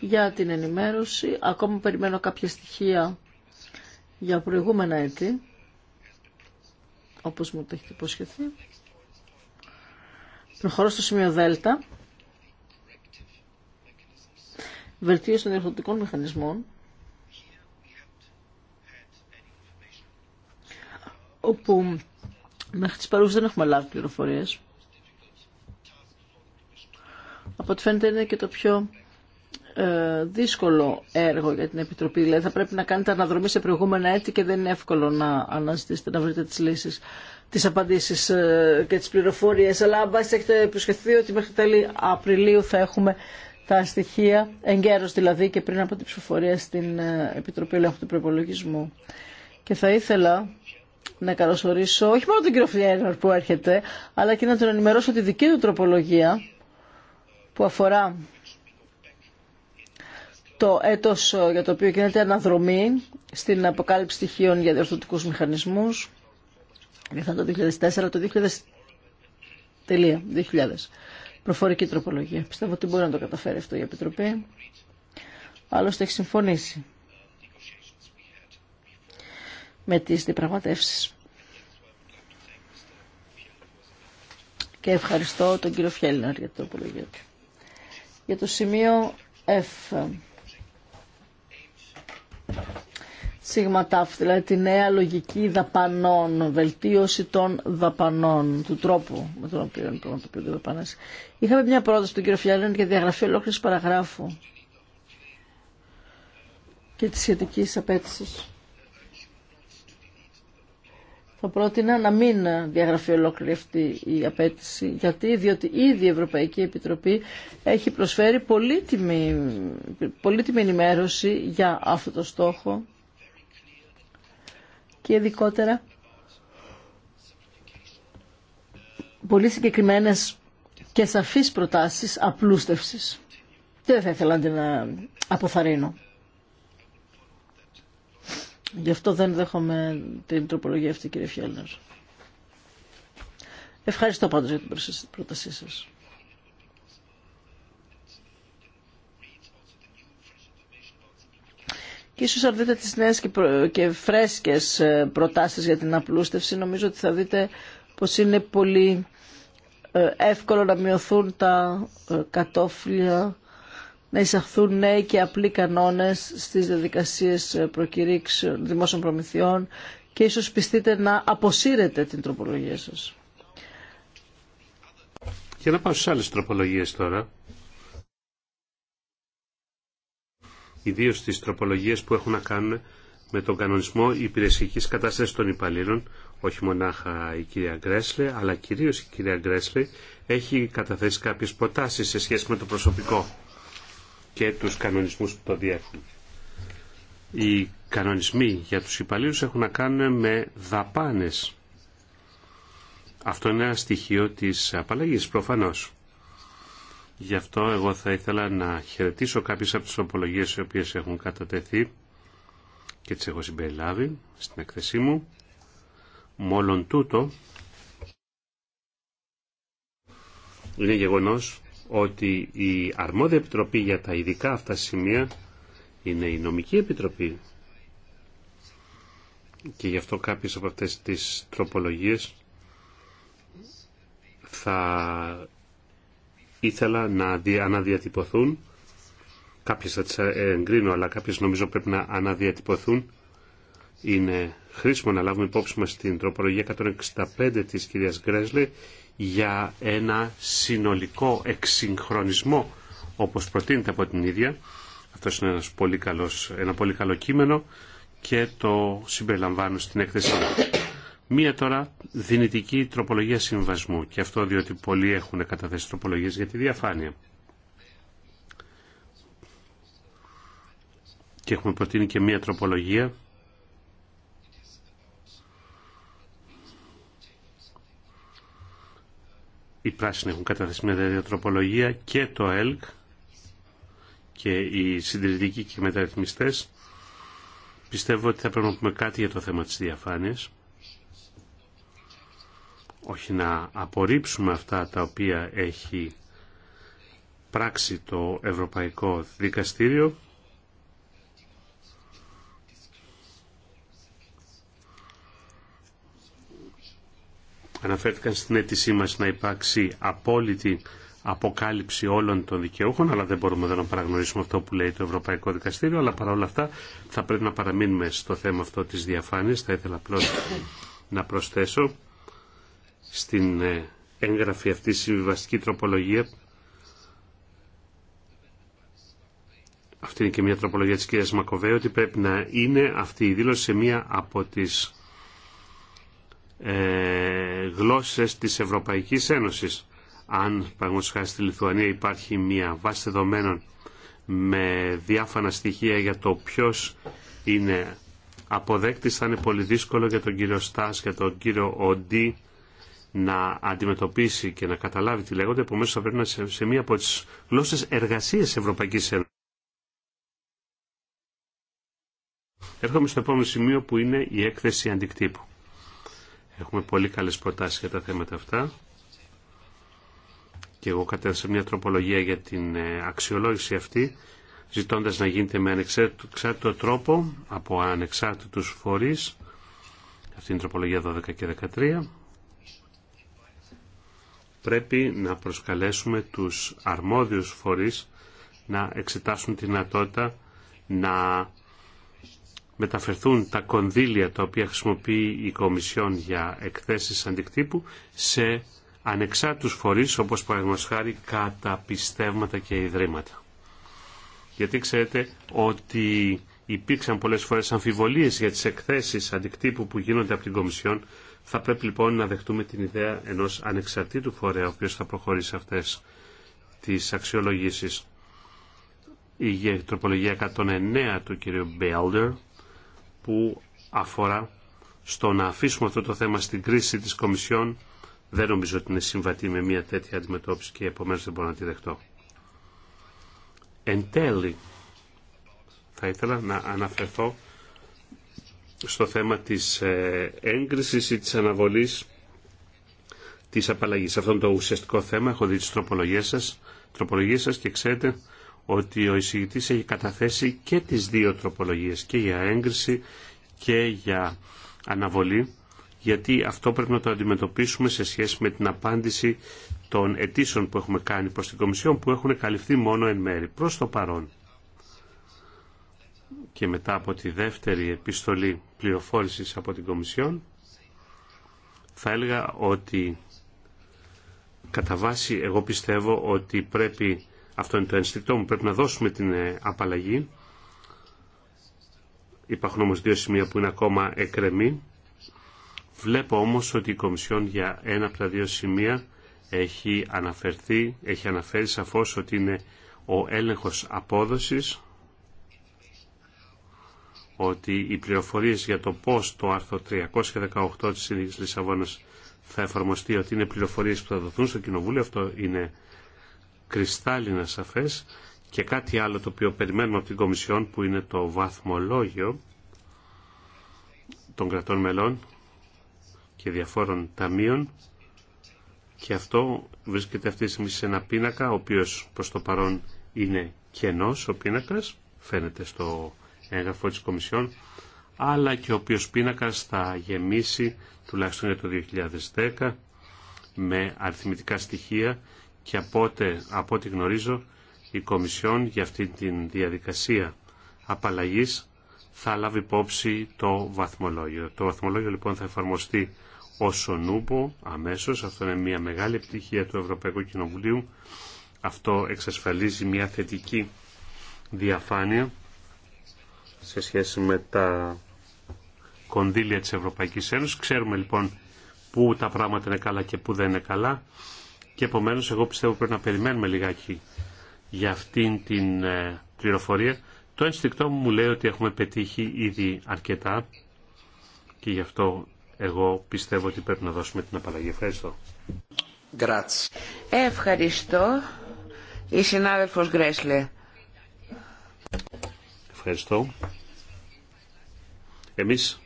για την ενημέρωση. Ακόμα περιμένω κάποια στοιχεία για προηγούμενα έτη, όπω μου το έχετε υποσχεθεί. Προχωρώ στο σημείο Δέλτα. Βελτίωση των διορθωτικών μηχανισμών. όπου Μέχρι τις παρούσες δεν έχουμε λάβει πληροφορίες. Από ό,τι φαίνεται είναι και το πιο ε, δύσκολο έργο για την Επιτροπή. Δηλαδή θα πρέπει να κάνετε αναδρομή σε προηγούμενα έτη και δεν είναι εύκολο να αναζητήσετε, να βρείτε τις λύσεις, τις απαντήσεις ε, και τις πληροφορίες. Αλλά αν πάση έχετε προσχεθεί ότι μέχρι τέλη Απριλίου θα έχουμε τα στοιχεία, εγκαίρως δηλαδή και πριν από την ψηφοφορία στην ε, Επιτροπή Ελέγχου του Προπολογισμού. Και θα ήθελα να καλωσορίσω όχι μόνο τον κύριο Φλιέρνερ που έρχεται, αλλά και να τον ενημερώσω τη δική του τροπολογία που αφορά το έτος ε, για το οποίο γίνεται αναδρομή στην αποκάλυψη στοιχείων για διορθωτικούς μηχανισμούς για το 2004, το 2000, τελεία, 2000. Προφορική τροπολογία. Πιστεύω ότι μπορεί να το καταφέρει αυτό η Επιτροπή. Άλλωστε έχει συμφωνήσει με τις διαπραγματεύσεις. Και ευχαριστώ τον κύριο Φιέλναρ για το απολογείο του. Για το σημείο F. Σίγμα δηλαδή τη νέα λογική δαπανών, βελτίωση των δαπανών, του τρόπου με τον οποίο πραγματοποιούνται οι δαπανέ. Είχαμε μια πρόταση του κύριο Φιέλνερ για διαγραφή ολόκληρη παραγράφου και τη σχετική απέτηση θα πρότεινα να μην διαγραφεί ολόκληρη αυτή η απέτηση. Γιατί, διότι ήδη η Ευρωπαϊκή Επιτροπή έχει προσφέρει πολύτιμη, πολύτιμη ενημέρωση για αυτό το στόχο και ειδικότερα πολύ συγκεκριμένες και σαφείς προτάσεις απλούστευσης. Δεν θα ήθελα να την αποθαρρύνω. Γι' αυτό δεν δέχομαι την τροπολογία αυτή, κύριε Φιέλνερ. Ευχαριστώ πάντως για την πρότασή σας. Και ίσως αν δείτε τις νέες και φρέσκες ε, προτάσεις για την απλούστευση, νομίζω ότι θα δείτε πως είναι πολύ ε, εύκολο να μειωθούν τα ε, κατόφλια να εισαχθούν νέοι και απλοί κανόνες στις διαδικασίες προκηρύξεων δημόσιων προμηθειών και ίσως πιστείτε να αποσύρετε την τροπολογία σας. Και να πάω στις άλλες τροπολογίες τώρα. Ιδίω στις τροπολογίες που έχουν να κάνουν με τον κανονισμό υπηρεσιακής κατάστασης των υπαλλήλων, όχι μονάχα η κυρία Γκρέσλε, αλλά κυρίως η κυρία Γκρέσλε έχει καταθέσει κάποιες προτάσεις σε σχέση με το προσωπικό και τους κανονισμούς που το διέχουν. Οι κανονισμοί για τους υπαλλήλους έχουν να κάνουν με δαπάνες. Αυτό είναι ένα στοιχείο της απαλλαγής προφανώς. Γι' αυτό εγώ θα ήθελα να χαιρετήσω κάποιες από τις οπολογίες οι οποίες έχουν κατατεθεί και τις έχω συμπεριλάβει στην εκθεσή μου. Μόλον τούτο είναι γεγονός ότι η αρμόδια επιτροπή για τα ειδικά αυτά σημεία είναι η νομική επιτροπή και γι' αυτό κάποιες από αυτές τις τροπολογίες θα ήθελα να αναδιατυπωθούν κάποιες θα τις εγκρίνω αλλά κάποιες νομίζω πρέπει να αναδιατυπωθούν είναι χρήσιμο να λάβουμε υπόψη μας την τροπολογία 165 της κυρίας Γκρέσλε για ένα συνολικό εξυγχρονισμό όπως προτείνεται από την ίδια. Αυτό είναι πολύ ένα πολύ καλό κείμενο και το συμπεριλαμβάνω στην έκθεση. Μία τώρα δυνητική τροπολογία συμβασμού και αυτό διότι πολλοί έχουν καταθέσει τροπολογίες για τη διαφάνεια. Και έχουμε προτείνει και μία τροπολογία οι πράσινοι έχουν καταθέσει μια τροπολογία και το ΕΛΚ και οι συντηρητικοί και οι μεταρρυθμιστές. Πιστεύω ότι θα πρέπει να πούμε κάτι για το θέμα της διαφάνειας. Όχι να απορρίψουμε αυτά τα οποία έχει πράξει το Ευρωπαϊκό Δικαστήριο αναφέρθηκαν στην αίτησή μας να υπάρξει απόλυτη αποκάλυψη όλων των δικαιούχων, αλλά δεν μπορούμε εδώ να παραγνωρίσουμε αυτό που λέει το Ευρωπαϊκό Δικαστήριο, αλλά παρόλα αυτά θα πρέπει να παραμείνουμε στο θέμα αυτό της διαφάνειας. Θα ήθελα απλώ να προσθέσω στην ε, έγγραφη αυτή συμβιβαστική τροπολογία αυτή είναι και μια τροπολογία της κυρίας Μακοβέ ότι πρέπει να είναι αυτή η δήλωση σε μία από τις ε, γλώσσες της Ευρωπαϊκής Ένωσης. Αν παραγωγικά στη Λιθουανία υπάρχει μια βάση δεδομένων με διάφανα στοιχεία για το ποιος είναι αποδέκτης θα είναι πολύ δύσκολο για τον κύριο Στάς και τον κύριο Οντί να αντιμετωπίσει και να καταλάβει τι λέγονται, επομένως θα πρέπει να σε, σε μία από τις γλώσσες εργασίες Ευρωπαϊκής Ένωσης. Έρχομαι στο επόμενο σημείο που είναι η έκθεση αντικτύπου. Έχουμε πολύ καλές προτάσεις για τα θέματα αυτά. Και εγώ κατέθεσα μια τροπολογία για την ε, αξιολόγηση αυτή, ζητώντας να γίνεται με ανεξάρτητο τρόπο από ανεξάρτητους φορείς. Αυτή είναι η τροπολογία 12 και 13. Πρέπει να προσκαλέσουμε τους αρμόδιους φορείς να εξετάσουν τη δυνατότητα να μεταφερθούν τα κονδύλια τα οποία χρησιμοποιεί η Κομισιόν για εκθέσεις αντικτύπου σε ανεξάρτητους φορείς όπως παραδείγματος χάρη πιστεύματα και ιδρύματα. Γιατί ξέρετε ότι υπήρξαν πολλές φορές αμφιβολίες για τις εκθέσεις αντικτύπου που γίνονται από την Κομισιόν. Θα πρέπει λοιπόν να δεχτούμε την ιδέα ενός ανεξαρτήτου φορέα ο οποίος θα προχωρήσει αυτές τις αξιολογήσεις. Η τροπολογία 109 του κ. Μπέλντερ που αφορά στο να αφήσουμε αυτό το θέμα στην κρίση της Κομισιόν δεν νομίζω ότι είναι συμβατή με μια τέτοια αντιμετώπιση και επομένως δεν μπορώ να τη δεχτώ. Εν τέλει, θα ήθελα να αναφερθώ στο θέμα της ε, έγκρισης ή της αναβολής της απαλλαγής. Αυτό είναι το ουσιαστικό θέμα. Έχω δει τις τροπολογίες σας, τροπολογίες σας και ξέρετε ότι ο εισηγητής έχει καταθέσει και τις δύο τροπολογίες και για έγκριση και για αναβολή γιατί αυτό πρέπει να το αντιμετωπίσουμε σε σχέση με την απάντηση των αιτήσεων που έχουμε κάνει προς την Κομισιόν που έχουν καλυφθεί μόνο εν μέρη. Προς το παρόν και μετά από τη δεύτερη επιστολή πληροφόρησης από την Κομισιόν θα έλεγα ότι κατά βάση εγώ πιστεύω ότι πρέπει αυτό είναι το ενστικτό μου. Πρέπει να δώσουμε την ε, απαλλαγή. Υπάρχουν όμως δύο σημεία που είναι ακόμα εκρεμή. Βλέπω όμως ότι η Κομισιόν για ένα από τα δύο σημεία έχει αναφερθεί, έχει αναφέρει σαφώς ότι είναι ο έλεγχος απόδοσης, ότι οι πληροφορίες για το πώς το άρθρο 318 της Συνδίκης Λισαβόνας θα εφαρμοστεί, ότι είναι πληροφορίες που θα δοθούν στο Κοινοβούλιο, αυτό είναι κρυστάλλινα σαφές και κάτι άλλο το οποίο περιμένουμε από την Κομισιόν που είναι το βαθμολόγιο των κρατών μελών και διαφόρων ταμείων και αυτό βρίσκεται αυτή τη στιγμή σε ένα πίνακα ο οποίος προς το παρόν είναι κενός ο πίνακας φαίνεται στο έγγραφο της Κομισιόν αλλά και ο οποίος πίνακας θα γεμίσει τουλάχιστον για το 2010 με αριθμητικά στοιχεία και από ό,τι, από ό,τι γνωρίζω η Κομισιόν για αυτή τη διαδικασία απαλλαγής θα λάβει υπόψη το βαθμολόγιο. Το βαθμολόγιο λοιπόν θα εφαρμοστεί ω ο αμέσως. Αυτό είναι μια μεγάλη επιτυχία του Ευρωπαϊκού Κοινοβουλίου. Αυτό εξασφαλίζει μια θετική διαφάνεια σε σχέση με τα κονδύλια της Ευρωπαϊκής Ένωσης. Ξέρουμε λοιπόν πού τα πράγματα είναι καλά και πού δεν είναι καλά και επομένω εγώ πιστεύω πρέπει να περιμένουμε λιγάκι για αυτήν την ε, πληροφορία. Το ενστικτό μου μου λέει ότι έχουμε πετύχει ήδη αρκετά και γι' αυτό εγώ πιστεύω ότι πρέπει να δώσουμε την απαλλαγή. Ευχαριστώ. Ευχαριστώ. Η συνάδελφος Γκρέσλε. Ευχαριστώ. Εμείς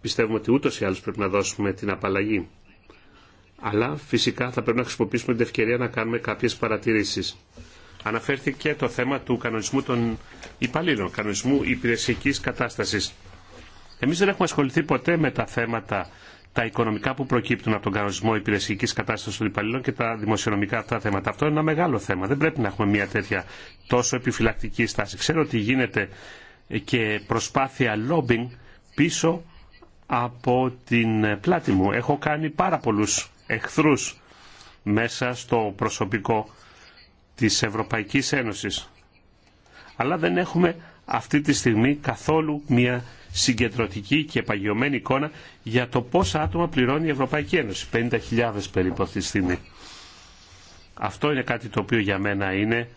πιστεύουμε ότι ούτως ή άλλως πρέπει να δώσουμε την απαλλαγή αλλά φυσικά θα πρέπει να χρησιμοποιήσουμε την ευκαιρία να κάνουμε κάποιες παρατηρήσεις. Αναφέρθηκε το θέμα του κανονισμού των υπαλλήλων, κανονισμού υπηρεσιακής κατάστασης. Εμείς δεν έχουμε ασχοληθεί ποτέ με τα θέματα τα οικονομικά που προκύπτουν από τον κανονισμό υπηρεσιακή κατάσταση των υπαλλήλων και τα δημοσιονομικά αυτά θέματα. Αυτό είναι ένα μεγάλο θέμα. Δεν πρέπει να έχουμε μια τέτοια τόσο επιφυλακτική στάση. Ξέρω ότι γίνεται και προσπάθεια lobbying πίσω από την πλάτη μου. Έχω κάνει πάρα πολλούς εχθρούς μέσα στο προσωπικό της Ευρωπαϊκής Ένωσης. Αλλά δεν έχουμε αυτή τη στιγμή καθόλου μια συγκεντρωτική και παγιωμένη εικόνα για το πόσα άτομα πληρώνει η Ευρωπαϊκή Ένωση. 50.000 περίπου αυτή τη στιγμή. Αυτό είναι κάτι το οποίο για μένα είναι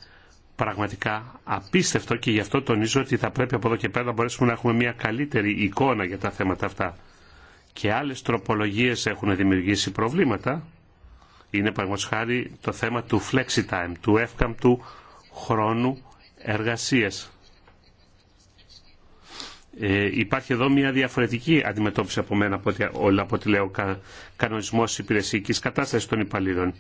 πραγματικά απίστευτο και γι' αυτό τονίζω ότι θα πρέπει από εδώ και πέρα να μπορέσουμε να έχουμε μια καλύτερη εικόνα για τα θέματα αυτά και άλλες τροπολογίες έχουν δημιουργήσει προβλήματα είναι χάρη το θέμα του flexi-time, του εύκαμπτου χρόνου εργασίας. Ε, υπάρχει εδώ μια διαφορετική αντιμετώπιση από μένα από ό,τι, όλα από ό,τι λέω κα, κανονισμός υπηρεσιακής κατάστασης των υπαλλήλων.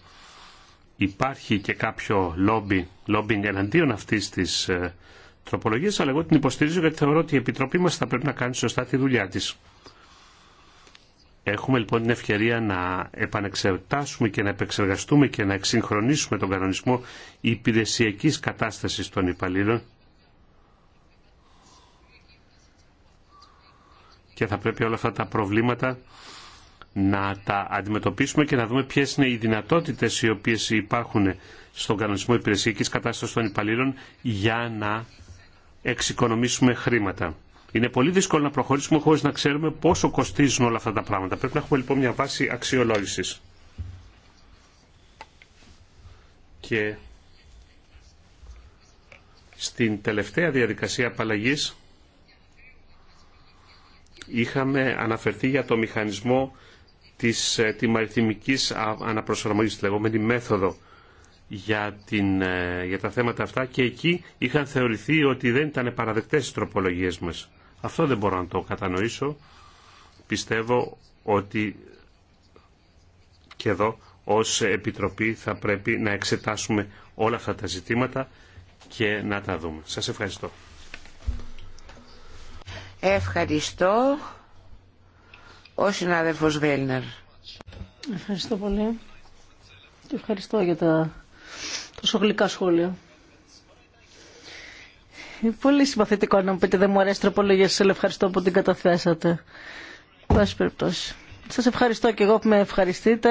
Υπάρχει και κάποιο λόμπι, λόμπινγκ εναντίον αυτής της ε, τροπολογίας, αλλά εγώ την υποστηρίζω γιατί θεωρώ ότι η Επιτροπή μας θα πρέπει να κάνει σωστά τη δουλειά της. Έχουμε λοιπόν την ευκαιρία να επανεξετάσουμε και να επεξεργαστούμε και να εξυγχρονίσουμε τον κανονισμό υπηρεσιακής κατάστασης των υπαλλήλων και θα πρέπει όλα αυτά τα προβλήματα να τα αντιμετωπίσουμε και να δούμε ποιες είναι οι δυνατότητες οι οποίες υπάρχουν στον κανονισμό υπηρεσιακής κατάστασης των υπαλλήλων για να εξοικονομήσουμε χρήματα. Είναι πολύ δύσκολο να προχωρήσουμε χωρίς να ξέρουμε πόσο κοστίζουν όλα αυτά τα πράγματα. Πρέπει να έχουμε λοιπόν μια βάση αξιολόγησης. Και στην τελευταία διαδικασία απαλλαγή είχαμε αναφερθεί για το μηχανισμό της ε, τιμαριθμικής αναπροσαρμογής, τη λεγόμενη μέθοδο για, την, ε, για τα θέματα αυτά και εκεί είχαν θεωρηθεί ότι δεν ήταν παραδεκτές οι τροπολογίες μας. Αυτό δεν μπορώ να το κατανοήσω. Πιστεύω ότι και εδώ ως Επιτροπή θα πρέπει να εξετάσουμε όλα αυτά τα ζητήματα και να τα δούμε. Σας ευχαριστώ. Ευχαριστώ ο συνάδελφος Βέλνερ. Ευχαριστώ πολύ και ευχαριστώ για τα τόσο γλυκά σχόλια πολύ συμπαθητικό να μου πείτε δεν μου αρέσει τροπολογία σας, αλλά ευχαριστώ που την καταθέσατε. Πάση περιπτώσει. Σας ευχαριστώ και εγώ που με ευχαριστείτε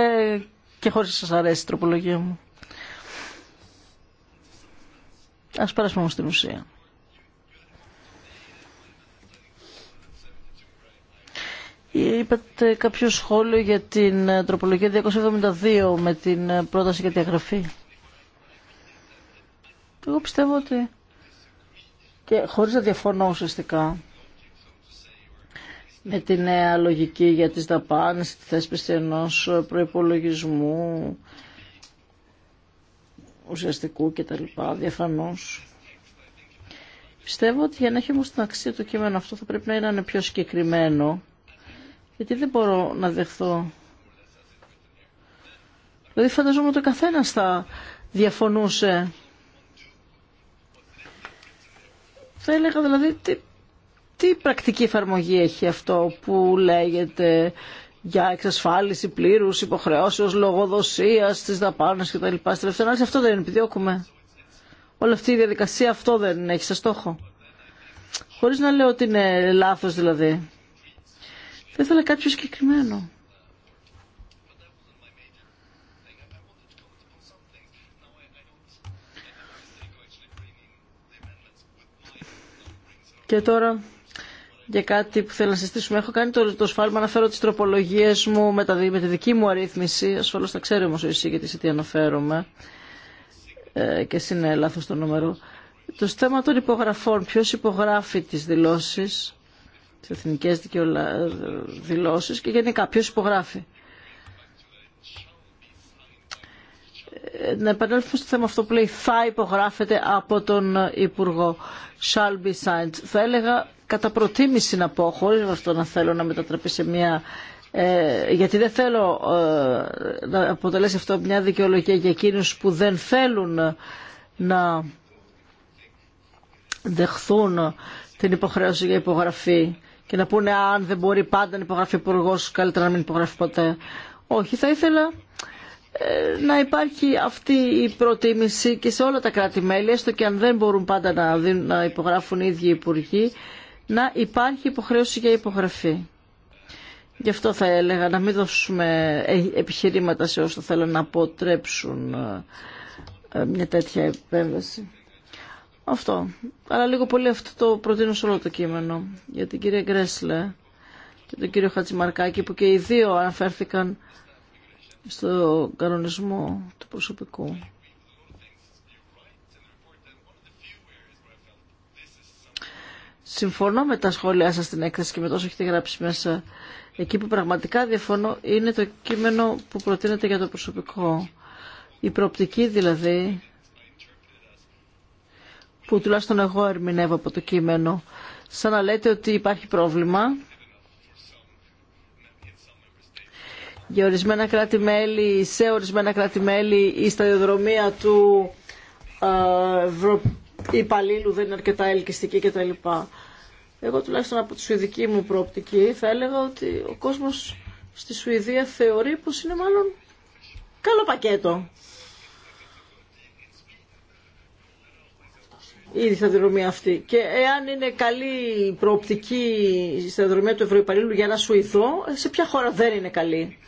και χωρίς να σας αρέσει η τροπολογία μου. Ας περάσουμε όμως στην ουσία. Είπατε κάποιο σχόλιο για την ε, τροπολογία 272 με την ε, πρόταση για διαγραφή. Εγώ πιστεύω ότι και χωρίς να διαφωνώ ουσιαστικά με τη νέα λογική για τις δαπάνες, τη θέσπιση ενός προϋπολογισμού ουσιαστικού κτλ. Διαφανώς. Πιστεύω ότι για να έχει όμως την αξία το κείμενο αυτό θα πρέπει να είναι πιο συγκεκριμένο γιατί δεν μπορώ να δεχθώ. Δηλαδή φανταζόμουν ότι ο καθένας θα διαφωνούσε Θα έλεγα δηλαδή τι, πρακτική εφαρμογή έχει αυτό που λέγεται για εξασφάλιση πλήρους υποχρεώσεως λογοδοσίας στις δαπάνε κτλ. τα Στην αυτό δεν επιδιώκουμε. Όλη αυτή η διαδικασία αυτό δεν έχει σε στόχο. Χωρίς να λέω ότι είναι λάθος δηλαδή. Θα ήθελα κάποιο συγκεκριμένο. Και τώρα για κάτι που θέλω να συστήσουμε. Έχω κάνει το, το σφάλμα να φέρω τις τροπολογίες μου με, τα, με τη δική μου αρρύθμιση. Ασφαλώς θα ξέρει όμως ο γιατί σε τι αναφέρομαι. Ε, και εσύ είναι λάθος το νούμερο. Το θέμα των υπογραφών. Ποιος υπογράφει τις δηλώσεις, τις εθνικές δηλώσεις και γενικά ποιος υπογράφει. να επανέλθουμε στο θέμα αυτό που λέει θα υπογράφεται από τον Υπουργό shall be signed. Θα έλεγα κατά προτίμηση να πω, χωρίς αυτό να θέλω να μετατραπεί σε μια ε, γιατί δεν θέλω ε, να αποτελέσει αυτό μια δικαιολογία για εκείνους που δεν θέλουν να δεχθούν την υποχρέωση για υπογραφή και να πούνε αν δεν μπορεί πάντα να υπογραφεί Υπουργός, καλύτερα να μην υπογραφεί ποτέ. Όχι, θα ήθελα ε, να υπάρχει αυτή η προτίμηση και σε όλα τα κράτη-μέλη, έστω και αν δεν μπορούν πάντα να, υπογράφουν οι ίδιοι υπουργοί, να υπάρχει υποχρέωση για υπογραφή. Γι' αυτό θα έλεγα να μην δώσουμε ε, επιχειρήματα σε όσους θέλουν να αποτρέψουν ε, μια τέτοια επέμβαση. Αυτό. Αλλά λίγο πολύ αυτό το προτείνω σε όλο το κείμενο. Για την κυρία Γκρέσλε και τον κύριο Χατζημαρκάκη που και οι δύο αναφέρθηκαν στο κανονισμό του προσωπικού. Συμφωνώ με τα σχόλιά σας στην έκθεση και με τόσο έχετε γράψει μέσα. Εκεί που πραγματικά διαφωνώ είναι το κείμενο που προτείνεται για το προσωπικό. Η προοπτική δηλαδή, που τουλάχιστον εγώ ερμηνεύω από το κείμενο, σαν να λέτε ότι υπάρχει πρόβλημα για ορισμένα κράτη-μέλη, σε ορισμένα κράτη-μέλη η σταδιοδρομία του ε, υπαλλήλου δεν είναι αρκετά ελκυστική κτλ. Εγώ τουλάχιστον από τη σουηδική μου προοπτική θα έλεγα ότι ο κόσμος στη Σουηδία θεωρεί πως είναι μάλλον καλό πακέτο. η σταδιοδρομία αυτή. Και εάν είναι καλή προοπτική η σταδιοδρομία του ευρωιπαλληλου για ένα Σουηδό, σε ποια χώρα δεν είναι καλή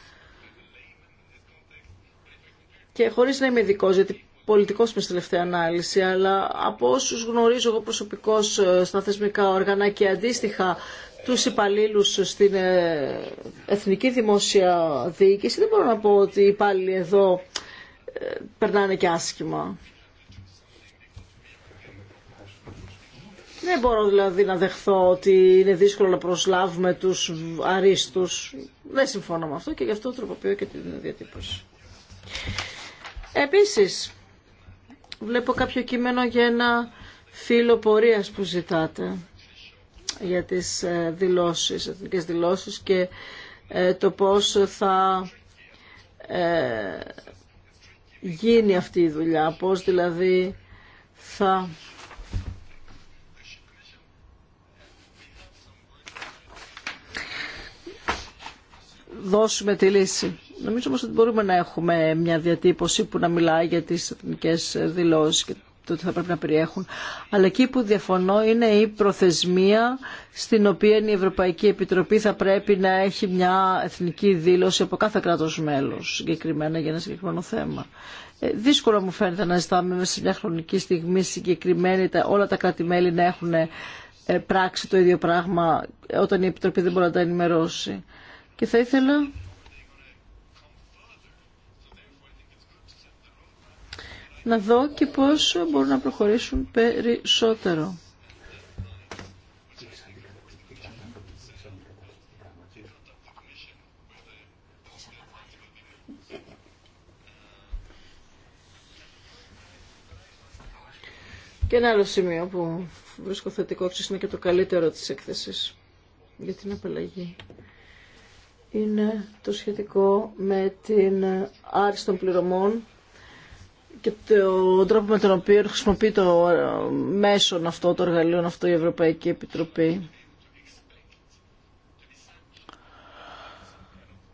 και χωρίς να είμαι ειδικό, γιατί πολιτικό είμαι στη τελευταία ανάλυση, αλλά από όσου γνωρίζω εγώ προσωπικώ ε, στα θεσμικά όργανα και αντίστοιχα τους υπαλλήλου στην ε, Εθνική Δημόσια Διοίκηση, δεν μπορώ να πω ότι οι υπάλληλοι εδώ ε, περνάνε και άσχημα. Δεν μπορώ δηλαδή να δεχθώ ότι είναι δύσκολο να προσλάβουμε τους αρίστους. Δεν συμφωνώ με αυτό και γι' αυτό τροποποιώ και την διατύπωση. Επίσης, βλέπω κάποιο κείμενο για ένα φύλλο πορείας που ζητάτε για τις ε, δηλώσεις, εθνικές δηλώσεις και ε, το πώς θα ε, γίνει αυτή η δουλειά, πώς δηλαδή θα δώσουμε τη λύση. Νομίζω όμως ότι μπορούμε να έχουμε μια διατύπωση που να μιλάει για τις εθνικές δηλώσεις και το ότι θα πρέπει να περιέχουν. Αλλά εκεί που διαφωνώ είναι η προθεσμία στην οποία η Ευρωπαϊκή Επιτροπή θα πρέπει να έχει μια εθνική δήλωση από κάθε κράτος μέλος συγκεκριμένα για ένα συγκεκριμένο θέμα. Ε, δύσκολο μου φαίνεται να ζητάμε μέσα σε μια χρονική στιγμή συγκεκριμένη όλα τα κράτη-μέλη να έχουν ε, πράξει το ίδιο πράγμα όταν η Επιτροπή δεν μπορεί να τα ενημερώσει. Και θα ήθελα να δω και πώς μπορούν να προχωρήσουν περισσότερο. Και ένα άλλο σημείο που βρίσκω θετικό, είναι και το καλύτερο της έκθεσης για την απαλλαγή. Είναι το σχετικό με την άρση των πληρωμών και τον τρόπο με τον οποίο χρησιμοποιεί το ε, μέσον αυτό, το εργαλείο αυτό η Ευρωπαϊκή Επιτροπή.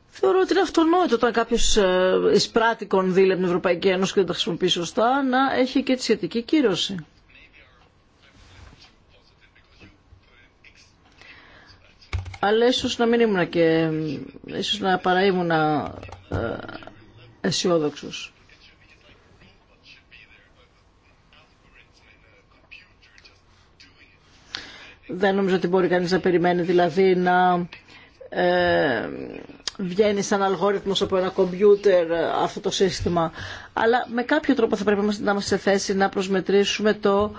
Θεωρώ ότι είναι αυτονόητο όταν κάποιο ε, εισπράττει κονδύλια από την Ευρωπαϊκή Ένωση και δεν τα χρησιμοποιεί σωστά να έχει και τη σχετική κύρωση. Αλλά ίσω να μην ήμουν και. ίσω να παραήμουν ε, αισιόδοξο. Δεν νομίζω ότι μπορεί κανείς να περιμένει δηλαδή να ε, βγαίνει σαν αλγόριθμος από ένα κομπιούτερ ε, αυτό το σύστημα. Αλλά με κάποιο τρόπο θα πρέπει να είμαστε σε θέση να προσμετρήσουμε το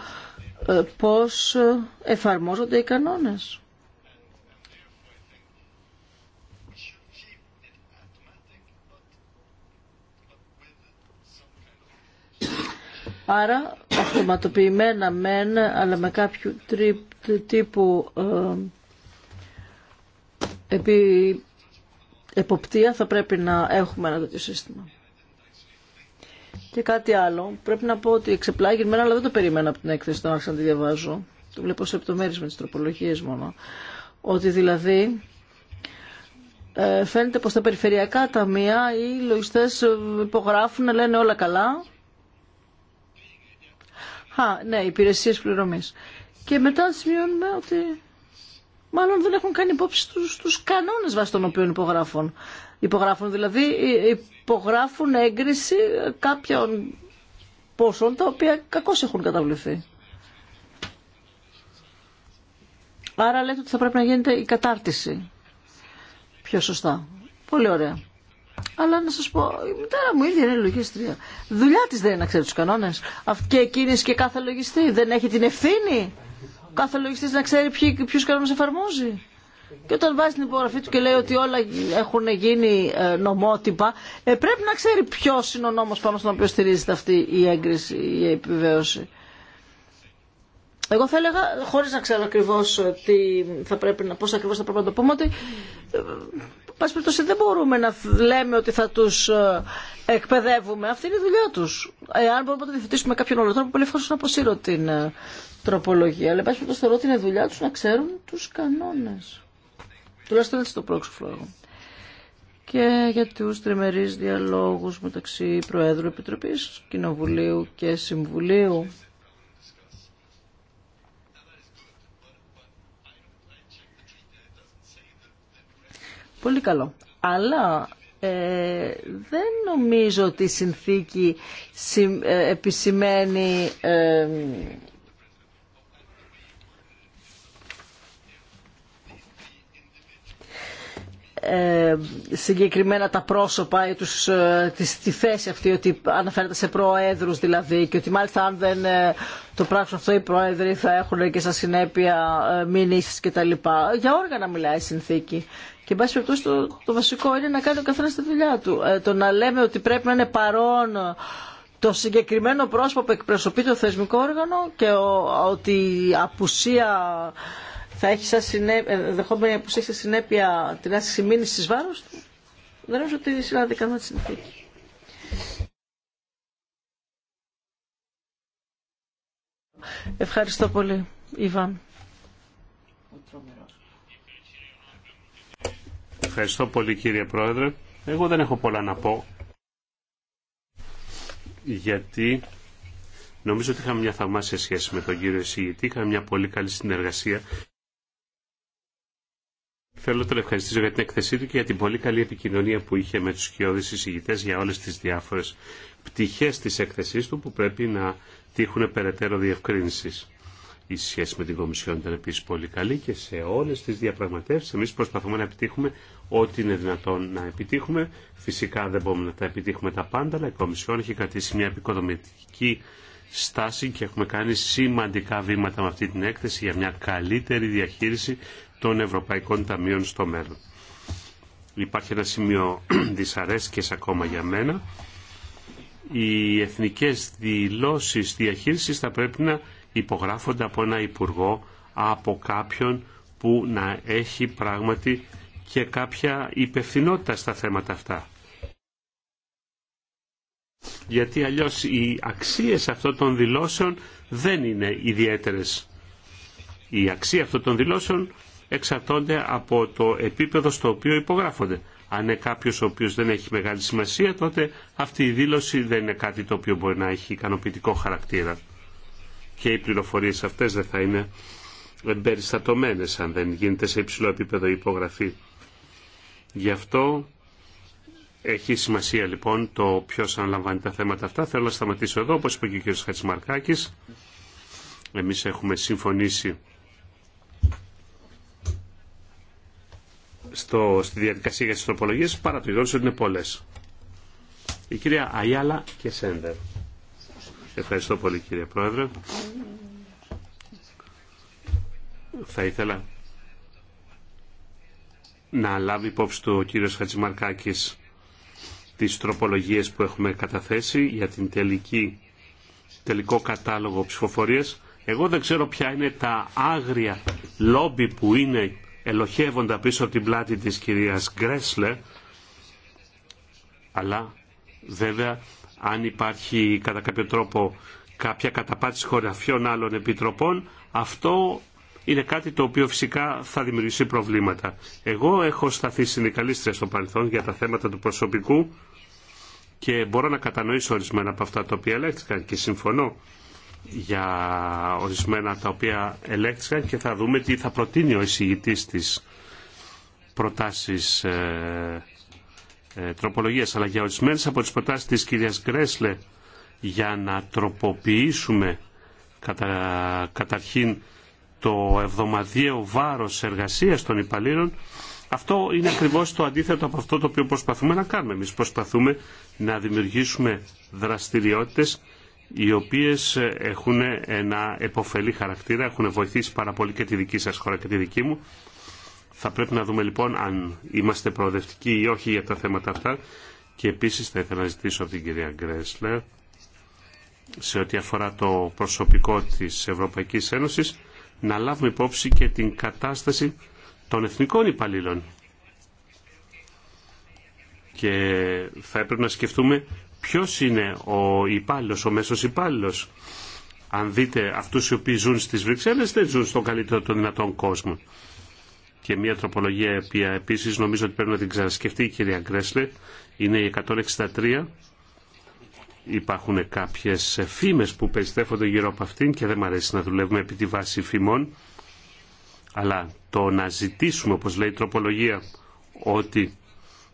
ε, πώς ε, εφαρμόζονται οι κανόνες. Άρα, αυτοματοποιημένα μεν, αλλά με κάποιο τύπου ε, επί, εποπτεία θα πρέπει να έχουμε ένα τέτοιο σύστημα. Και κάτι άλλο. Πρέπει να πω ότι εξεπλάγει μένα, αλλά δεν το περίμενα από την έκθεση, τον άρχισα να τη διαβάζω. Το βλέπω σε επιτομέρειες με τι τροπολογίες μόνο. Ότι δηλαδή ε, φαίνεται πως τα περιφερειακά ταμεία οι λογιστές υπογράφουν, λένε όλα καλά Α, ναι, υπηρεσίες πληρωμής. Και μετά σημειώνουμε ότι μάλλον δεν έχουν κάνει υπόψη τους, τους κανόνες βάσει των οποίων υπογράφουν. Υπογράφουν δηλαδή, ε, υπογράφουν έγκριση κάποιων ποσών τα οποία κακώς έχουν καταβληθεί. Άρα λέτε ότι θα πρέπει να γίνεται η κατάρτιση. Πιο σωστά. Πολύ ωραία. Αλλά να σα πω, η μητέρα μου ίδια είναι λογιστρία. Δουλειά τη δεν είναι να ξέρει του κανόνε. Και εκείνη και κάθε λογιστή δεν έχει την ευθύνη. Κάθε λογιστή να ξέρει ποιου κανόνε εφαρμόζει. Και όταν βάζει την υπογραφή του και λέει ότι όλα έχουν γίνει ε, νομότυπα, ε, πρέπει να ξέρει ποιο είναι ο νόμο πάνω στον οποίο στηρίζεται αυτή η έγκριση, η επιβεβαίωση. Εγώ θα έλεγα, χωρί να ξέρω ακριβώ ε, τι θα πρέπει να, πώ ακριβώ θα πρέπει να το πούμε, ότι πάση περιπτώσει δεν μπορούμε να λέμε ότι θα τους ε, εκπαιδεύουμε. Αυτή είναι η δουλειά τους. Εάν μπορούμε να το διευθυντήσουμε κάποιον όλο τρόπο, πολύ ευχαριστώ να αποσύρω την ε, τροπολογία. Αλλά εν θεωρώ ότι είναι δουλειά τους να ξέρουν τους κανόνες. Τουλάχιστον έτσι το πρόξοφλο εγώ. Και για τους τριμερείς διαλόγους μεταξύ Προέδρου Επιτροπής, Κοινοβουλίου και Συμβουλίου Πολύ καλό. Αλλά ε, δεν νομίζω ότι η συνθήκη ε, επισημαίνει ε, ε, συγκεκριμένα τα πρόσωπα ή τους, ε, τη, τη, θέση αυτή ότι αναφέρεται σε προέδρους δηλαδή και ότι μάλιστα αν δεν το πράξουν αυτό οι πρόεδροι θα έχουν και σαν συνέπεια ε, μήνυσεις κτλ. Για όργανα μιλάει η συνθήκη. Και, εν το, το βασικό είναι να κάνει ο καθένα τη δουλειά του. Ε, το να λέμε ότι πρέπει να είναι παρόν το συγκεκριμένο πρόσωπο που εκπροσωπεί το θεσμικό όργανο και ότι η απουσία θα έχει σαν συνέπεια, απουσία σε συνέπεια την άσκηση μήνυση τη βάρο του, δεν νομίζω ότι συνάδει κανένα τη συνθήκη. Ευχαριστώ πολύ, Ιβάν. Ευχαριστώ πολύ κύριε Πρόεδρε. Εγώ δεν έχω πολλά να πω γιατί νομίζω ότι είχαμε μια θαυμάσια σχέση με τον κύριο εισηγητή, είχαμε μια πολύ καλή συνεργασία. Θέλω να τον ευχαριστήσω για την εκθεσή του και για την πολύ καλή επικοινωνία που είχε με τους κοιόδης εισηγητές για όλες τις διάφορες πτυχές της έκθεσής του που πρέπει να τύχουν περαιτέρω διευκρίνησης. Η σχέση με την Κομισιόν ήταν επίσης πολύ καλή και σε όλε τι διαπραγματεύσει εμεί προσπαθούμε να επιτύχουμε ό,τι είναι δυνατόν να επιτύχουμε. Φυσικά δεν μπορούμε να τα επιτύχουμε τα πάντα, αλλά η Κομισιόν έχει κρατήσει μια επικοδομητική στάση και έχουμε κάνει σημαντικά βήματα με αυτή την έκθεση για μια καλύτερη διαχείριση των Ευρωπαϊκών Ταμείων στο μέλλον. Υπάρχει ένα σημείο δυσαρέσκειας ακόμα για μένα. Οι εθνικές δηλώσεις διαχείρισης θα πρέπει να υπογράφονται από ένα υπουργό, από κάποιον που να έχει πράγματι και κάποια υπευθυνότητα στα θέματα αυτά. Γιατί αλλιώς οι αξίες αυτών των δηλώσεων δεν είναι ιδιαίτερες. Η αξία αυτών των δηλώσεων εξαρτώνται από το επίπεδο στο οποίο υπογράφονται. Αν είναι κάποιος ο οποίος δεν έχει μεγάλη σημασία, τότε αυτή η δήλωση δεν είναι κάτι το οποίο μπορεί να έχει ικανοποιητικό χαρακτήρα. Και οι πληροφορίε αυτέ δεν θα είναι εμπεριστατωμένε αν δεν γίνεται σε υψηλό επίπεδο υπογραφή. Γι' αυτό έχει σημασία λοιπόν το ποιο αναλαμβάνει τα θέματα αυτά. Θέλω να σταματήσω εδώ, όπω είπε και ο κ. Χατζημαρκάκη. Εμεί έχουμε συμφωνήσει στο, στη διαδικασία για τι τροπολογίε παρά το γεγονό ότι είναι πολλέ. Η κυρία Αγιάλα και Σέντερ. Ευχαριστώ πολύ κύριε Πρόεδρε. Θα ήθελα να λάβει υπόψη του ο κύριος Χατζημαρκάκης τις τροπολογίες που έχουμε καταθέσει για την τελική, τελικό κατάλογο ψηφοφορίας. Εγώ δεν ξέρω ποια είναι τα άγρια λόμπι που είναι ελοχεύοντα πίσω από την πλάτη της κυρίας Γκρέσλε, αλλά βέβαια αν υπάρχει κατά κάποιο τρόπο κάποια καταπάτηση χωραφιών άλλων επιτροπών, αυτό είναι κάτι το οποίο φυσικά θα δημιουργήσει προβλήματα. Εγώ έχω σταθεί συνδικαλίστρια στο παρελθόν για τα θέματα του προσωπικού και μπορώ να κατανοήσω ορισμένα από αυτά τα οποία ελέγχθηκαν και συμφωνώ για ορισμένα τα οποία ελέγχθηκαν και θα δούμε τι θα προτείνει ο εισηγητής της προτάσεις ε, ε τροπολογίας αλλά για ορισμένες από τις προτάσεις της κυρίας Γκρέσλε για να τροποποιήσουμε κατα, καταρχήν το εβδομαδιαίο βάρος εργασία των υπαλλήλων, αυτό είναι ακριβώς το αντίθετο από αυτό το οποίο προσπαθούμε να κάνουμε. Εμείς προσπαθούμε να δημιουργήσουμε δραστηριότητες οι οποίες έχουν ένα επωφελή χαρακτήρα, έχουν βοηθήσει πάρα πολύ και τη δική σας χώρα και τη δική μου. Θα πρέπει να δούμε λοιπόν αν είμαστε προοδευτικοί ή όχι για τα θέματα αυτά. Και επίσης θα ήθελα να ζητήσω από την κυρία Γκρέσλερ σε ό,τι αφορά το προσωπικό της Ευρωπαϊκής Ένωσης να λάβουμε υπόψη και την κατάσταση των εθνικών υπαλλήλων. Και θα έπρεπε να σκεφτούμε ποιος είναι ο υπάλληλος, ο μέσος υπάλληλο. Αν δείτε αυτούς οι οποίοι ζουν στις Βρυξέλλες δεν ζουν στον καλύτερο των δυνατών κόσμων. Και μια τροπολογία η οποία επίσης νομίζω ότι πρέπει να την ξανασκεφτεί η κυρία Γκρέσλε είναι η 163 υπάρχουν κάποιες φήμες που περιστρέφονται γύρω από αυτήν και δεν μου αρέσει να δουλεύουμε επί τη βάση φήμων αλλά το να ζητήσουμε όπως λέει η τροπολογία ότι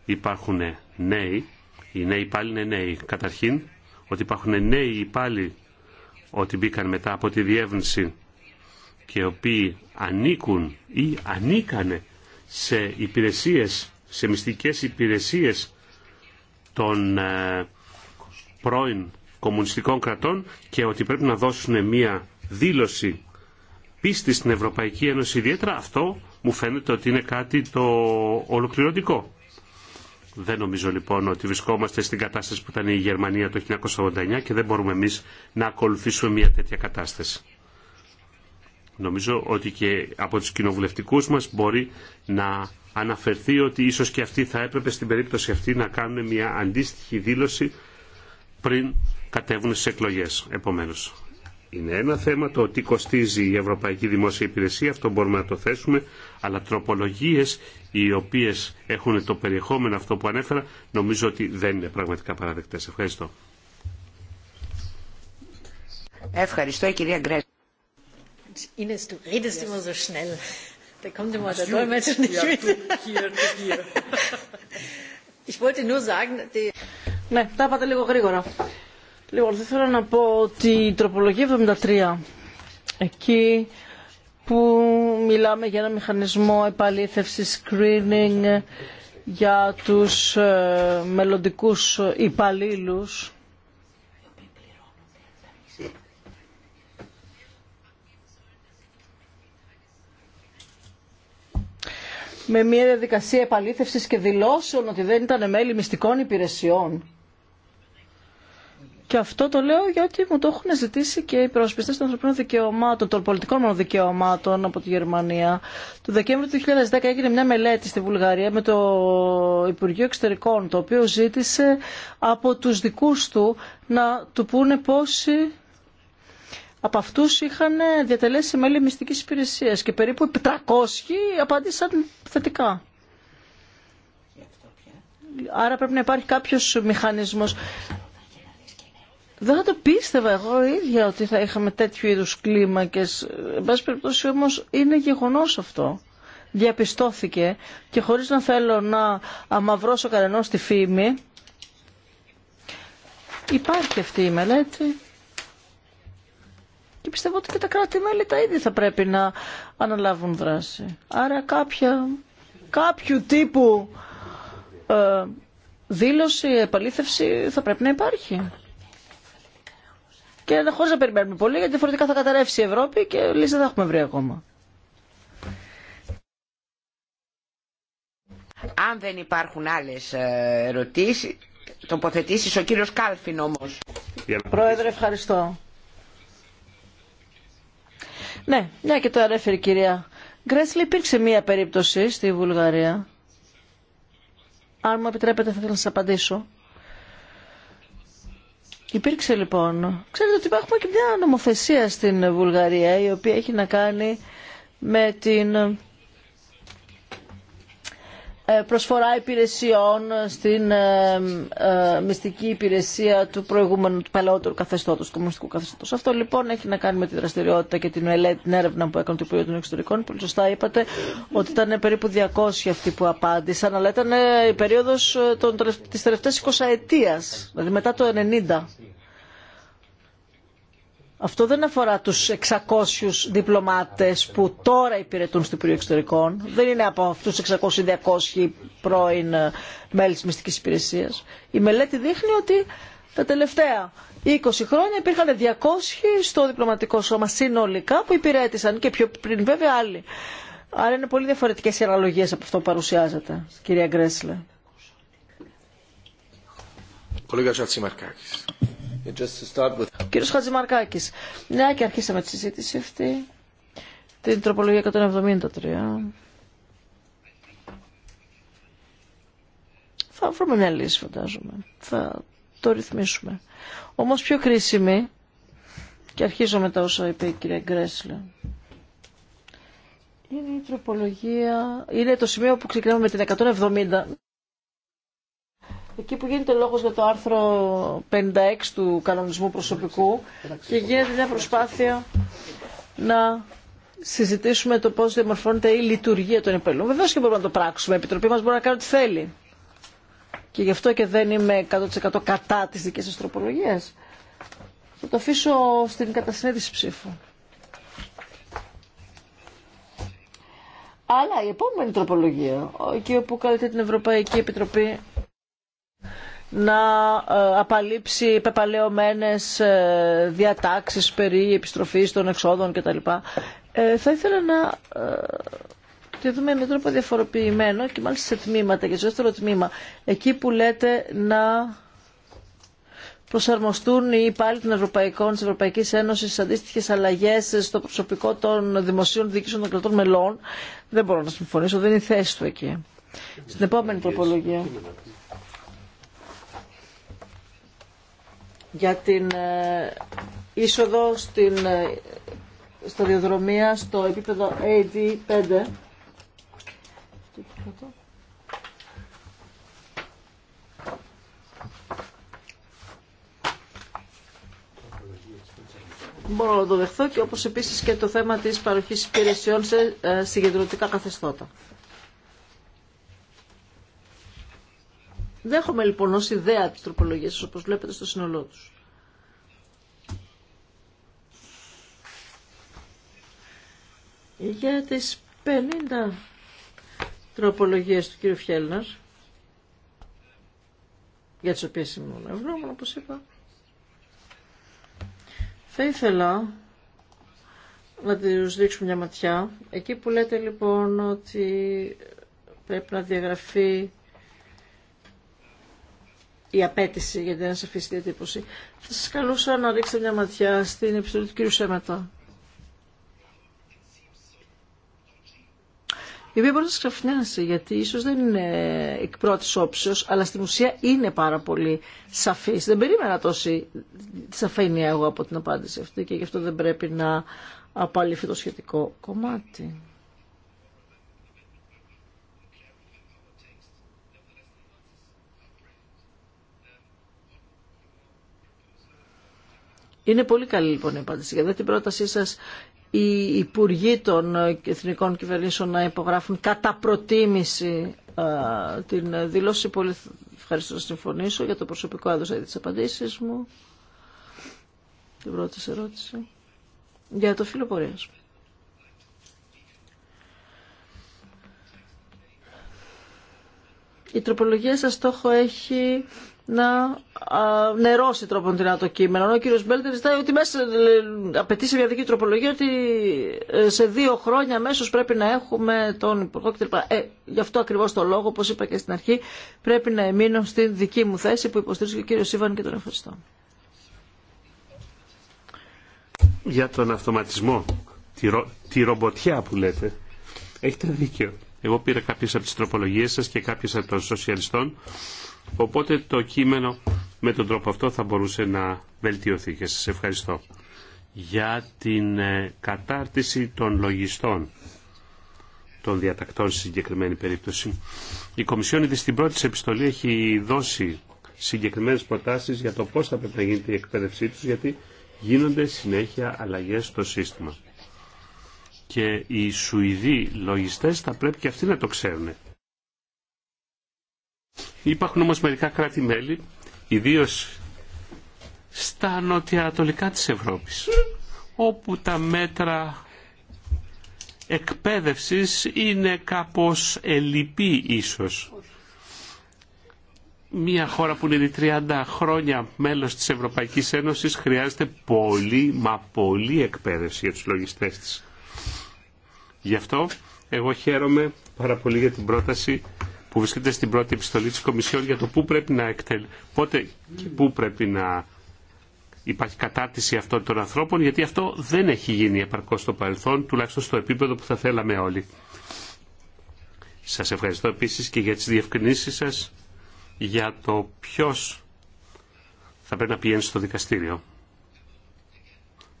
υπάρχουν νέοι οι νέοι πάλι είναι νέοι καταρχήν ότι υπάρχουν νέοι πάλι ότι μπήκαν μετά από τη διεύνηση και οι οποίοι ανήκουν ή ανήκανε σε υπηρεσίες, σε μυστικές υπηρεσίες των ε, πρώην κομμουνιστικών κρατών και ότι πρέπει να δώσουν μια δήλωση πίστη στην Ευρωπαϊκή Ένωση ιδιαίτερα, αυτό μου φαίνεται ότι είναι κάτι το ολοκληρωτικό. Δεν νομίζω λοιπόν ότι βρισκόμαστε στην κατάσταση που ήταν η Γερμανία το 1989 και δεν μπορούμε εμείς να ακολουθήσουμε μια τέτοια κατάσταση. Νομίζω ότι και από τους κοινοβουλευτικούς μας μπορεί να αναφερθεί ότι ίσως και αυτοί θα έπρεπε στην περίπτωση αυτή να κάνουν μια αντίστοιχη δήλωση πριν κατέβουν στις εκλογές. Επομένως, είναι ένα θέμα το τι κοστίζει η Ευρωπαϊκή Δημόσια Υπηρεσία, αυτό μπορούμε να το θέσουμε, αλλά τροπολογίες οι οποίες έχουν το περιεχόμενο αυτό που ανέφερα, νομίζω ότι δεν είναι πραγματικά παραδεκτές. Ευχαριστώ. Ευχαριστώ η κυρία Γκρέτ. Ines, du redest immer so schnell. Da kommt immer der Dolmetscher nicht Ich wollte nur sagen, die ναι, τα είπατε λίγο γρήγορα. Λοιπόν, θα ήθελα να πω ότι η τροπολογία 73, εκεί που μιλάμε για ένα μηχανισμό επαλήθευσης screening για τους ε, μελλοντικούς υπαλλήλους, με μια διαδικασία επαλήθευσης και δηλώσεων ότι δεν ήταν μέλη μυστικών υπηρεσιών. Και αυτό το λέω γιατί μου το έχουν ζητήσει και οι προσπιστές των ανθρωπίνων δικαιωμάτων, των πολιτικών δικαιωμάτων από τη Γερμανία. Το Δεκέμβριο του 2010 έγινε μια μελέτη στη Βουλγαρία με το Υπουργείο Εξωτερικών, το οποίο ζήτησε από τους δικούς του να του πούνε πόσοι από αυτού είχαν διατελέσει μέλη μυστική υπηρεσία και περίπου 300 απάντησαν θετικά. Άρα πρέπει να υπάρχει κάποιο μηχανισμό. Δεν θα το πίστευα εγώ ίδια ότι θα είχαμε τέτοιου είδους κλίμακες. Εν πάση περιπτώσει όμως είναι γεγονός αυτό. Διαπιστώθηκε και χωρίς να θέλω να αμαυρώσω κανενός τη φήμη, υπάρχει αυτή η μελέτη και πιστεύω ότι και τα κράτη-μέλη τα ίδια θα πρέπει να αναλάβουν δράση. Άρα κάποια, κάποιου τύπου ε, δήλωση, επαλήθευση θα πρέπει να υπάρχει και χωρί να περιμένουμε πολύ, γιατί διαφορετικά θα καταρρεύσει η Ευρώπη και λύση δεν θα έχουμε βρει ακόμα. Αν δεν υπάρχουν άλλε ε, ερωτήσεις, τοποθετήσει. ο κύριος Κάλφιν όμω. Πρόεδρε, ευχαριστώ. Ναι, μια και το ανέφερε η κυρία Γκρέσλι, υπήρξε μια περίπτωση στη Βουλγαρία. Αν μου επιτρέπετε θα ήθελα να σας απαντήσω. Υπήρξε λοιπόν. Ξέρετε ότι έχουμε και μια νομοθεσία στην Βουλγαρία η οποία έχει να κάνει με την ε, προσφορά υπηρεσιών στην ε, ε, μυστική υπηρεσία του προηγούμενου, του παλαιότερου καθεστώτος, του κομμουνιστικού καθεστώτος. Αυτό λοιπόν έχει να κάνει με τη δραστηριότητα και την, την έρευνα που έκανε το Υπουργείο των Εξωτερικών. Πολύ σωστά είπατε ότι ήταν περίπου 200 αυτοί που απάντησαν, αλλά ήταν η περίοδος των, της τελευταίας 20 ετίας, δηλαδή μετά το 90. Αυτό δεν αφορά τους 600 διπλωμάτες που τώρα υπηρετούν στο Υπουργείο Εξωτερικών. Δεν είναι από αυτούς 600-200 πρώην ε, μέλη της μυστικής υπηρεσίας. Η μελέτη δείχνει ότι τα τελευταία 20 χρόνια υπήρχαν 200 στο διπλωματικό σώμα συνολικά που υπηρέτησαν και πιο πριν βέβαια άλλοι. Άρα είναι πολύ διαφορετικές οι αναλογίες από αυτό που παρουσιάζεται, κυρία Γκρέσλε. Κύριο Χατζημαρκάκη. Ναι, και αρχίσαμε τη συζήτηση αυτή. Την τροπολογία 173. Θα βρούμε μια λύση, φαντάζομαι. Θα το ρυθμίσουμε. Όμω πιο κρίσιμη, και αρχίζω με τα όσα είπε η κυρία Γκρέσλε, είναι η τροπολογία. Είναι το σημείο που ξεκινάμε με την 170 εκεί που γίνεται λόγος για το άρθρο 56 του κανονισμού προσωπικού και γίνεται μια προσπάθεια να συζητήσουμε το πώς διαμορφώνεται η λειτουργία των υπαλλήλων. Βεβαίω και μπορούμε να το πράξουμε. Η Επιτροπή μας μπορεί να κάνει ό,τι θέλει. Και γι' αυτό και δεν είμαι 100% κατά τις δικές σας τροπολογίες. Θα το αφήσω στην κατασυνέδηση ψήφου. Αλλά η επόμενη τροπολογία, εκεί όπου καλείται την Ευρωπαϊκή Επιτροπή να ε, απαλείψει πεπαλαιωμένες ε, διατάξεις περί επιστροφής των εξόδων κτλ. Ε, θα ήθελα να ε, τη δούμε με τρόπο διαφοροποιημένο και μάλιστα σε τμήματα και σε δεύτερο τμήμα. Εκεί που λέτε να προσαρμοστούν οι υπάλληλοι των Ευρωπαϊκών της Ευρωπαϊκής Ένωσης στις αντίστοιχες αλλαγές στο προσωπικό των δημοσίων διοικήσεων των κρατών μελών. Δεν μπορώ να συμφωνήσω, δεν είναι η θέση του εκεί. Στην επόμενη τροπολογία. για την ε, είσοδο στην ε, σταδιοδρομία στο επίπεδο AD5. Μπορώ να το δεχθώ και όπως επίσης και το θέμα της παροχής υπηρεσιών σε ε, συγκεντρωτικά καθεστώτα. Δέχομαι λοιπόν ως ιδέα τις τροπολογίες όπως βλέπετε στο σύνολό τους. Για τις 50 τροπολογίες του κύριου Φιέλναρ, για τις οποίες ήμουν ευγνώμων όπως είπα, θα ήθελα να τους δείξουμε μια ματιά. Εκεί που λέτε λοιπόν ότι πρέπει να διαγραφεί η απέτηση για την ασαφή διατύπωση. Θα σας καλούσα να ρίξετε μια ματιά στην επιστολή του κύριου Σέμετα. Η οποία μπορεί να σας ξαφνιάσει, γιατί ίσως δεν είναι εκ πρώτης όψεως, αλλά στην ουσία είναι πάρα πολύ σαφής. Δεν περίμενα τόση σαφήνεια εγώ από την απάντηση αυτή και γι' αυτό δεν πρέπει να απαλληφθεί το σχετικό κομμάτι. Είναι πολύ καλή λοιπόν η απάντηση. Για την πρότασή σας οι υπουργοί των εθνικών κυβερνήσεων να υπογράφουν κατά προτίμηση την δήλωση. Πολύ ευχαριστώ να συμφωνήσω για το προσωπικό έδωσα τι απαντήσει μου. Την πρώτη ερώτηση. Για το φύλλο Η τροπολογία σας στόχο έχει να νερώσει τρόπον την το κείμενο. Ο κύριο Μπέλτερ ζητάει ότι μέσα απαιτεί σε μια δική τροπολογία ότι ε, σε δύο χρόνια αμέσω πρέπει να έχουμε τον υπουργό κτλ. Ε, γι' αυτό ακριβώ το λόγο, όπω είπα και στην αρχή, πρέπει να εμείνω στην δική μου θέση που υποστηρίζει και ο κύριο Σίβαν και τον ευχαριστώ. Για τον αυτοματισμό, τη, ρο, τη ρομποτιά που λέτε, έχετε δίκιο. Εγώ πήρα κάποιες από τις τροπολογίες σας και κάποιες από των σοσιαλιστών Οπότε το κείμενο με τον τρόπο αυτό θα μπορούσε να βελτιωθεί και σας ευχαριστώ. Για την ε, κατάρτιση των λογιστών των διατακτών στη συγκεκριμένη περίπτωση. Η Κομισιόν ήδη στην πρώτη της επιστολή έχει δώσει συγκεκριμένες προτάσεις για το πώς θα πρέπει να γίνεται η εκπαίδευσή τους γιατί γίνονται συνέχεια αλλαγές στο σύστημα. Και οι Σουηδοί λογιστές θα πρέπει και αυτοί να το ξέρουν Υπάρχουν όμως μερικά κράτη-μέλη, ιδίως στα νοτιοανατολικά της Ευρώπης, όπου τα μέτρα εκπαίδευσης είναι κάπως ελλειπή ίσως. Μια χώρα που είναι 30 χρόνια μέλος της Ευρωπαϊκής Ένωσης χρειάζεται πολύ μα πολύ εκπαίδευση για τους λογιστές της. Γι' αυτό εγώ χαίρομαι πάρα πολύ για την πρόταση που βρίσκεται στην πρώτη επιστολή της Κομισιόν για το πού πρέπει να εκτελ... πότε και πού πρέπει να υπάρχει κατάρτιση αυτών των ανθρώπων, γιατί αυτό δεν έχει γίνει επαρκώς στο παρελθόν, τουλάχιστον στο επίπεδο που θα θέλαμε όλοι. Σας ευχαριστώ επίσης και για τις διευκρινήσεις σας για το ποιος θα πρέπει να πηγαίνει στο δικαστήριο.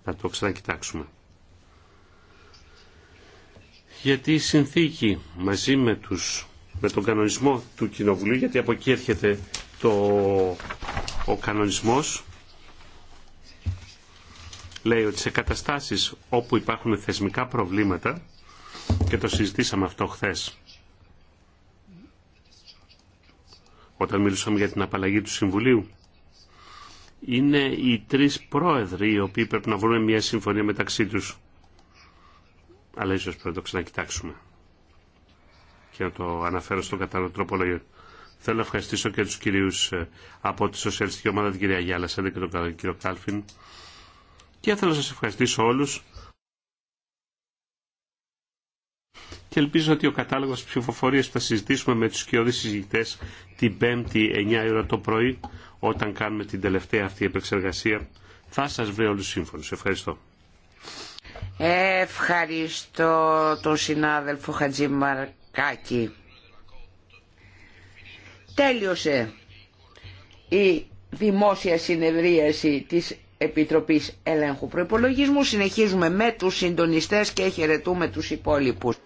Θα το ξανακοιτάξουμε. Γιατί η συνθήκη μαζί με τους με τον κανονισμό του Κοινοβουλίου, γιατί από εκεί έρχεται το, ο κανονισμός. Λέει ότι σε καταστάσεις όπου υπάρχουν θεσμικά προβλήματα, και το συζητήσαμε αυτό χθες, όταν μιλούσαμε για την απαλλαγή του Συμβουλίου, είναι οι τρεις πρόεδροι οι οποίοι πρέπει να βρούμε μια συμφωνία μεταξύ τους. Αλλά ίσως πρέπει να το ξανακοιτάξουμε και να το αναφέρω στον κατάλληλο λόγια. Θέλω να ευχαριστήσω και τους κυρίους ε, από τη Σοσιαλιστική Ομάδα, την κυρία Γιάλα Σέντε και τον κύριο Κάλφιν. Και θέλω να σας ευχαριστήσω όλους. Και ελπίζω ότι ο κατάλογος ψηφοφορίας που θα συζητήσουμε με τους κοιόδη συζητητές την 5η 9 ώρα το πρωί, όταν κάνουμε την τελευταία αυτή επεξεργασία, θα σας βρει όλους σύμφωνους. Ευχαριστώ. Ευχαριστώ τον συνάδελφο Χατζή κάκι. Τέλειωσε η δημόσια συνεδρίαση της Επιτροπής Ελέγχου Προϋπολογισμού. Συνεχίζουμε με τους συντονιστές και χαιρετούμε τους υπόλοιπους.